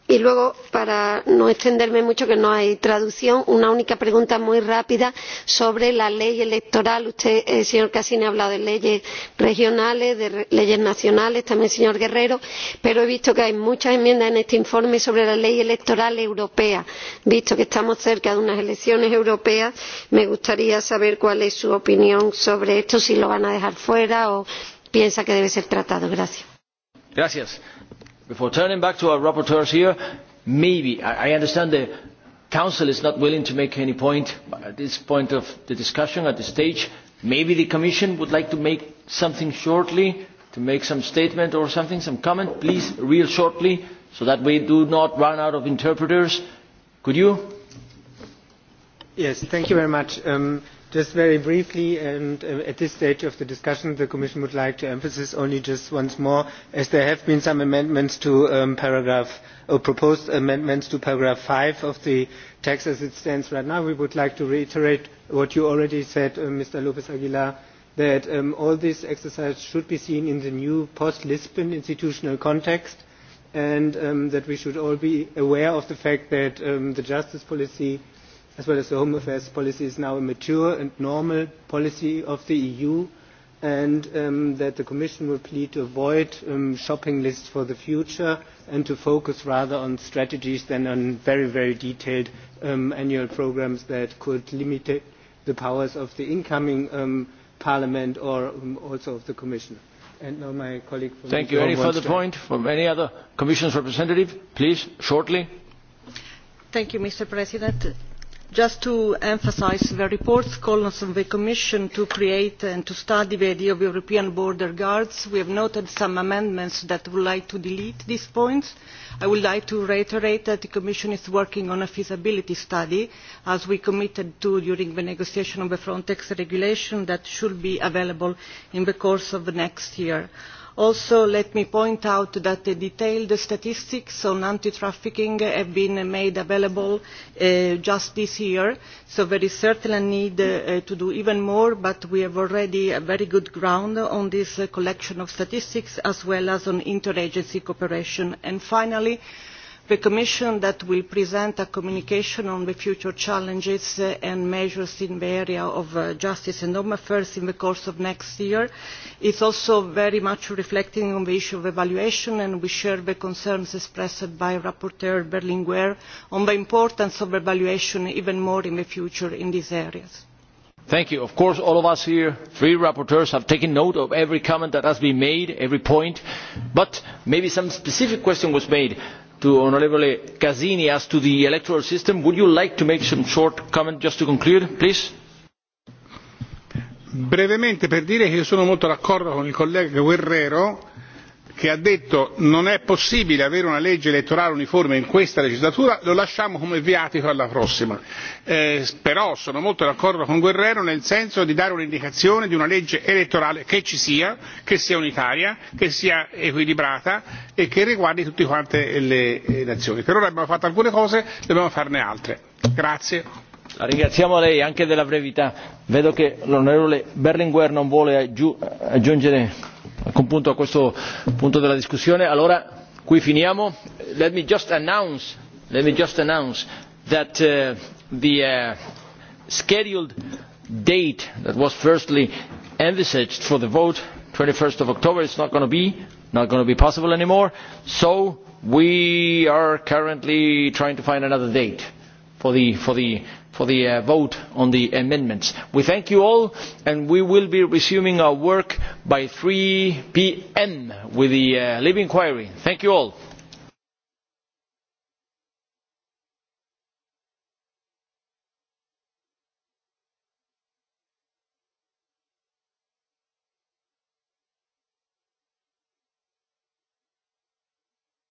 Y luego, para no extenderme mucho, que no hay traducción, una única pregunta muy rápida sobre la ley electoral. Usted, eh, señor Casini, ha hablado de leyes regionales, de re leyes nacionales, también señor Guerrero, pero he visto que hay muchas enmiendas en este informe sobre la ley electoral europea. Visto que estamos cerca de unas elecciones europeas, me gustaría saber cuál es su opinión sobre esto, si lo van a dejar fuera o piensa que debe ser tratado. Gracias. Gracias before turning back to our rapporteurs here, maybe, I, I understand the Council is not willing to make any point at this point of the discussion, at this stage. Maybe the Commission would like to make something shortly, to make some statement or something, some comment, please, real shortly, so that we do not run out of interpreters. Could you? Yes, thank you very much. Um, Just very briefly, and uh, at this stage of the discussion, the Commission would like to emphasize only just once more, as there have been some amendments to um, paragraph, or proposed amendments to paragraph 5 of the text as it stands right now. We would like to reiterate what you already said, uh, Mr. Lopez Aguilar, that um, all this exercise should be seen in the new post-Lisbon institutional context, and um, that we should all be aware of the fact that um, the justice policy as well as the Home Affairs policy is now a mature and normal policy of the EU and um, that the Commission will plead to avoid um, shopping lists for the future and to focus rather on strategies than on very, very detailed um, annual programs that could limit the powers of the incoming um, Parliament or um, also of the Commission. And now my colleague from Thank you. Any further to... point from any other Commission's representative? Please, shortly. Thank you, Mr. President. Just to emphasize, the report's call on the Commission to create and to study the idea of European border guards. We have noted some amendments that would like to delete these points. I would like to reiterate that the Commission is working on a feasibility study, as we committed to during the negotiation of the Frontex regulation that should be available in the course of the next year. Also, let me point out that the detailed statistics on anti-trafficking have been made available uh, just this year, so there is certainly a need uh, to do even more, but we have already a very good ground on this uh, collection of statistics as well as on interagency cooperation. And finally, uh, the Commission that will present a communication on the future challenges uh, and measures in the area of uh, justice and home affairs in the course of next year. is also very much reflecting on the issue of evaluation and we share the concerns expressed by Rapporteur Berlinguer on the importance of evaluation even more in the future in these areas. Thank you. Of course, all of us here, three rapporteurs, have taken note of every comment that has been made, every point. But maybe some specific question was made to Honorable Casini as to the electoral system. Would you like to make some short comment just to conclude, please? Brevemente per dire che io sono molto d'accordo con il collega Guerrero che ha detto non è possibile avere una legge elettorale uniforme in questa legislatura lo lasciamo come viatico alla prossima eh, però sono molto d'accordo con Guerrero nel senso di dare un'indicazione di una legge elettorale che ci sia che sia unitaria che sia equilibrata e che riguardi tutte quante le eh, nazioni per ora abbiamo fatto alcune cose dobbiamo farne altre grazie Ringraziamo lei anche della brevità. Vedo che l'onorevole Berlinguer non vuole aggiungere alcun punto a questo punto della discussione. Allora qui finiamo. Let me just announce, let me just announce that uh, the uh, scheduled date that was firstly envisaged for the vote, 21st of October, is not going to be not going to be possible anymore. So we are currently trying to find another date for the for the for the uh, vote on the amendments. We thank you all and we will be resuming our work by 3 p.m. with the uh, Libe inquiry. Thank you all.